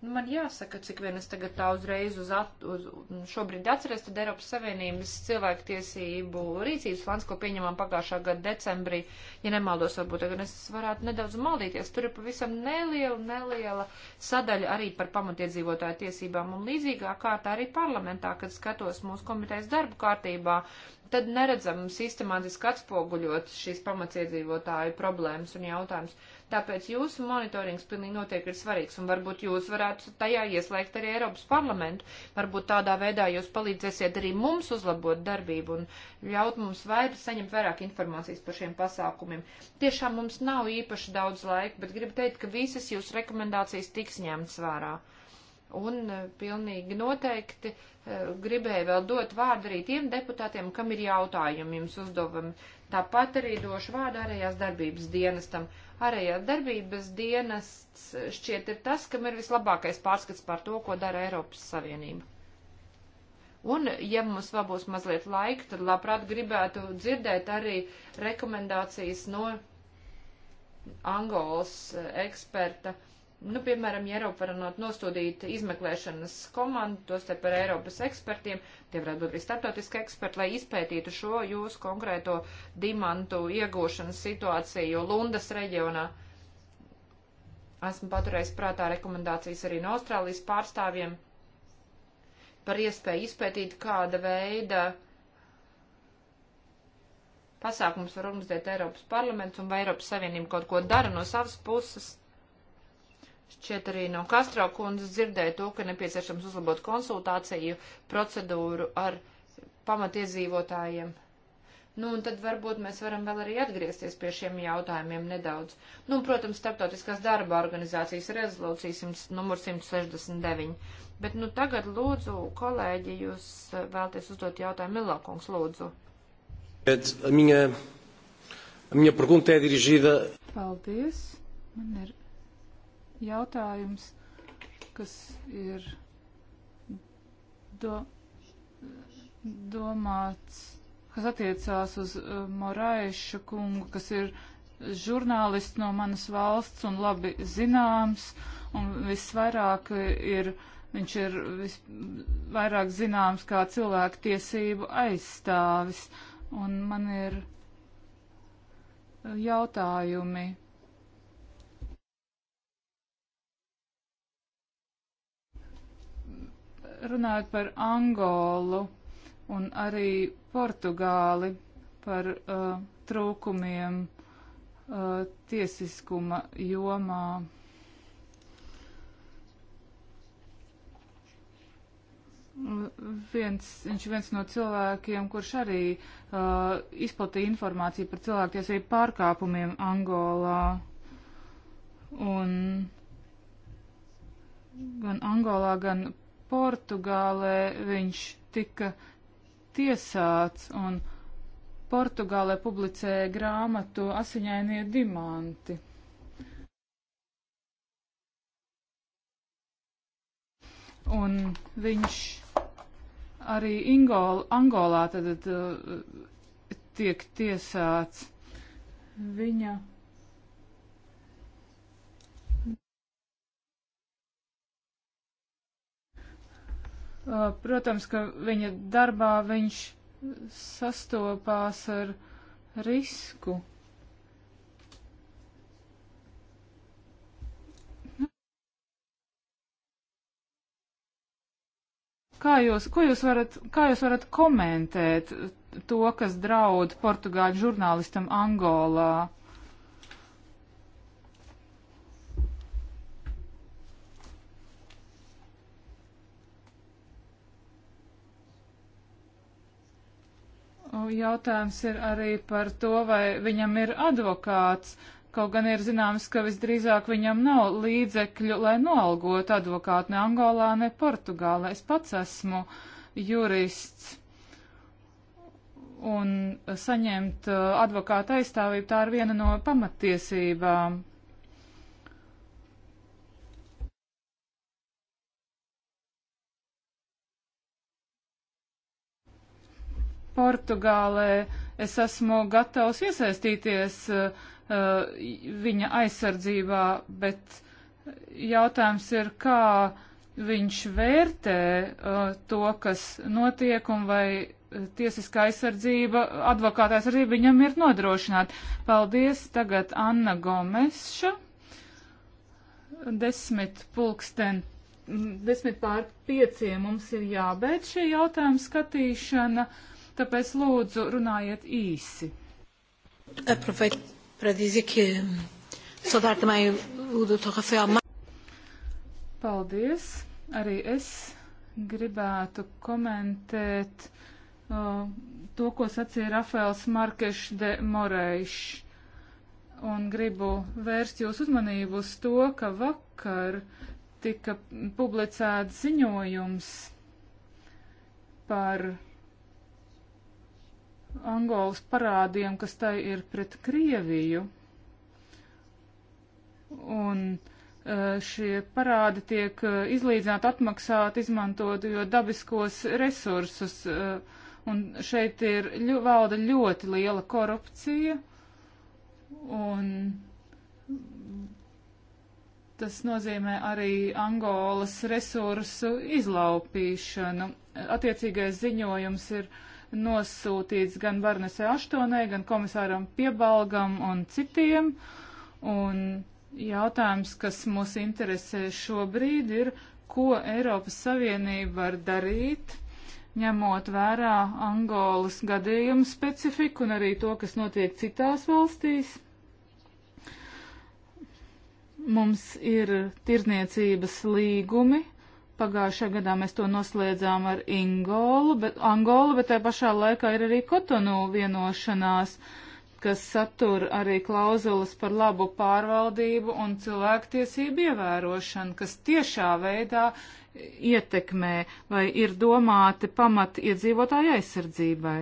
Nu, man jāsaka, cik vien es tagad tā uzreiz uz, at, uz šobrīd atceros, tad Eiropas Savienības cilvēktiesību rīcības plāns, ko pieņemam pagājušā gada decembrī, ja nemaldos, varbūt tagad es varētu nedaudz maldīties, tur ir pavisam neliela, neliela sadaļa arī par pamatiedzīvotāju tiesībām un līdzīgā kārtā arī parlamentā, kad skatos mūsu komitejas darbu kārtībā, tad neredzam sistemātiski atspoguļot šīs pamatiedzīvotāju problēmas un jautājumus. Tāpēc jūsu monitorings pilnīgi noteikti ir svarīgs, un varbūt jūs varētu tajā ieslēgt arī Eiropas parlamentu. Varbūt tādā veidā jūs palīdzēsiet arī mums uzlabot darbību un ļaut mums vairāk saņemt vairāk informācijas par šiem pasākumiem. Tiešām mums nav īpaši daudz laika, bet gribu teikt, ka visas jūsu rekomendācijas tiks ņemtas vērā. Un e, pilnīgi noteikti e, gribēju vēl dot vārdu arī tiem deputātiem, kam ir jautājumi jums uzdevumi. Tāpat arī došu vārdu ārējās darbības dienestam Arējā darbības dienests šķiet ir tas, kam ir vislabākais pārskats par to, ko dara Eiropas Savienība. Un, ja mums vēl būs mazliet laika, tad labprāt gribētu dzirdēt arī rekomendācijas no Angolas eh, eksperta. Uh, Nu, piemēram, ja Eiropa var nostādīt izmeklēšanas komandu, tos te par Eiropas ekspertiem, tie varētu būt arī starptautiski eksperti, lai izpētītu šo jūsu konkrēto dimantu iegūšanas situāciju Lundas reģionā. Esmu paturējis prātā rekomendācijas arī no Austrālijas pārstāvjiem par iespēju izpētīt, kāda veida pasākums var organizēt Eiropas parlaments un vai Eiropas Savienība kaut ko dara no savas puses Šķiet arī no Kastro kundzes dzirdēja to, ka nepieciešams uzlabot konsultāciju procedūru ar pamatiedzīvotājiem. Nu, un tad varbūt mēs varam vēl arī atgriezties pie šiem jautājumiem nedaudz. Nu, un, protams, starptautiskās darba organizācijas rezolūcijas numur 169. Bet, nu, tagad lūdzu, kolēģi, jūs vēlties uzdot jautājumu Milokungs, lūdzu. Bet, a minha, a minha pergunta é dirigida... Paldies. Man ir jautājums, kas ir do, domāts, kas attiecās uz uh, Moraišu kungu, kas ir žurnālists no manas valsts un labi zināms, un visvairāk ir, viņš ir visvairāk zināms kā cilvēku tiesību aizstāvis, un man ir jautājumi runājot par Angolu un arī Portugāli par uh, trūkumiem uh, tiesiskuma jomā. Viens, viņš viens no cilvēkiem, kurš arī uh, izplatīja informāciju par cilvēktiesību pārkāpumiem Angolā. Un gan Angolā, gan Portugālē viņš tika tiesāts un Portugālē publicēja grāmatu Asiņainie dimanti. Un viņš arī Ingol, Angolā tad, tad uh, tiek tiesāts. Viņa Uh, protams, ka viņa darbā viņš sastopās ar risku. Kā jūs, ko jūs varat, kā jūs varat komentēt to, kas draud portugāļu žurnālistam Angolā? Jautājums ir arī par to, vai viņam ir advokāts. Kaut gan ir zināms, ka visdrīzāk viņam nav līdzekļu, lai noalgotu advokātu ne Angolā, ne Portugālē. Es pats esmu jurists. Un saņemt uh, advokāta aizstāvību tā ir viena no pamatiesībām. Portugālē es esmu gatavs iesaistīties uh, viņa aizsardzībā, bet jautājums ir, kā viņš vērtē uh, to, kas notiek un vai eh, tiesiskā aizsardzība, advokāta aizsardzība viņam ir nodrošināta. Paldies tagad Anna Gomeša. Desmit pulksten, mm, desmit pār pieciem mums ir jābeidz šī jautājuma skatīšana. Uh, tāpēc lūdzu runājiet īsi. Paldies. Arī es gribētu komentēt uh, to, ko sacīja Rafaels Markešs de Morejšs un gribu vērst jūs uzmanību uz to, ka vakar tika publicēts ziņojums par Angolas parādiem, kas tai ir pret Krieviju. Un e, šie parādi tiek e, izlīdzināti, atmaksāti, izmantojot dabiskos resursus. E, un šeit ir valda ļoti liela korupcija. Un tas nozīmē arī Angolas resursu izlaupīšanu. Attiecīgais ziņojums ir uh, nosūtīts gan Barnesē Aštonai, gan komisāram Piebalgam un citiem. Un jautājums, kas mūs interesē šobrīd, ir, ko Eiropas Savienība var darīt, ņemot vērā Angolas gadījumu specifiku un arī to, kas notiek citās valstīs. Mums ir tirniecības līgumi Pagājušajā gadā mēs to noslēdzām ar Ingolu, bet, Angolu, bet tajā pašā laikā ir arī Kotonu vienošanās, kas satur arī klauzulas par labu pārvaldību un cilvēktiesību ievērošanu, kas tiešā veidā ietekmē vai ir domāti pamati iedzīvotāju aizsardzībai.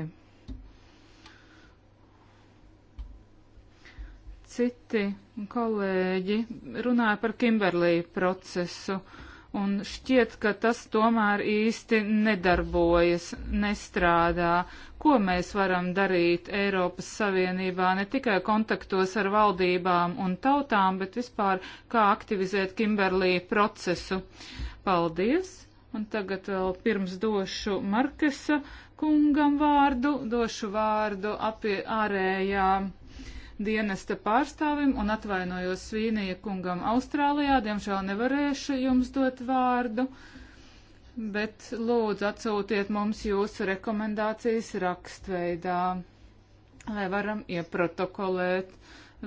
Citi kolēģi runāja par Kimberlī procesu. Uh, un šķiet, ka tas tomēr īsti nedarbojas, nestrādā. Ko mēs varam darīt Eiropas Savienībā ne tikai kontaktos ar valdībām un tautām, bet vispār kā aktivizēt Kimberlī procesu? Paldies! Un tagad vēl pirms došu Markesa kungam vārdu, došu vārdu apie ārējām dienesta pārstāvim un atvainojos Svīnija kungam Austrālijā. Diemžēl nevarēšu jums dot vārdu, bet lūdzu atsūtiet mums jūsu rekomendācijas rakstveidā, lai varam ieprotokolēt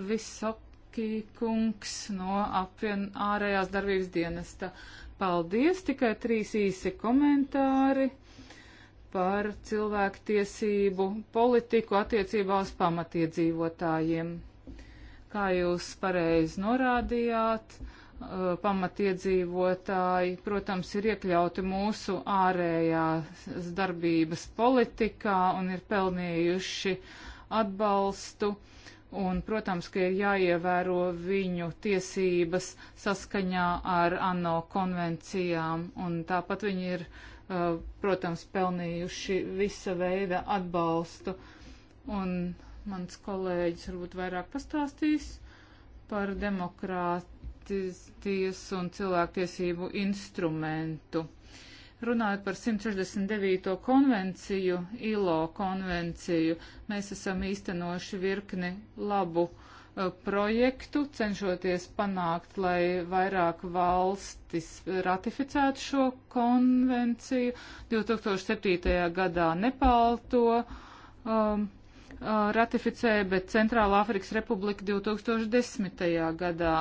visokī kungs no apvien ārējās darbības dienesta. Paldies, tikai trīs īsi komentāri par cilvēku tiesību politiku attiecībā uz pamatiedzīvotājiem. Kā jūs pareizi norādījāt, uh, pamatiedzīvotāji, protams, ir iekļauti mūsu ārējās darbības politikā un ir pelnījuši atbalstu. Un, protams, ka ir jāievēro viņu tiesības saskaņā ar ANO konvencijām, un tāpat viņi ir uh, Uh, protams, pelnījuši visa veida atbalstu. Un mans kolēģis varbūt vairāk pastāstīs par demokrātijas un cilvēktiesību instrumentu. Runājot par 169. konvenciju, ILO konvenciju, mēs esam īstenojuši virkni labu uh, Uh, projektu, cenšoties panākt, lai vairāk valstis ratificētu šo konvenciju. 2007. gadā Nepāla to um, uh, ratificēja, bet Centrāla Afrikas Republika 2010. gadā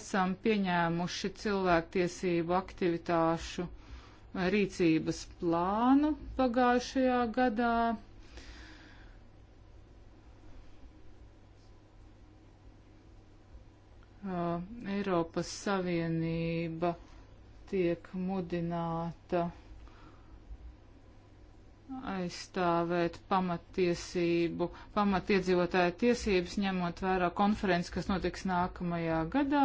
esam pieņēmuši cilvēktiesību aktivitāšu rīcības plānu pagājušajā gadā uh, Eiropas Savienība tiek mudināta aizstāvēt pamatiesību, pamatiedzīvotāju tiesības, ņemot vērā konferenci, kas notiks nākamajā gadā.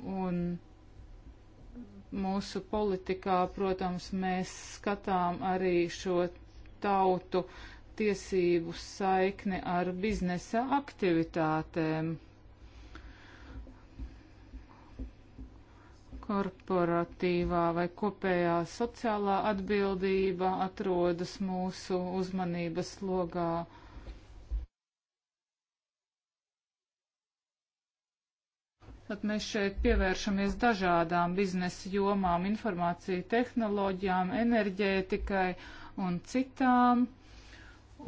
Un mūsu politikā, protams, mēs skatām arī šo tautu tiesību saikni ar biznesa aktivitātēm. korporatīvā vai kopējā sociālā atbildība atrodas mūsu uzmanības logā. Tad mēs šeit pievēršamies dažādām biznesa jomām, informācija tehnoloģijām, enerģētikai un citām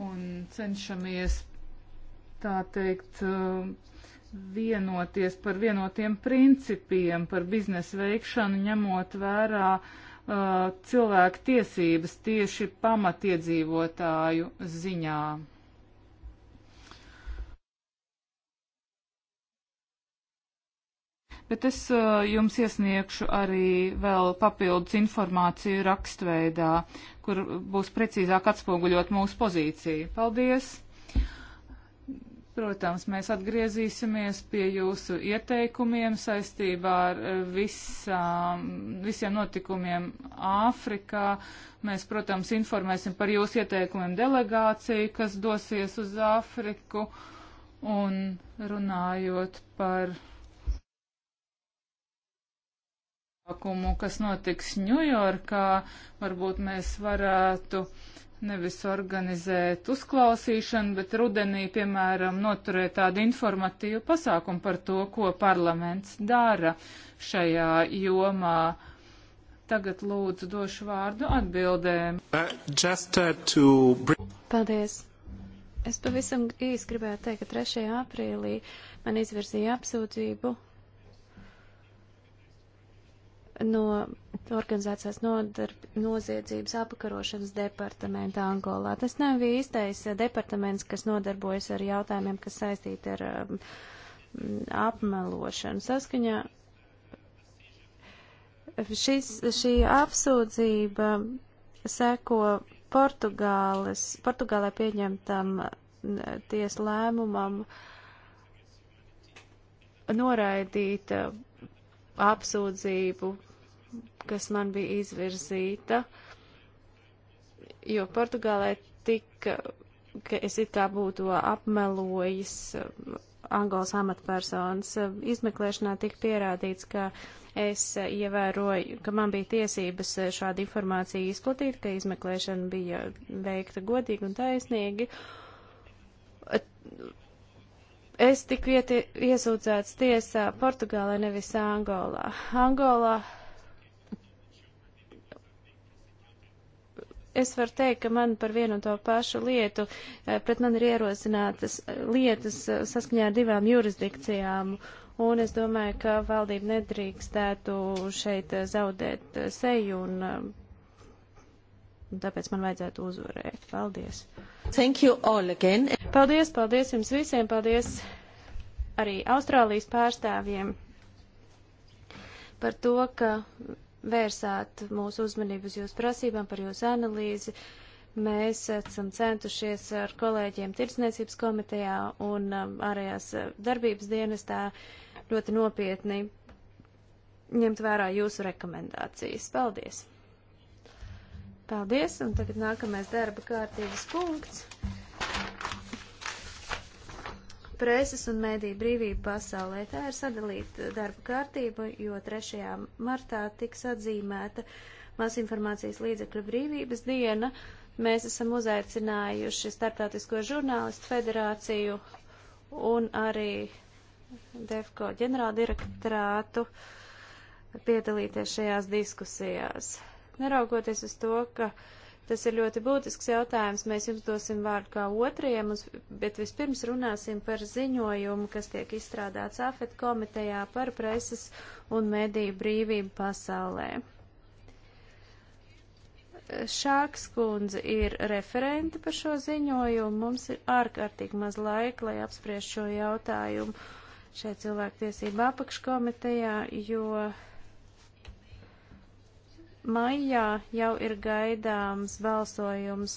un cenšamies, tā teikt, vienoties par vienotiem principiem par biznesa veikšanu, ņemot vērā uh, cilvēku tiesības tieši pamatiedzīvotāju ziņā. Bet es uh, jums iesniegšu arī vēl papildus informāciju rakstveidā kur būs precīzāk atspoguļot mūsu pozīciju. Paldies! Protams, mēs atgriezīsimies pie jūsu ieteikumiem saistībā ar eh, visām, visiem notikumiem Āfrikā. Mēs, protams, informēsim par jūsu ieteikumiem delegāciju, kas dosies uz Āfriku un runājot par pasākumu, kas notiks Ņujorkā, varbūt mēs varētu nevis organizēt uzklausīšanu, bet rudenī, piemēram, noturēt tādu informatīvu pasākumu par to, ko parlaments dara šajā jomā. Tagad lūdzu došu vārdu atbildēm. Uh, uh to... Paldies. Es pavisam īsti gribēju teikt, ka 3. aprīlī man izvirzīja apsūdzību no organizācijas nodarb, noziedzības apkarošanas departamenta Angolā. Tas nav īstais departaments, kas nodarbojas ar jautājumiem, kas saistīti ar um, apmelošanu. Saskaņā šis, šī apsūdzība seko Portugāles, Portugālē pieņemtam tiesu lēmumam noraidīt uh, apsūdzību kas man bija izvirzīta, jo Portugālē tika, ka es it kā būtu apmelojis eh, Angolas amatpersonas eh, izmeklēšanā, tika pierādīts, ka es eh, ievēroju, ka man bija tiesības šādu informāciju izplatīt, ka izmeklēšana bija veikta godīgi un taisnīgi. Es tiku iesūdzēts tiesā Portugālē, nevis Angolā. Angolā es varu teikt, ka man par vienu un to pašu lietu, eh, pret mani ir ierosinātas eh, lietas eh, saskaņā ar divām jurisdikcijām. Un es domāju, ka valdība nedrīkstētu šeit zaudēt seju, un, un tāpēc man vajadzētu uzvarēt. Paldies! Thank you all again! Paldies, paldies jums visiem, paldies arī Austrālijas pārstāvjiem par to, ka vērsāt mūsu uzmanību uz jūsu prasībām, par jūsu analīzi. Mēs esam centušies ar kolēģiem Tirsniecības komitejā un um, ārējās uh, darbības dienestā ļoti nopietni ņemt vērā jūsu rekomendācijas. Paldies! Paldies, un tagad nākamais darba kārtības punkts preses un mēdīju brīvību pasaulē. Tā ir sadalīta darba kārtība, jo 3. martā tiks atzīmēta masinformācijas līdzekļu brīvības diena. Mēs esam uzaicinājuši Startautisko žurnālistu federāciju un arī DEFCO ģenerāldirektorātu piedalīties šajās diskusijās. Neraugoties uz to, ka uh, Tas ir ļoti būtisks jautājums. Mēs jums dosim vārdu kā otriem, bet vispirms runāsim par ziņojumu, kas tiek izstrādāts AFET komitejā par preses un mediju brīvību pasaulē. Šāks kundze ir referente par šo ziņojumu. Mums ir ārkārtīgi maz laika, lai apspriež šo jautājumu šeit cilvēktiesība apakškomitejā, jo maijā jau ir gaidāms balsojums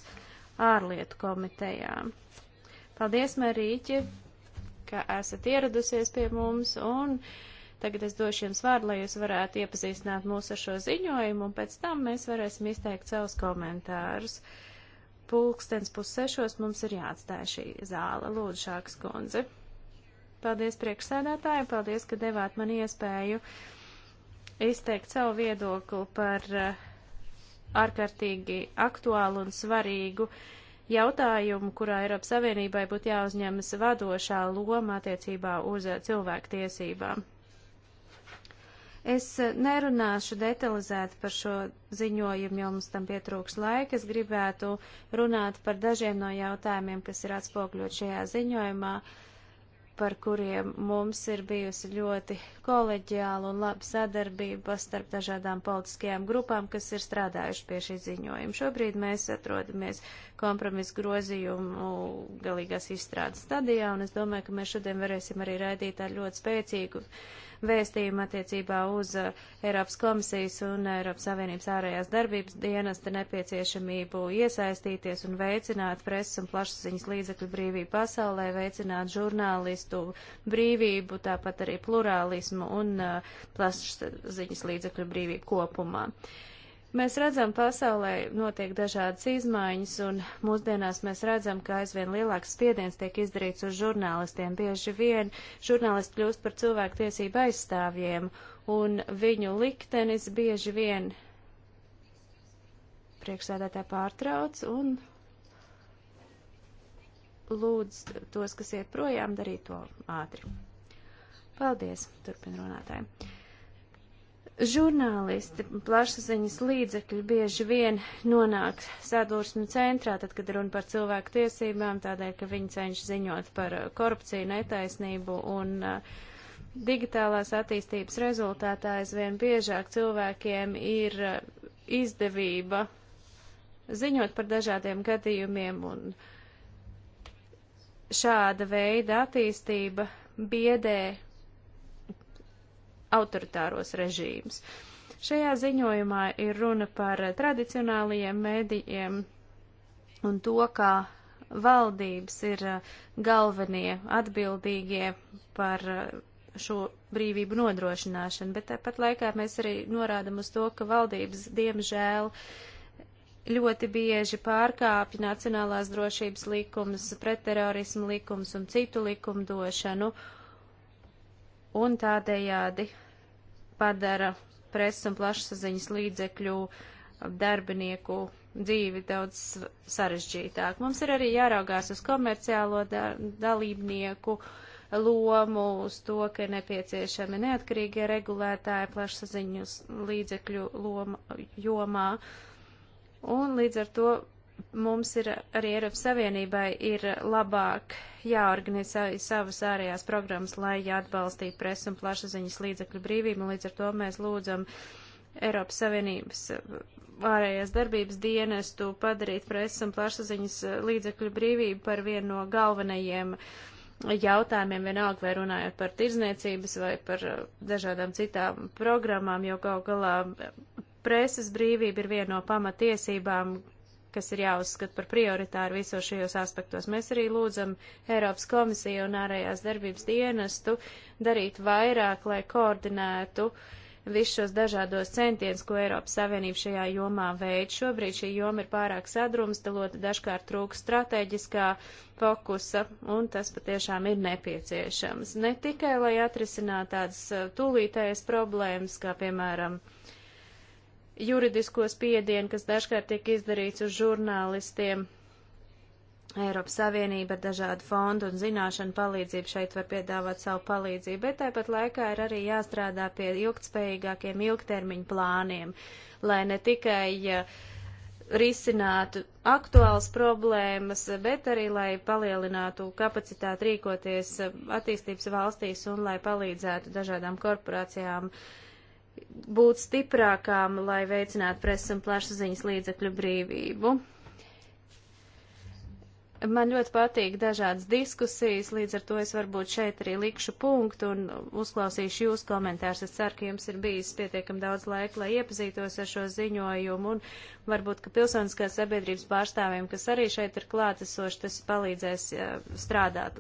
ārlietu komitejā. Paldies, Marīķi, ka esat ieradusies pie mums, un tagad es došu jums vārdu, lai jūs varētu iepazīstināt mūs ar šo ziņojumu, un pēc tam mēs varēsim izteikt savus komentārus. Pulkstens pussešos mums ir jāatstāj šī zāle, lūdzu, šāks kundze. Paldies priekšsēdētāji, paldies, ka devāt man iespēju uh, izteikt savu viedokli par eh, ārkārtīgi aktuālu un svarīgu jautājumu, kurā Eiropas Savienībai būtu jāuzņemas vadošā loma attiecībā uz eh, cilvēktiesībām. Es eh, nerunāšu detalizēti par šo ziņojumu, jo mums tam pietrūks laika. Es gribētu runāt par dažiem no jautājumiem, kas ir atspogļot šajā ziņojumā. Uh, par kuriem mums ir bijusi ļoti koleģiāla un laba sadarbība starp dažādām politiskajām grupām, kas ir strādājuši pie šī ziņojuma. Šobrīd mēs atrodamies kompromisu grozījumu galīgās izstrādes stadijā, un es domāju, ka mēs šodien varēsim arī raidīt ar ļoti spēcīgu uh, vēstījumu attiecībā uz uh, Eiropas komisijas un Eiropas Savienības ārējās darbības dienesta nepieciešamību iesaistīties un veicināt presas un plašsaziņas līdzekļu brīvību pasaulē, veicināt žurnālistu brīvību, tāpat arī plurālismu un uh, plašsaziņas līdzekļu brīvību kopumā. Uh, Mēs redzam, pasaulē notiek dažādas izmaiņas, un mūsdienās mēs redzam, ka aizvien lielāks spiediens tiek izdarīts uz žurnālistiem. Bieži vien žurnālisti kļūst par cilvēku tiesību aizstāvjiem, un viņu liktenis bieži vien priekšsēdētā pārtrauc un lūdz tos, kas iet projām, darīt to ātri. Paldies, turpin runātāji. Žurnālisti, plašsaziņas līdzekļi bieži vien nonāk sadursmu centrā, tad, kad runa par cilvēku tiesībām, tādēļ, ka viņi cenš ziņot par uh, korupciju, netaisnību un uh, digitālās attīstības rezultātā aizvien biežāk cilvēkiem ir uh, izdevība ziņot par dažādiem gadījumiem un šāda veida attīstība biedē autoritāros režīmus. Šajā ziņojumā ir runa par tradicionālajiem mēdījiem un to, kā valdības ir uh, galvenie atbildīgie par uh, šo brīvību nodrošināšanu, bet tāpat laikā mēs arī norādam uz to, ka valdības, diemžēl, ļoti bieži pārkāpja nacionālās drošības likumus, pretterorismu likumus un citu likumu došanu, un tādējādi padara presas un plašsaziņas līdzekļu darbinieku dzīvi daudz sarežģītāk. Mums ir arī jāraugās uz komerciālo da dalībnieku lomu, uz to, ka ir nepieciešami neatkarīgie regulētāji plašsaziņas līdzekļu loma, jomā. Un līdz ar to mums ir arī Eiropas Savienībai ir labāk jāorganizē savas ārējās programmas, lai atbalstītu presu un plašsaziņas līdzekļu brīvību, un līdz ar to mēs lūdzam Eiropas Savienības ārējās darbības dienestu padarīt presu un plašsaziņas līdzekļu brīvību par vienu no galvenajiem jautājumiem, vienalga vai runājot par tirzniecības vai par dažādām citām programmām, jo gal galā preses brīvība ir viena no pamatiesībām, kas ir jāuzskata par prioritāru visos šajos aspektos. Mēs arī lūdzam Eiropas komisiju un ārējās darbības dienestu darīt vairāk, lai koordinētu visus šos dažādos centienus, ko Eiropas Savienība šajā jomā veic. Šobrīd šī joma ir pārāk sadrumstalota, dažkārt trūkst strateģiskā fokusa, un tas patiešām ir nepieciešams. Ne tikai, lai atrisinātu tādas eh, tūlītējas problēmas, kā piemēram, juridisko spiedienu, kas dažkārt tiek izdarīts uz žurnālistiem. Eiropas Savienība ar dažādu fondu un zināšanu palīdzību šeit var piedāvāt savu palīdzību, bet tāpat laikā ir arī jāstrādā pie ilgtspējīgākiem ilgtermiņu plāniem, lai ne tikai uh, risinātu aktuālas problēmas, bet arī, lai palielinātu kapacitāti rīkoties attīstības valstīs un lai palīdzētu dažādām korporācijām būt stiprākām, lai veicinātu presas un plašsaziņas līdzekļu brīvību. Man ļoti patīk dažādas diskusijas, līdz ar to es varbūt šeit arī likšu punktu un uzklausīšu jūs komentārus. Es ceru, ka jums ir bijis pietiekam daudz laika, lai iepazītos ar šo ziņojumu un varbūt, ka pilsoniskās sabiedrības pārstāvjiem, kas arī šeit ir klātesoši, tas palīdzēs strādāt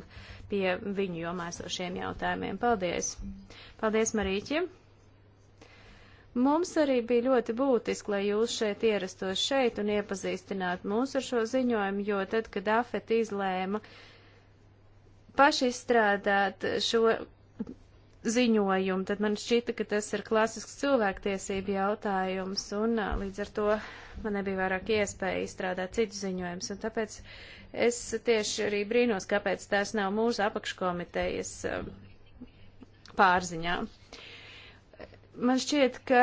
pie viņu jomā esošiem jautājumiem. Paldies! Paldies, Marīķi! Mums arī bija ļoti būtiski, lai jūs šeit ierastos šeit un iepazīstinātu mūs ar šo ziņojumu, jo tad, kad AFET izlēma paši izstrādāt šo ziņojumu, tad man šķita, ka tas ir klasisks cilvēktiesību jautājums, un līdz ar to man nebija vairāk iespēja izstrādāt citu ziņojumus, un tāpēc es tieši arī brīnos, kāpēc tās nav mūsu apakškomitejas pārziņā. Uh, Man šķiet, ka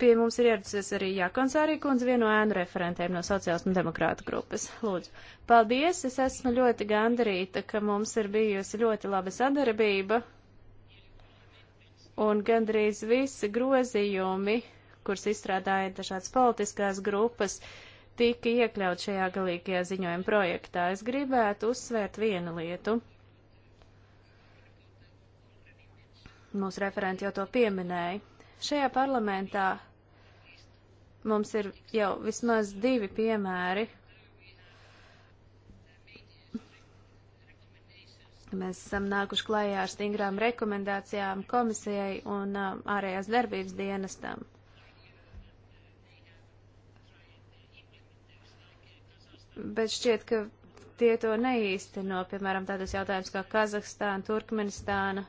pie mums ir ieradusies arī Jākons Ārīkundze, vieno ēnu referentēm no sociālas un demokrāta grupas. Lūdzu, paldies! Es esmu ļoti gandarīta, ka mums ir bijusi ļoti laba sadarbība, un gandrīz visi grozījumi, kurus izstrādāja dažādas politiskās grupas, tika iekļaut šajā galīgajā ziņojuma projektā. Es gribētu uzsvērt vienu lietu. Mūsu referenti jau to pieminēja. Šajā parlamentā mums ir jau vismaz divi piemēri. Mēs esam nākuši klajā ar stingrām rekomendācijām komisijai un um, ārējās darbības dienestam. Bet šķiet, ka tie to neīsteno, piemēram, tādas jautājumas kā Kazahstāna, Turkmenistāna,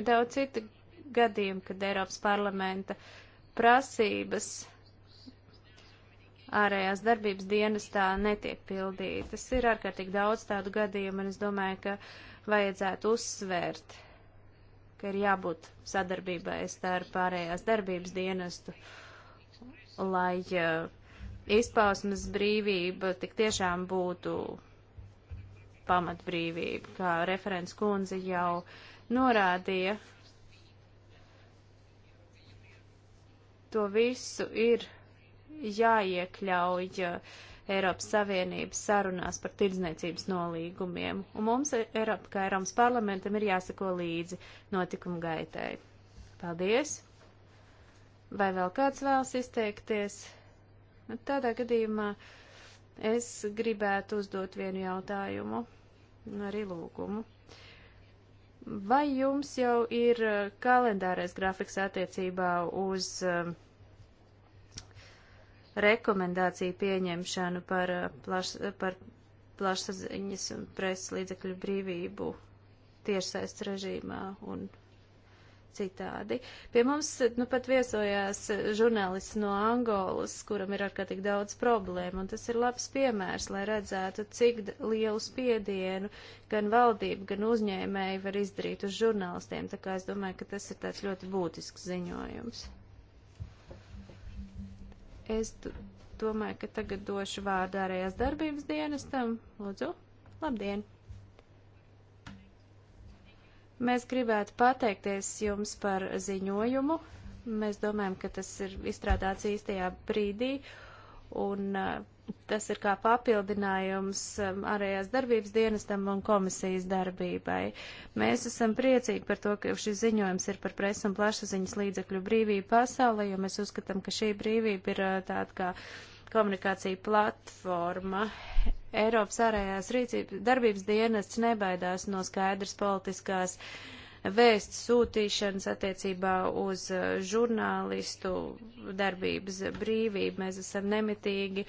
daudz citu gadījumu, kad Eiropas parlamenta prasības ārējās darbības dienestā netiek pildītas. Ir ārkārtīgi daudz tādu gadījumu, un es domāju, ka vajadzētu uzsvērt, ka ir jābūt sadarbībai starp ārējās darbības dienestu, lai uh, izpausmes brīvība tik tiešām būtu pamatbrīvība, kā referents kundze jau uh, norādīja, to visu ir jāiekļauj eh, Eiropas Savienības sarunās par tirdzniecības nolīgumiem, un mums, eh, Eiropa, kā Eiropas parlamentam, ir jāsako līdzi notikumu gaitai. Paldies! Vai vēl kāds vēlas izteikties? Nu, tādā gadījumā es gribētu uzdot vienu jautājumu, arī lūgumu. Vai jums jau ir uh, kalendārais grafiks attiecībā uz um, rekomendāciju pieņemšanu par, uh, plaš, par plašsaziņas un presas līdzekļu brīvību tiešsaistes režīmā un citādi. Pie mums nu, pat viesojās žurnālists no Angolas, kuram ir ārkārtīgi daudz problēmu, un tas ir labs piemērs, lai redzētu, cik lielu spiedienu gan valdība, gan uzņēmēji var izdarīt uz žurnālistiem. Tā kā es domāju, ka tas ir tāds ļoti būtisks ziņojums. Es domāju, ka tagad došu vārdu ārējās darbības dienestam. Lūdzu, labdien! Mēs gribētu pateikties jums par ziņojumu. Mēs domājam, ka tas ir izstrādāts īstajā brīdī, un uh, tas ir kā papildinājums um, ārējās darbības dienestam un komisijas darbībai. Mēs esam priecīgi par to, ka šis ziņojums ir par presa un plašsaziņas līdzekļu brīvību pasaulē, jo mēs uzskatām, ka šī brīvība ir uh, tāda kā komunikācija platforma Eiropas ārējās rīcības darbības dienests nebaidās no skaidras politiskās vēsts sūtīšanas attiecībā uz uh, žurnālistu darbības brīvību. Mēs esam nemitīgi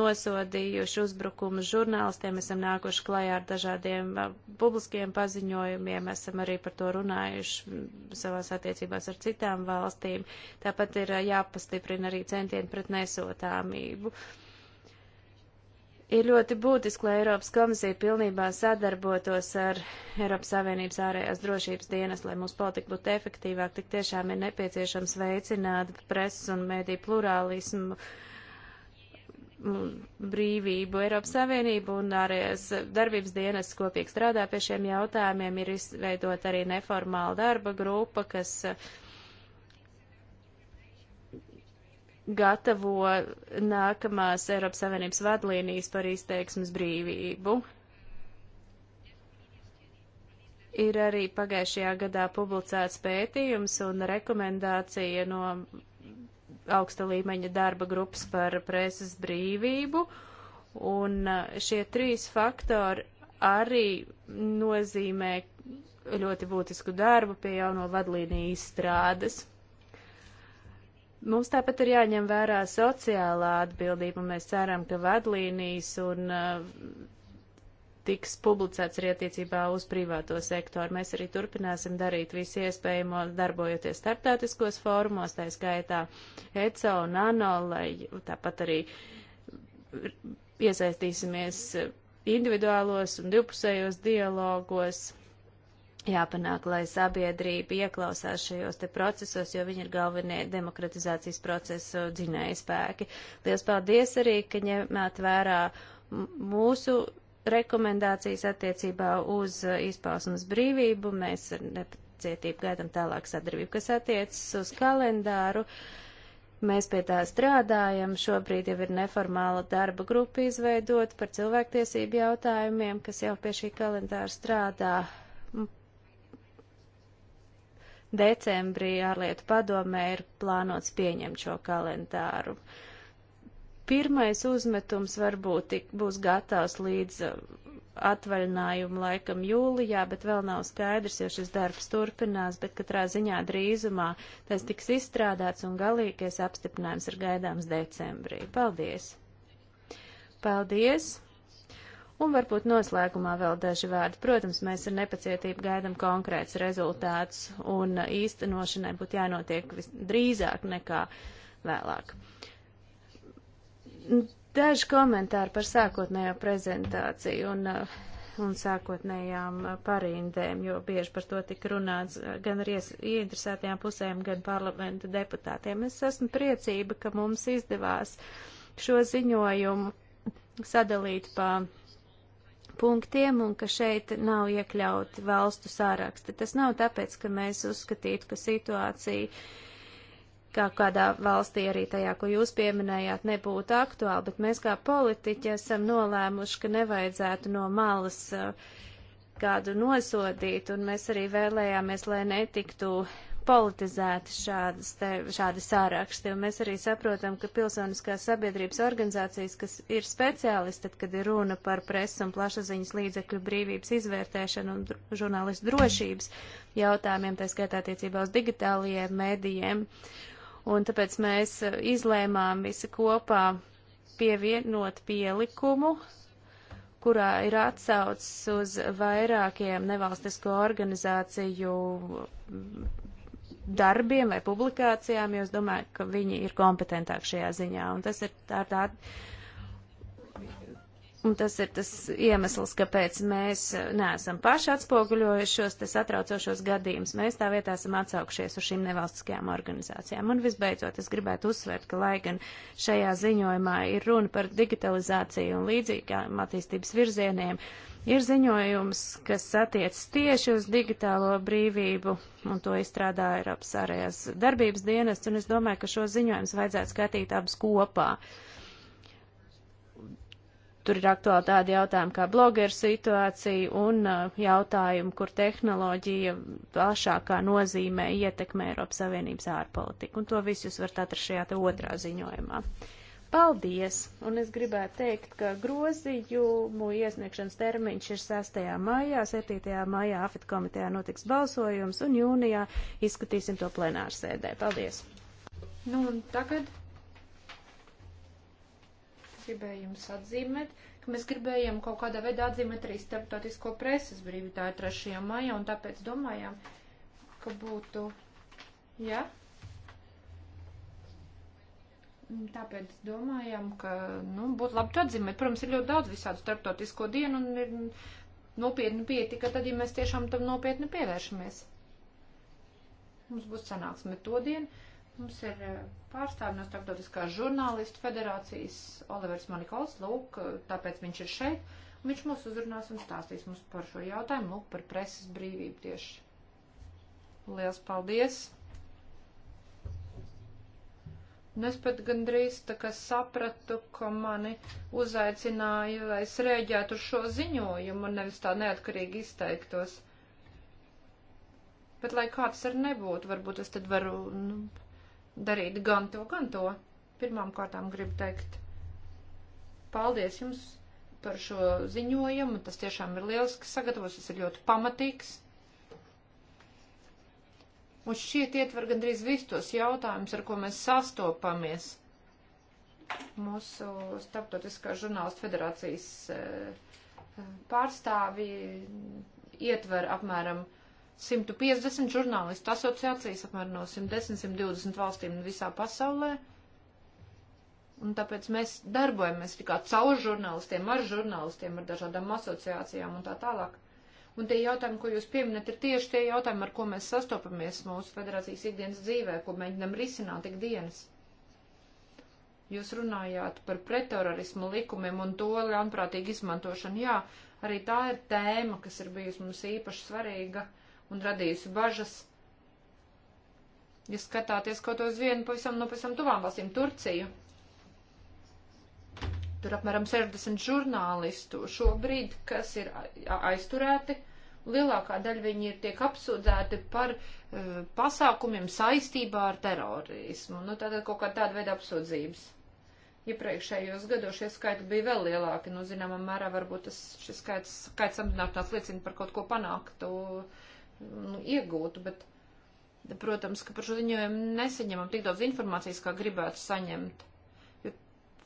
nosodījuši uzbrukumu žurnālistiem, esam nākuši klajā ar dažādiem uh, publiskiem paziņojumiem, esam arī par to runājuši savās attiecībās ar citām valstīm. Tāpat ir uh, jāpastiprina arī centieni pret nesotāmību. Uh, Ir ļoti būtiski, lai Eiropas komisija pilnībā sadarbotos ar Eiropas Savienības ārējās drošības dienas, lai mūsu politika būtu efektīvāk, tik tiešām ir nepieciešams veicināt preses un mēdī plurālismu brīvību. Eiropas Savienība un ārējās darbības dienas kopīgi strādā pie šiem jautājumiem. Ir izveidota arī neformāla darba grupa, kas uh, gatavo nākamās Eiropas Savienības vadlīnijas par izteiksmes brīvību. Ir arī pagājušajā gadā publicēts pētījums un rekomendācija no augsta līmeņa darba grupas par preses brīvību, un eh, šie trīs faktori arī nozīmē ļoti būtisku darbu pie jauno vadlīniju izstrādes. Mums tāpat ir jāņem vērā sociālā atbildība, un mēs ceram, ka vadlīnijas un uh, tiks publicēts arī attiecībā uz privāto sektoru. Mēs arī turpināsim darīt visu iespējamo, darbojoties starptautiskos fórumos, tā skaitā ECO un ANO, lai tāpat arī iesaistīsimies individuālos un divpusējos dialogos jāpanāk, lai sabiedrība ieklausās šajos te procesos, jo viņi ir galvenie demokratizācijas procesu dzinēja spēki. Lielas paldies arī, ka ņemāt vērā mūsu rekomendācijas attiecībā uz uh, izpausmas brīvību. Mēs ar nepacietību gaidām tālāk sadarbību, kas attiecas uz kalendāru. Mēs pie tā strādājam, šobrīd jau ir neformāla darba grupa izveidot par cilvēktiesību jautājumiem, kas jau pie šī kalendāra strādā decembrī ārlietu padomē ir plānots pieņemt šo kalendāru. Pirmais uzmetums varbūt tik, būs gatavs līdz uh, atvaļinājumu laikam jūlijā, bet vēl nav skaidrs, jo šis darbs turpinās, bet katrā ziņā drīzumā tas tiks izstrādāts un galīgais apstiprinājums ir gaidāms decembrī. Paldies! Paldies! Un varbūt noslēgumā vēl daži vārdi. Protams, mēs ar nepacietību gaidam konkrēts rezultāts, un īstenošanai būtu jānotiek drīzāk nekā vēlāk. Daži komentāri par sākotnējo prezentāciju un, un sākotnējām parindēm, jo bieži par to tika runāts gan ar ieinteresētajām pusēm, gan parlamenta deputātiem. Es esmu priecība, ka mums izdevās šo ziņojumu sadalīt pa punktiem un ka šeit nav iekļauti valstu sāraksti. Tas nav tāpēc, ka mēs uzskatītu, ka situācija kā kādā valstī arī tajā, ko jūs pieminējāt, nebūtu aktuāli, bet mēs kā politiķi esam nolēmuši, ka nevajadzētu no malas uh, kādu nosodīt, un mēs arī vēlējāmies, lai netiktu politizēti šādas, te, šādi sāraksti, un mēs arī saprotam, ka pilsoniskās sabiedrības organizācijas, kas ir speciālisti, tad, kad ir runa par presas un plašaziņas līdzekļu brīvības izvērtēšanu un dr žurnālistu drošības jautājumiem, tā skaitā attiecībā uz digitālajiem mēdījiem, un tāpēc mēs eh, izlēmām visi kopā pievienot pielikumu, kurā ir atsaucis uz vairākiem nevalstisko organizāciju darbiem vai publikācijām, jo es domāju, ka viņi ir kompetentāki šajā ziņā. Un tas ir tā, tā, un tas ir tas iemesls, kāpēc mēs neesam paši atspoguļojuši šos te satraucošos gadījumus. Mēs tā vietā esam atsaukušies uz šīm nevalstiskajām organizācijām. Un visbeidzot, es gribētu uzsvērt, ka lai gan šajā ziņojumā ir runa par digitalizāciju un līdzīgām attīstības virzieniem, uh, Ir ziņojums, kas attiec tieši uz digitālo brīvību, un to izstrādā Eiropas ārējās darbības dienests, un es domāju, ka šo ziņojums vajadzētu skatīt abus kopā. Tur ir aktuāli tādi jautājumi kā blogeru situācija un uh, jautājumi, kur tehnoloģija plašākā nozīmē ietekmē Eiropas Savienības ārpolitiku, un to visu jūs varat atrast šajā te otrā ziņojumā. Paldies! Un es gribētu teikt, ka grozījumu iesniegšanas termiņš ir 6. maijā, 7. maijā AFIT komitejā notiks balsojums un jūnijā izskatīsim to plenārsēdē. Paldies! Nu un tagad gribēju jums atzīmēt, ka mēs gribējām kaut kādā veidā atzīmēt arī starptautisko preses brīvi, tā ir 3. maija, un tāpēc domājām, ka būtu, jā? Ja? Mm, tāpēc domājam, ka nu, būtu labi to atzīmēt. Protams, ir ļoti daudz visādu starptautisko dienu un ir nopietni pieeja tikai tad, ja mēs tiešām tam nopietni pievēršamies. Mums būs sanāksme to dienu. Mums ir eh, pārstāvi no Starptautiskās žurnālistu federācijas Olivers Manikols, lūk, tāpēc viņš ir šeit. Un viņš mūs uzrunās un stāstīs mums par šo jautājumu, lūk, par preses brīvību tieši. Liels paldies! Un es pat gandrīz tā kā sapratu, ka mani uzaicināja, lai es rēģētu uz šo ziņojumu un nevis tā neatkarīgi izteiktos. Bet lai kāds ar nebūtu, varbūt es tad varu nu, darīt gan to, gan to. Pirmām kārtām gribu teikt paldies jums par šo ziņojumu. Tas tiešām ir lieliski sagatavots, tas ir ļoti pamatīgs. Mums šķiet ietver gandrīz visus tos jautājumus, ar ko mēs sastopamies mūsu Starptautiskā žurnālistu federācijas eh, pārstāvji ietver apmēram 150 žurnālistu asociācijas, apmēram no 110-120 valstīm visā pasaulē. Un tāpēc mēs darbojamies tikai caur žurnālistiem, ar žurnālistiem, ar dažādām asociācijām un tā tālāk. Un tie jautājumi, ko jūs pieminat, ir tieši tie jautājumi, ar ko mēs sastopamies mūsu federācijas ikdienas dzīvē, ko mēģinam risināt ikdienas. Jūs runājāt par pretterorismu likumiem un to ļaunprātīgu izmantošanu. Jā, arī tā ir tēma, kas ir bijusi mums īpaši svarīga un radījusi bažas. Ja skatāties kaut uz vienu pavisam no pavisam tuvām valstīm, Turciju, tur apmēram 60 žurnālistu šobrīd, kas ir aizturēti lielākā daļa viņi ir tiek apsūdzēti par uh, pasākumiem saistībā ar terorismu. Nu, tātad kaut kā tāda veida apsūdzības. Iepriekšējos gados šie skaitļi bija vēl lielāki, nu, zināmā mērā varbūt tas, šis skaits, skaits samazināšanās liecina par kaut ko panāktu, nu, iegūtu, bet, protams, ka par šo ziņojumu nesaņemam tik daudz informācijas, kā gribētu saņemt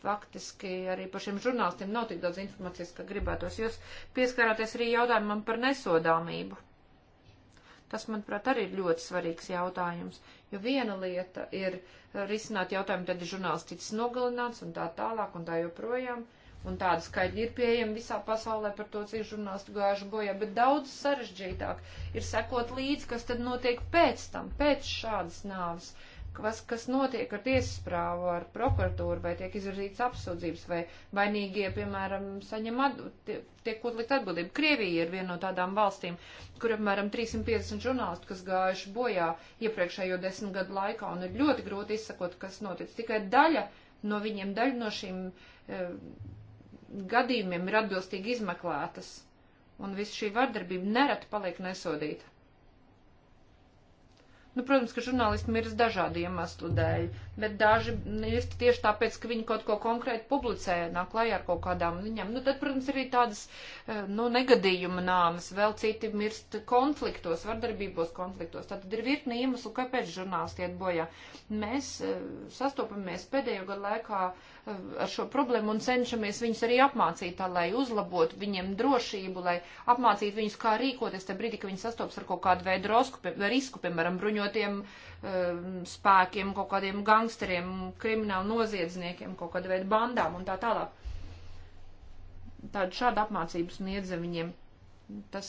faktiski arī par šiem žurnālistiem nav tik daudz informācijas, kā gribētos. Jūs pieskarāties arī jautājumam par nesodāmību. Tas, manuprāt, arī ir ļoti svarīgs jautājums, jo viena lieta ir risināt jautājumu, tad ir žurnālisti ticis nogalināts un tā tālāk un tā joprojām. Un tāda skaidri ir pieejama visā pasaulē par to, cik žurnālisti gājuši bojā, bet daudz sarežģītāk ir sekot līdzi, kas tad notiek pēc tam, pēc šādas nāves. Uh, kas, kas notiek ar tiesas prāvu, ar prokuratūru, vai tiek izvirzīts apsūdzības, vai vainīgie, piemēram, saņem atb tie, tiek uzlikt atbildību. Krievija ir viena no tādām valstīm, kur apmēram 350 žurnālisti, kas gājuši bojā iepriekšējo desmit gadu laikā, un ir ļoti grūti izsakot, kas notic. Tikai daļa no viņiem, daļa no šīm e, gadījumiem ir atbilstīgi izmeklētas, un visa šī vardarbība nerad paliek nesodīta. Nu, protams, ka žurnālisti miras dažādu iemeslu dēļ, bet daži mirst tieši tāpēc, ka viņi kaut ko konkrēti publicē, nāk klajā ar kaut kādām viņam. Nu, tad, protams, arī tādas, eh, nu, negadījuma nāmas, vēl citi mirst konfliktos, vardarbībos konfliktos. Tātad ir virkni iemeslu, kāpēc žurnālisti iet bojā. Mēs eh, sastopamies pēdējo gadu laikā ar šo problēmu un cenšamies viņus arī apmācīt, tā, lai uzlabotu viņiem drošību, lai apmācītu viņus, kā rīkoties tajā brīdī, kad viņi sastopas ar kaut kādu veidu rosku, risku, piemēram, bruņotiem um, spēkiem, kaut kādiem gangsteriem, kriminālu noziedzniekiem, kaut kādu veidu bandām un tā tālāk. Tāda šāda apmācības sniedza viņiem tas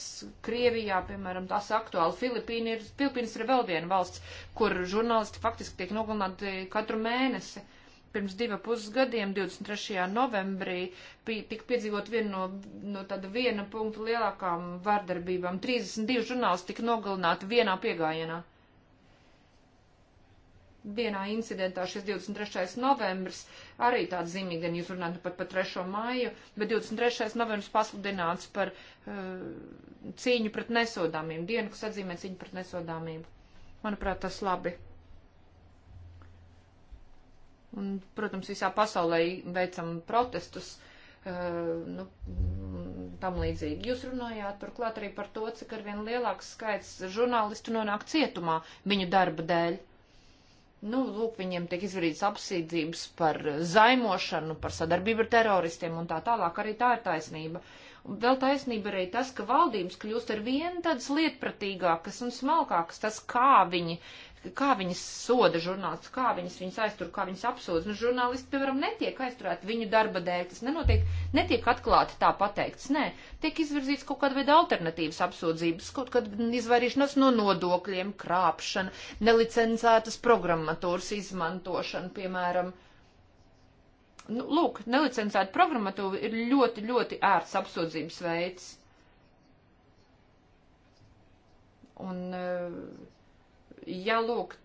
Krievijā, piemēram, tas aktuāli. Filipīna ir, Filipīnas ir vēl viena valsts, kur žurnālisti faktiski tiek nogalināti katru mēnesi pirms diva pusgadiem, 23. novembrī, pie, tika piedzīvot vienu no, no tāda viena punkta lielākām vārdarbībām. 32 žurnālisti tika nogalināti vienā piegājienā. Vienā incidentā šis 23. novembris arī tāds zīmīgi, gan jūs runājat pat par 3. māju, bet 23. novembris pasludināts par uh, cīņu pret nesodāmību, dienu, kas atzīmē cīņu pret nesodāmību. Manuprāt, tas labi. Un, protams, visā pasaulē veicam protestus. Uh, nu, tam līdzīgi. Jūs runājāt turklāt arī par to, cik arvien lielāks skaits žurnālistu nonāk cietumā viņu darba dēļ. Nu, lūk, viņiem tiek izvirīts apsīdzības par zaimošanu, par sadarbību ar teroristiem un tā tālāk. Arī tā ir taisnība. Un vēl taisnība arī tas, ka valdības kļūst ar vien tādas lietpratīgākas un smalkākas, tas, kā viņi kā viņas soda žurnālists, kā viņas, viņas aiztur, kā viņas apsūdz. Nu, žurnālisti, piemēram, netiek aizturēti viņu darba dēļ, tas nenotiek, netiek atklāti tā pateikts, nē, tiek izvirzīts kaut kāda veida alternatīvas apsūdzības, kaut kāda izvairīšanās no nodokļiem, krāpšana, nelicencētas programmatūras izmantošana, piemēram. Nu, lūk, nelicencēta programmatūra ir ļoti, ļoti ērts apsūdzības veids. Un, uh, ja lūk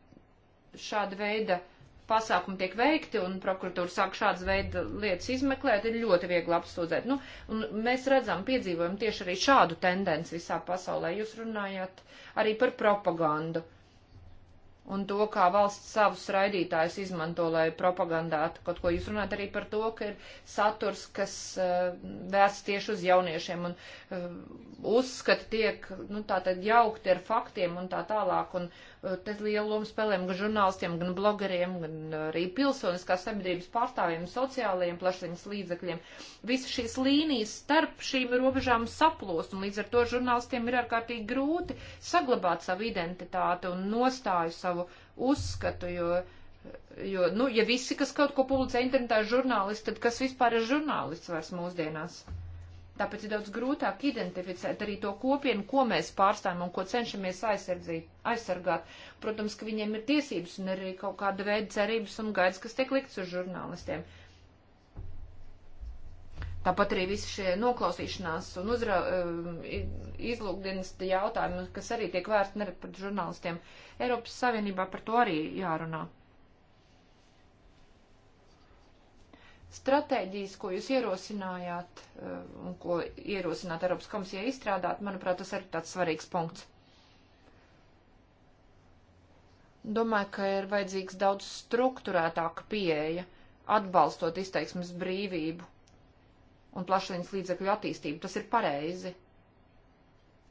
šāda veida pasākumi tiek veikti un prokuratūra sāk šādas veida lietas izmeklēt, ir ļoti viegli apsūdzēt. Nu, un mēs redzam, piedzīvojam tieši arī šādu tendenci visā pasaulē. Jūs runājāt arī par propagandu un to, kā valsts savus raidītājus izmanto, lai propagandētu kaut ko. Jūs runājat arī par to, ka ir saturs, kas uh, vērsts tieši uz jauniešiem un uh, uzskati tiek, nu, tā tad jaukti ar faktiem un tā tālāk. Un, Eh, tas liela loma spēlēm gan žurnālistiem, gan blogeriem, gan arī pilsoniskās sabiedrības pārstāvjiem, sociālajiem plašsaziņas līdzekļiem. Visas šīs līnijas starp šīm robežām saplūst, un līdz ar to žurnālistiem ir ārkārtīgi grūti saglabāt savu identitāti un nostāju savu uzskatu, jo, jo, nu, ja visi, kas kaut ko publicē internetā, ir žurnālisti, tad kas vispār ir žurnālists vairs mūsdienās? Tāpēc ir daudz grūtāk identificēt arī to kopienu, ko mēs pārstāvam un ko cenšamies aizsargāt. Protams, ka viņiem ir tiesības un arī kaut kāda veida cerības un gaidas, kas tiek likts uz žurnālistiem. Tāpat arī visi šie noklausīšanās un uzra, um, izlūkdienas jautājumi, kas arī tiek vērsti nerat pret žurnālistiem. Eiropas Savienībā par to arī jārunā. Stratēģijas, ko jūs ierosinājāt eh, un ko ierosināt Eiropas komisijai izstrādāt, manuprāt, tas arī tāds svarīgs punkts. Domāju, ka ir vajadzīgs daudz struktūrētāka pieeja, atbalstot izteiksmes brīvību un plašsaziņas līdzekļu attīstību. Tas ir pareizi.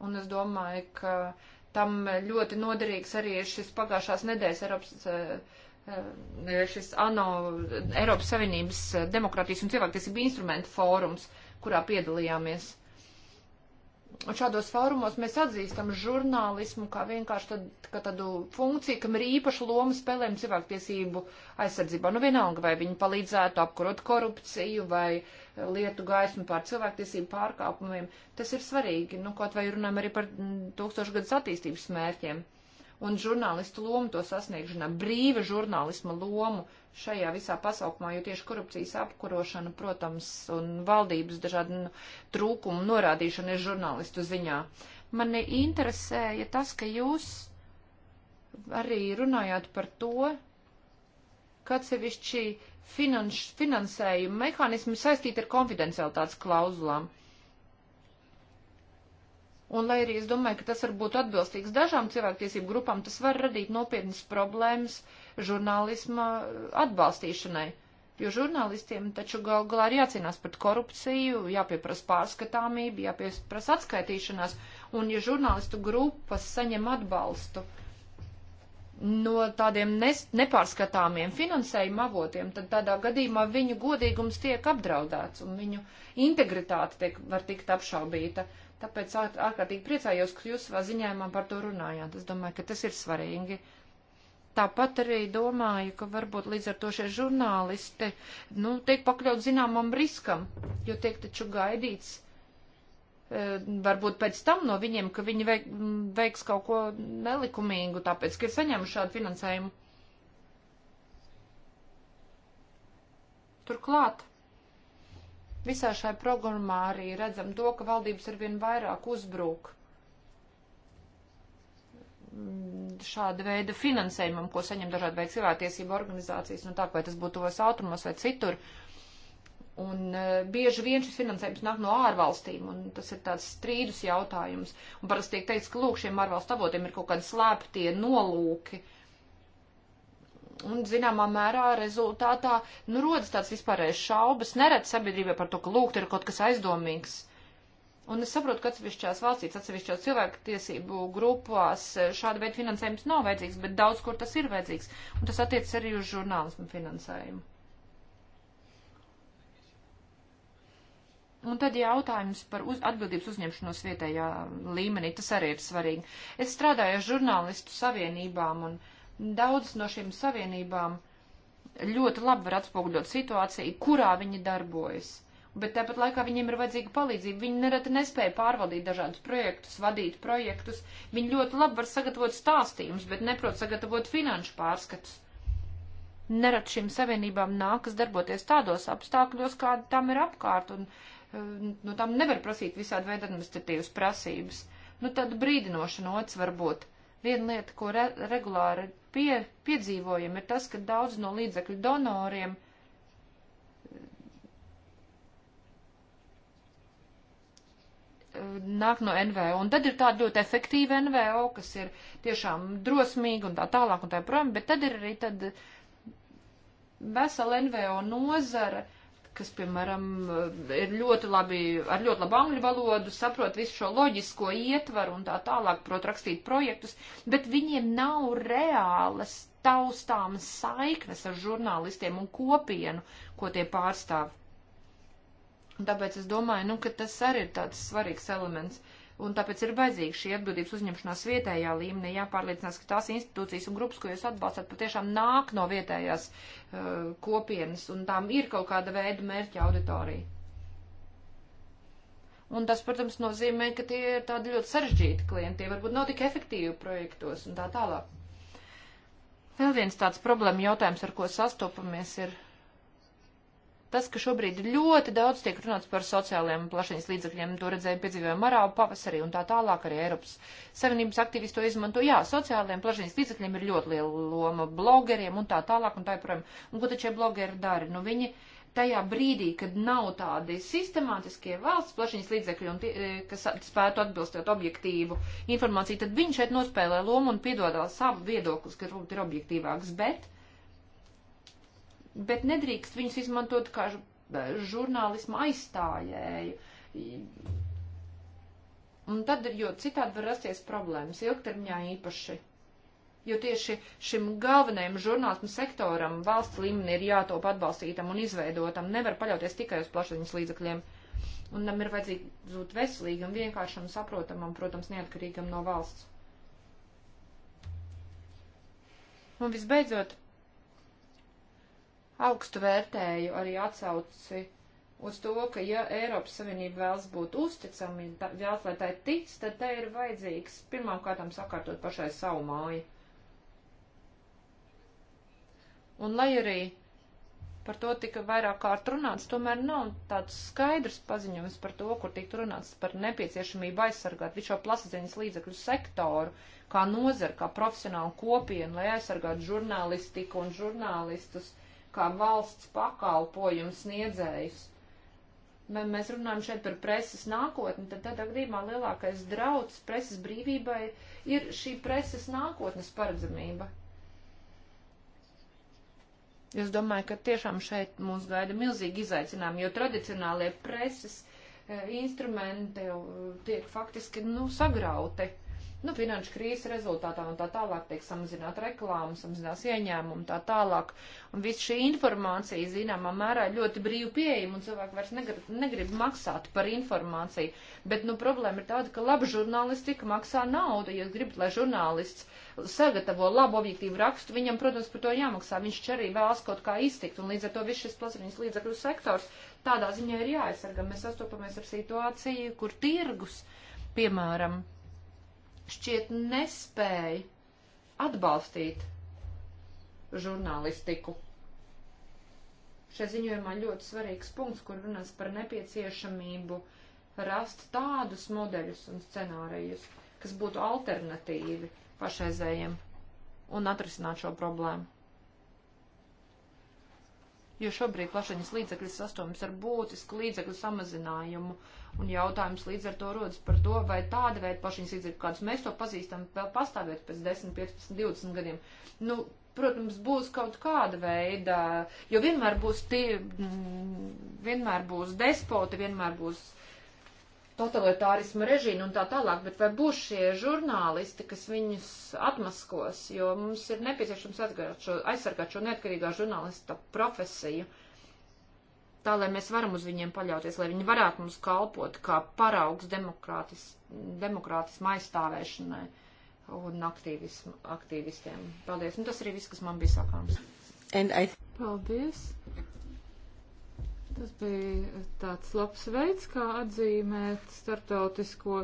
Un es domāju, ka tam ļoti noderīgs arī ir šis pagājušās nedēļas Eiropas eh, šis ANO Eiropas Savienības demokratijas un cilvēktiesību instrumentu fórums, kurā piedalījāmies. Un šādos fórumos mēs atzīstam žurnālismu kā vienkārši tad, kā tādu funkciju, kam ir īpaša loma spēlēm cilvēktiesību aizsardzībā. Nu vienalga, vai viņi palīdzētu apkurot korupciju vai e, lietu gaismu pār cilvēktiesību pārkāpumiem. Tas ir svarīgi, nu kaut vai runājam arī par tūkstošu gadus attīstības mērķiem un žurnālistu lomu to sasniegšanā, brīva žurnālisma lomu šajā visā pasaukumā, jo tieši korupcijas apkurošana, protams, un valdības dažādi trūkumu norādīšana ir žurnālistu ziņā. Mani interesēja tas, ka jūs arī runājāt par to, ka atsevišķi finanš, finansējuma mehānismi saistīti ar konfidencialitātes klauzulām. Un lai arī es domāju, ka tas var būt atbilstīgs dažām cilvēktiesību grupām, tas var radīt nopietnas problēmas žurnālisma atbalstīšanai. Jo žurnālistiem taču gal galā ir jācīnās pret korupciju, jāpieprasa pārskatāmība, jāpieprasa atskaitīšanās. Un ja žurnālistu grupas saņem atbalstu no tādiem nes, nepārskatāmiem finansējuma avotiem, tad tādā gadījumā viņu godīgums tiek apdraudēts un viņu integritāte tiek, var tikt apšaubīta. Uh, Tāpēc ārkārtīgi priecājos, ka jūs savā ziņājumā par to runājāt. Es domāju, ka tas ir svarīgi. Tāpat arī domāju, ka varbūt līdz ar to šie žurnālisti, nu, tiek pakļaut zināmam riskam, jo tiek taču gaidīts, e, varbūt pēc tam no viņiem, ka viņi veiks kaut ko nelikumīgu, tāpēc, ka ir saņēmuši šādu finansējumu. Turklāt. Visā šai programmā arī redzam to, ka valdības arvien vairāk uzbrūk mm, šāda veida finansējumam, ko saņem dažādi veidi cilvēktiesību organizācijas, nu tā, vai tas būtu tuvos autrumos vai citur. Un uh, bieži vien šis finansējums nāk no ārvalstīm, un tas ir tāds strīdus jautājums. Un parasti tiek teikts, ka lūk, šiem ārvalstu avotiem ir kaut kādi slēptie nolūki. Uh, Un, zināmā mērā, rezultātā nu, rodas tāds vispārējais šaubas, neredz sabiedrībai par to, ka lūgt ir kaut kas aizdomīgs. Un es saprotu, ka atsevišķās valstīs, atsevišķās cilvēku tiesību grupās šāda veida finansējums nav vajadzīgs, bet daudz kur tas ir vajadzīgs. Un tas attiecas arī uz žurnālismu finansējumu. Un tad jautājums par uz, atbildības uzņemšanos vietējā līmenī, tas arī ir svarīgi. Es strādāju ar žurnālistu savienībām un uh, Daudz no šīm savienībām ļoti labi var atspoguļot situāciju, kurā viņi darbojas. Bet tāpat laikā viņiem ir vajadzīga palīdzība. Viņi nereti nespēja pārvaldīt dažādus projektus, vadīt projektus. Viņi ļoti labi var sagatavot stāstījumus, bet neprot sagatavot finanšu pārskatus. Nerad šīm savienībām nākas darboties tādos apstākļos, kādi tam ir apkārt, un eh, no nu, tām nevar prasīt visādi veidi administratīvas prasības. Nu, tad brīdinoša nots varbūt. Viena lieta, ko re regulāri pie, piedzīvojam, ir tas, ka daudz no līdzekļu donoriem eh, nāk no NVO. Un tad ir tāda ļoti efektīva NVO, kas ir tiešām drosmīga un tā tālāk un tā prom, bet tad ir arī tad vesela NVO nozara, uh, kas, piemēram, ir ļoti labi, ar ļoti labu angļu valodu, saprot visu šo loģisko ietvaru un tā tālāk, prot rakstīt projektus, bet viņiem nav reālas taustāmas saiknes ar žurnālistiem un kopienu, ko tie pārstāv. Un tāpēc es domāju, nu, ka tas arī ir tāds svarīgs elements. Uh, un tāpēc ir vajadzīga šī atbildības uzņemšanās vietējā līmenī, jāpārliecinās, ka tās institūcijas un grupas, ko jūs atbalstat, patiešām nāk no vietējās uh, kopienas, un tām ir kaut kāda veida mērķa auditorija. Un tas, protams, nozīmē, ka tie ir tādi ļoti sarežģīti klienti, tie varbūt nav tik efektīvi projektos un tā tālāk. Vēl viens tāds problēma jautājums, ar ko sastopamies, ir Tas, ka šobrīd ļoti daudz tiek runāts par sociālajiem plašiņas līdzakļiem, to redzēju piedzīvojam Arābu pavasarī un tā tālāk arī Eiropas Savienības aktīvisti to izmanto. Jā, sociālajiem plašiņas līdzakļiem ir ļoti liela loma blogeriem un tā tālāk un tā joprojām. Un ko taču blogeri dara? Nu, viņi tajā brīdī, kad nav tādi sistemātiskie valsts plašiņas līdzekļi, tie, e, kas spētu atbilstot objektīvu informāciju, tad viņi šeit nospēlē lomu un piedodās savu viedoklis, ka ir objektīvāks, bet bet nedrīkst viņus izmantot kā e, žurnālismu aizstājēju. Un tad, jo citādi var rasties problēmas, ilgtermiņā īpaši. Jo tieši šim galvenajam žurnālismu sektoram valsts līmenī ir jātop atbalstītam un izveidotam, nevar paļauties tikai uz plašsaziņas līdzekļiem. Un tam ir vajadzīgi būt veselīgam, vienkāršam, saprotamam, protams, neatkarīgam no valsts. Un visbeidzot, augstu vērtēju arī atsauci uz to, ka ja Eiropas Savienība vēlas būt uzticami, vēlas, lai tai tic, tad tai ir vajadzīgs pirmām kārtām sakārtot pašai savu māju. Un lai arī par to tika vairāk kārt runāts, tomēr nav tāds skaidrs paziņojums par to, kur tiktu runāts par nepieciešamību aizsargāt visu šo plasaziņas līdzekļu sektoru, kā nozer, kā profesionālu kopienu, lai aizsargātu žurnālistiku un žurnālistus kā valsts pakalpojumu sniedzējus. Bet mēs runājam šeit par preses nākotni, tad tādā gadījumā lielākais drauds preses brīvībai ir šī preses nākotnes paredzamība. Es domāju, ka tiešām šeit mūs gaida milzīgi izaicinājumi, jo tradicionālie preses eh, instrumenti eh, tiek faktiski nu, sagrauti nu, finanšu krīzes rezultātā un tā tālāk tiek samazināt reklāmu, samazinās ieņēmumu un tā tālāk. Un viss šī informācija, zināmā mērā, ļoti brīvi pieejama un cilvēki vairs negrib, negrib maksāt par informāciju. Bet, nu, problēma ir tāda, ka laba žurnālistika maksā naudu. Ja gribat, lai žurnālists sagatavo labu objektīvu rakstu, viņam, protams, par to jāmaksā. Viņš arī vēlas kaut kā iztikt un līdz ar to viss šis plasaņas līdzakļu sektors tādā ziņā ir jāaizsarga. Mēs sastopamies ar situāciju, kur tirgus, piemēram, šķiet nespēja atbalstīt žurnālistiku. Šajā ziņojumā ļoti svarīgs punkts, kur runās par nepieciešamību rast tādus modeļus un scenārijus, kas būtu alternatīvi pašreizējiem un atrisināt šo problēmu jo šobrīd plašaņas līdzekļi sastopas ar būtisku līdzekļu samazinājumu. Un jautājums līdz ar to rodas par to, vai tāda veida plašaņas līdzekļi, kādus mēs to pazīstam, vēl pastāvēt pēc 10, 15, 20 gadiem. Nu, protams, būs kaut kāda veida, jo vienmēr būs tie, mm, vienmēr būs despoti, vienmēr būs totalitārismu režīmu un tā tālāk, bet vai būs šie žurnālisti, kas viņus atmaskos, jo mums ir nepieciešams šo, aizsargāt šo neatkarīgā žurnālista profesiju, tā lai mēs varam uz viņiem paļauties, lai viņi varētu mums kalpot kā paraugs demokrātis, demokrātismu aizstāvēšanai un aktīvistiem. Paldies. Un nu, tas arī viss, kas man bija sakāms. I... Paldies. Tas bija tāds labs veids, kā atzīmēt starptautisko,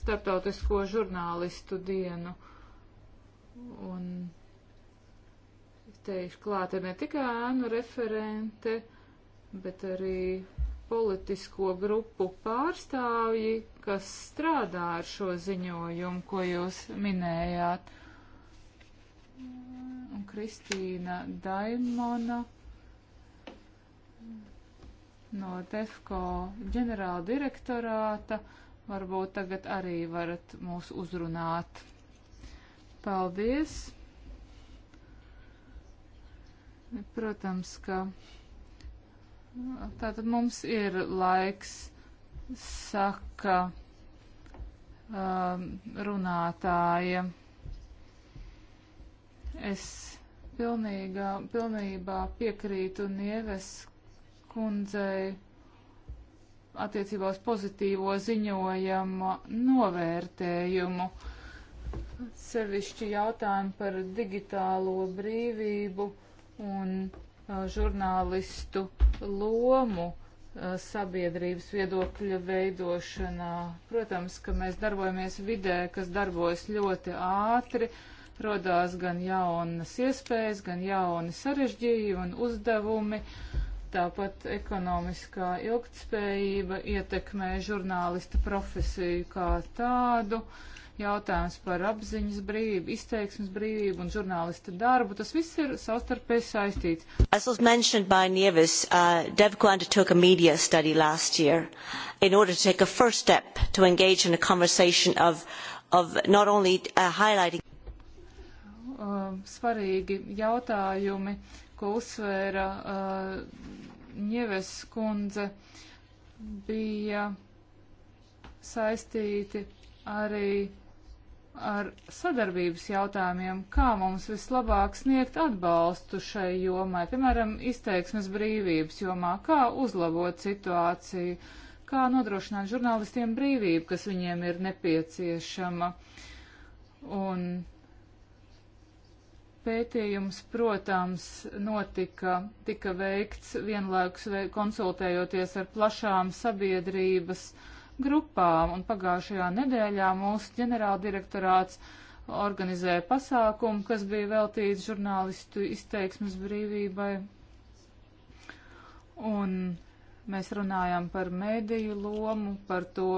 starptautisko žurnālistu dienu. Un teikšu, klāta ne tikai ēnu referente, bet arī politisko grupu pārstāvji, kas strādā ar šo ziņojumu, ko jūs minējāt. Kristīna Daimona no TEFCO ģenerāla direktorāta. Varbūt tagad arī varat mūs uzrunāt. Paldies! Protams, ka tātad mums ir laiks, saka um, runātāja. Es Pilnīgā, pilnībā piekrītu Nieves kundzei attiecībā uz pozitīvo ziņojumu novērtējumu. Sevišķi jautājumi par digitālo brīvību un uh, žurnālistu lomu uh, sabiedrības viedokļa veidošanā. Protams, ka mēs darbojamies vidē, kas darbojas ļoti ātri, uh, rodās gan jaunas iespējas, gan jauni sarežģījumi un uzdevumi. Tāpat ekonomiskā ilgtspējība ietekmē žurnālista profesiju kā tādu. Jautājums par apziņas brīvību, izteiksmes brīvību un žurnālista darbu, tas viss ir savstarpēji saistīts. As was mentioned by Nieves, uh, DevCo undertook a media study last year in order to take a first step to engage in a conversation of, of not only uh, highlighting uh, svarīgi jautājumi, ko uzsvēra uh, Nieves kundze, bija saistīti arī ar sadarbības jautājumiem, kā mums vislabāk sniegt atbalstu šai jomai, piemēram, izteiksmes brīvības jomā, kā uzlabot situāciju, kā nodrošināt žurnālistiem brīvību, kas viņiem ir nepieciešama. Un Pētījums, protams, notika, tika veikts vienlaikus veik, konsultējoties ar plašām sabiedrības grupām, un pagājušajā nedēļā mūsu ģenerāldirektorāts organizēja pasākumu, kas bija veltīts žurnālistu izteiksmes brīvībai. Un mēs runājam par mēdīju lomu, par to,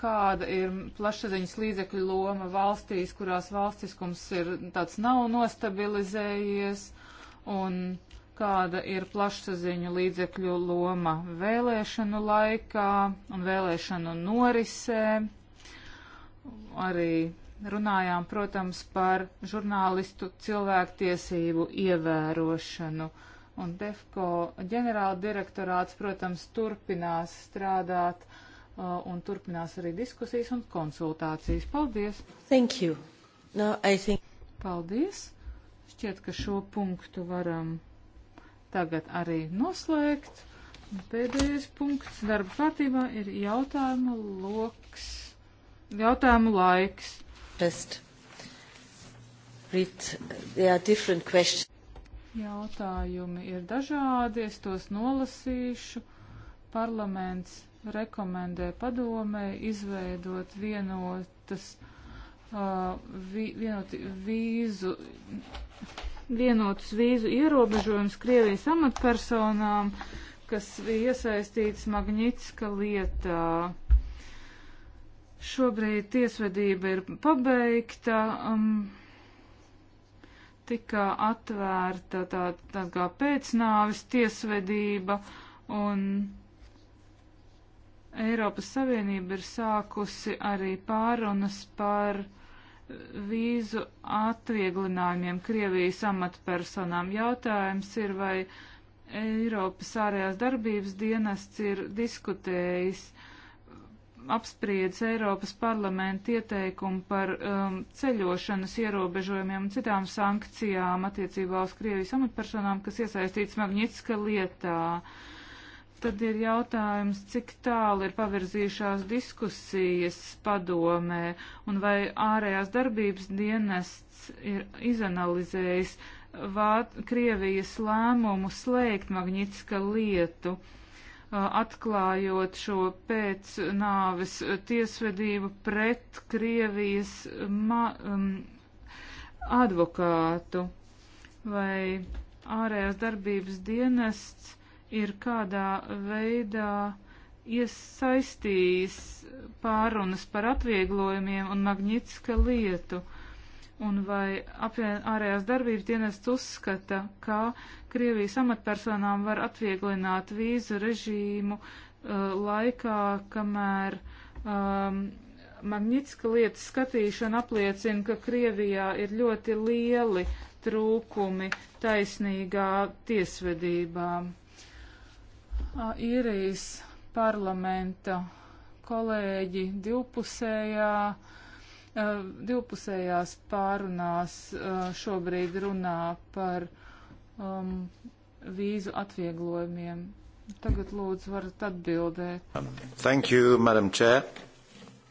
kāda ir plašsaziņas līdzekļu loma valstīs, kurās valstiskums ir tāds nav nostabilizējies, un kāda ir plašsaziņu līdzekļu loma vēlēšanu laikā un vēlēšanu norisē. Arī runājām, protams, par žurnālistu cilvēktiesību ievērošanu. Un DEFCO ģenerāldirektorāts, protams, turpinās strādāt uh, Uh, un turpinās arī diskusijas un konsultācijas. Paldies! Thank you! No, I think... Paldies! Šķiet, ka šo punktu varam tagad arī noslēgt. Pēdējais punkts darba kārtībā ir jautājumu loks, jautājumu laiks. Best. Read, there are different questions. Jautājumi ir dažādi, es tos nolasīšu. Parlaments rekomendē padomē izveidot vienotas, uh, vi, vienot, vīzu, vienotus vīzu ierobežojumus Krievijas amatpersonām, kas bija iesaistīts Magnitska lietā. Šobrīd tiesvedība ir pabeigta. Um, tika atvērta tā, tā kā pēcnāvis tiesvedība un Eiropas Savienība ir sākusi arī pārunas par vīzu atvieglinājumiem Krievijas amatpersonām. Jautājums ir, vai Eiropas ārējās darbības dienests ir diskutējis, apspriedis Eiropas parlamenta ieteikumu par um, ceļošanas ierobežojumiem un citām sankcijām attiecībā uz Krievijas amatpersonām, kas iesaistīts Magnitska lietā. Uh, Tad ir jautājums, cik tālu ir pavirzījušās diskusijas padomē un vai ārējās darbības dienests ir izanalizējis Vāt, Krievijas lēmumu slēgt Magnitska lietu, atklājot šo pēcnāves tiesvedību pret Krievijas um, advokātu vai ārējās darbības dienests ir kādā veidā iesaistījis pārunas par atvieglojumiem un Magnitska lietu, un vai apvien ārējās darbības dienests uzskata, ka Krievijas amatpersonām var atvieglināt vīzu režīmu uh, laikā, kamēr um, Magnitska lietas skatīšana apliecina, ka Krievijā ir ļoti lieli trūkumi taisnīgā tiesvedībā īrijas parlamenta kolēģi divpusējā, divpusējās pārunās šobrīd runā par um, vīzu atvieglojumiem. Tagad lūdzu varat atbildēt. Thank you, Madam Chair,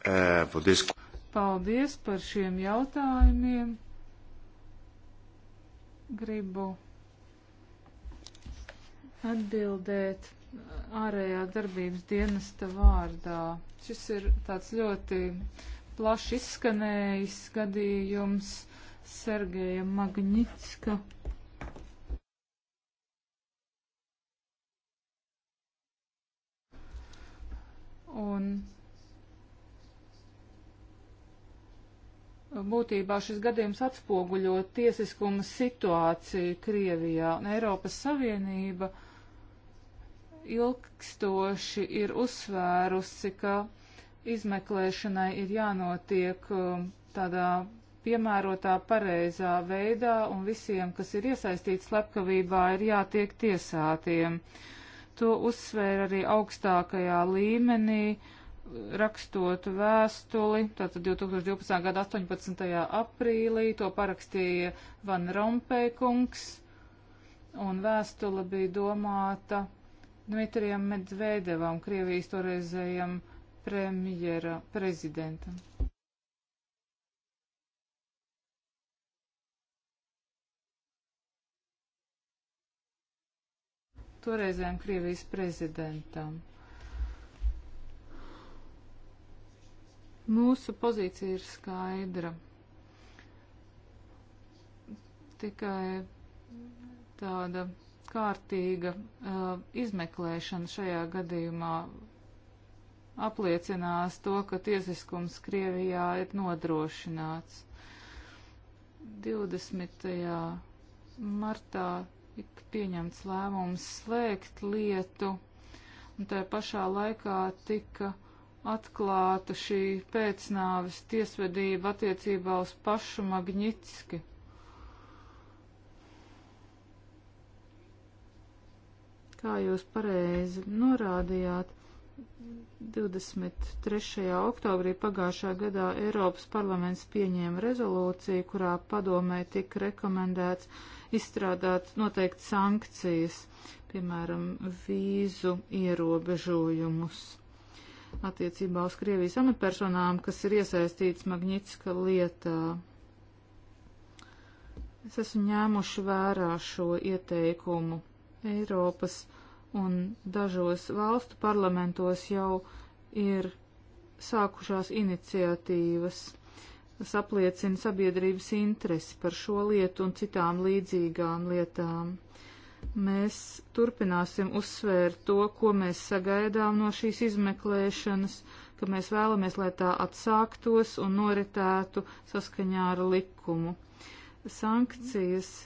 uh, for this. Paldies par šiem jautājumiem. Gribu atbildēt ārējā darbības dienesta vārdā. Šis ir tāds ļoti plaši izskanējis gadījums Sergeja Magnitska. Un būtībā šis gadījums atspoguļo tiesiskuma situāciju Krievijā un Eiropas Savienība. Uh, ilgstoši ir uzsvērusi, ka izmeklēšanai ir jānotiek um, tādā piemērotā pareizā veidā un visiem, kas ir iesaistīti slepkavībā, ir jātiek tiesātiem. To uzsvēra arī augstākajā līmenī rakstot vēstuli, tātad 2012. gada 18. aprīlī, to parakstīja Van Rompēkungs, un vēstule bija domāta Dmitrijam Medvedevam, Krievijas toreizējam premjera prezidentam. Toreizējam Krievijas prezidentam. Mūsu pozīcija ir skaidra. Tikai tāda kārtīga uh, izmeklēšana šajā gadījumā apliecinās to, ka tiesiskums Krievijā ir nodrošināts. 20. martā tika pieņemts lēmums slēgt lietu, un tajā pašā laikā tika atklāta šī pēcnāvis tiesvedība attiecībā uz pašu Magnitski. Kā jūs pareizi norādījāt, 23. oktobrī pagājušā gadā Eiropas parlaments pieņēma rezolūciju, kurā padomē tika rekomendēts izstrādāt noteikti sankcijas, piemēram, vīzu ierobežojumus attiecībā uz Krievijas amatpersonām, kas ir iesaistīts Magnitska lietā. Es esmu ņēmuši vērā šo ieteikumu Eiropas un dažos valstu parlamentos jau ir sākušās iniciatīvas, kas apliecina sabiedrības interesi par šo lietu un citām līdzīgām lietām. Mēs turpināsim uzsvērt to, ko mēs sagaidām no šīs izmeklēšanas, ka mēs vēlamies, lai tā atsāktos un noritētu saskaņā ar likumu. Sankcijas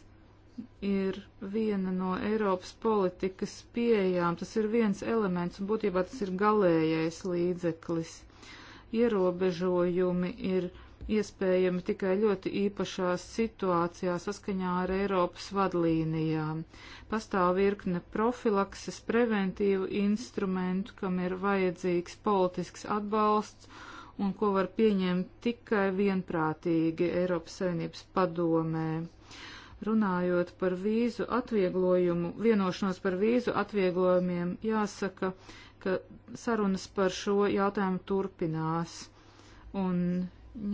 ir viena no Eiropas politikas pieejām. Tas ir viens elements, un būtībā tas ir galējais līdzeklis. Ierobežojumi ir iespējami tikai ļoti īpašās situācijās saskaņā ar Eiropas vadlīnijām. Pastāv virkne profilakses preventīvu instrumentu, kam ir vajadzīgs politisks atbalsts un ko var pieņemt tikai vienprātīgi Eiropas Savienības padomē. Runājot par vīzu atvieglojumu, vienošanos par vīzu atvieglojumiem, jāsaka, ka sarunas par šo jautājumu turpinās. Un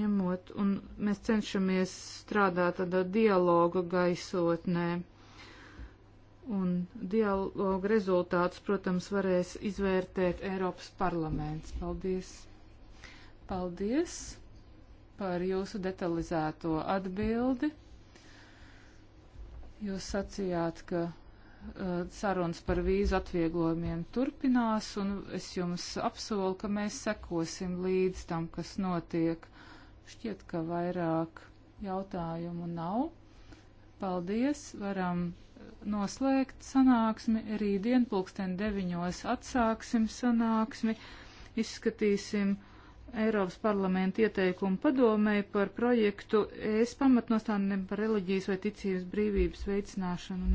ņemot, un mēs cenšamies strādāt tādā dialoga gaisotnē. Un dialoga rezultātus, protams, varēs izvērtēt Eiropas parlaments. Paldies! Paldies par jūsu detalizēto atbildi! Jūs sacījāt, ka uh, sarunas par vīzu atvieglojumiem turpinās, un es jums apsolu, ka mēs sekosim līdz tam, kas notiek. Šķiet, ka vairāk jautājumu nav. Paldies, varam noslēgt sanāksmi. Rītdien pulksten deviņos atsāksim sanāksmi, izskatīsim Eiropas parlamenta ieteikumu padomēji par projektu Es pamatnostādnēm par reliģijas vai ticības brīvības veicināšanu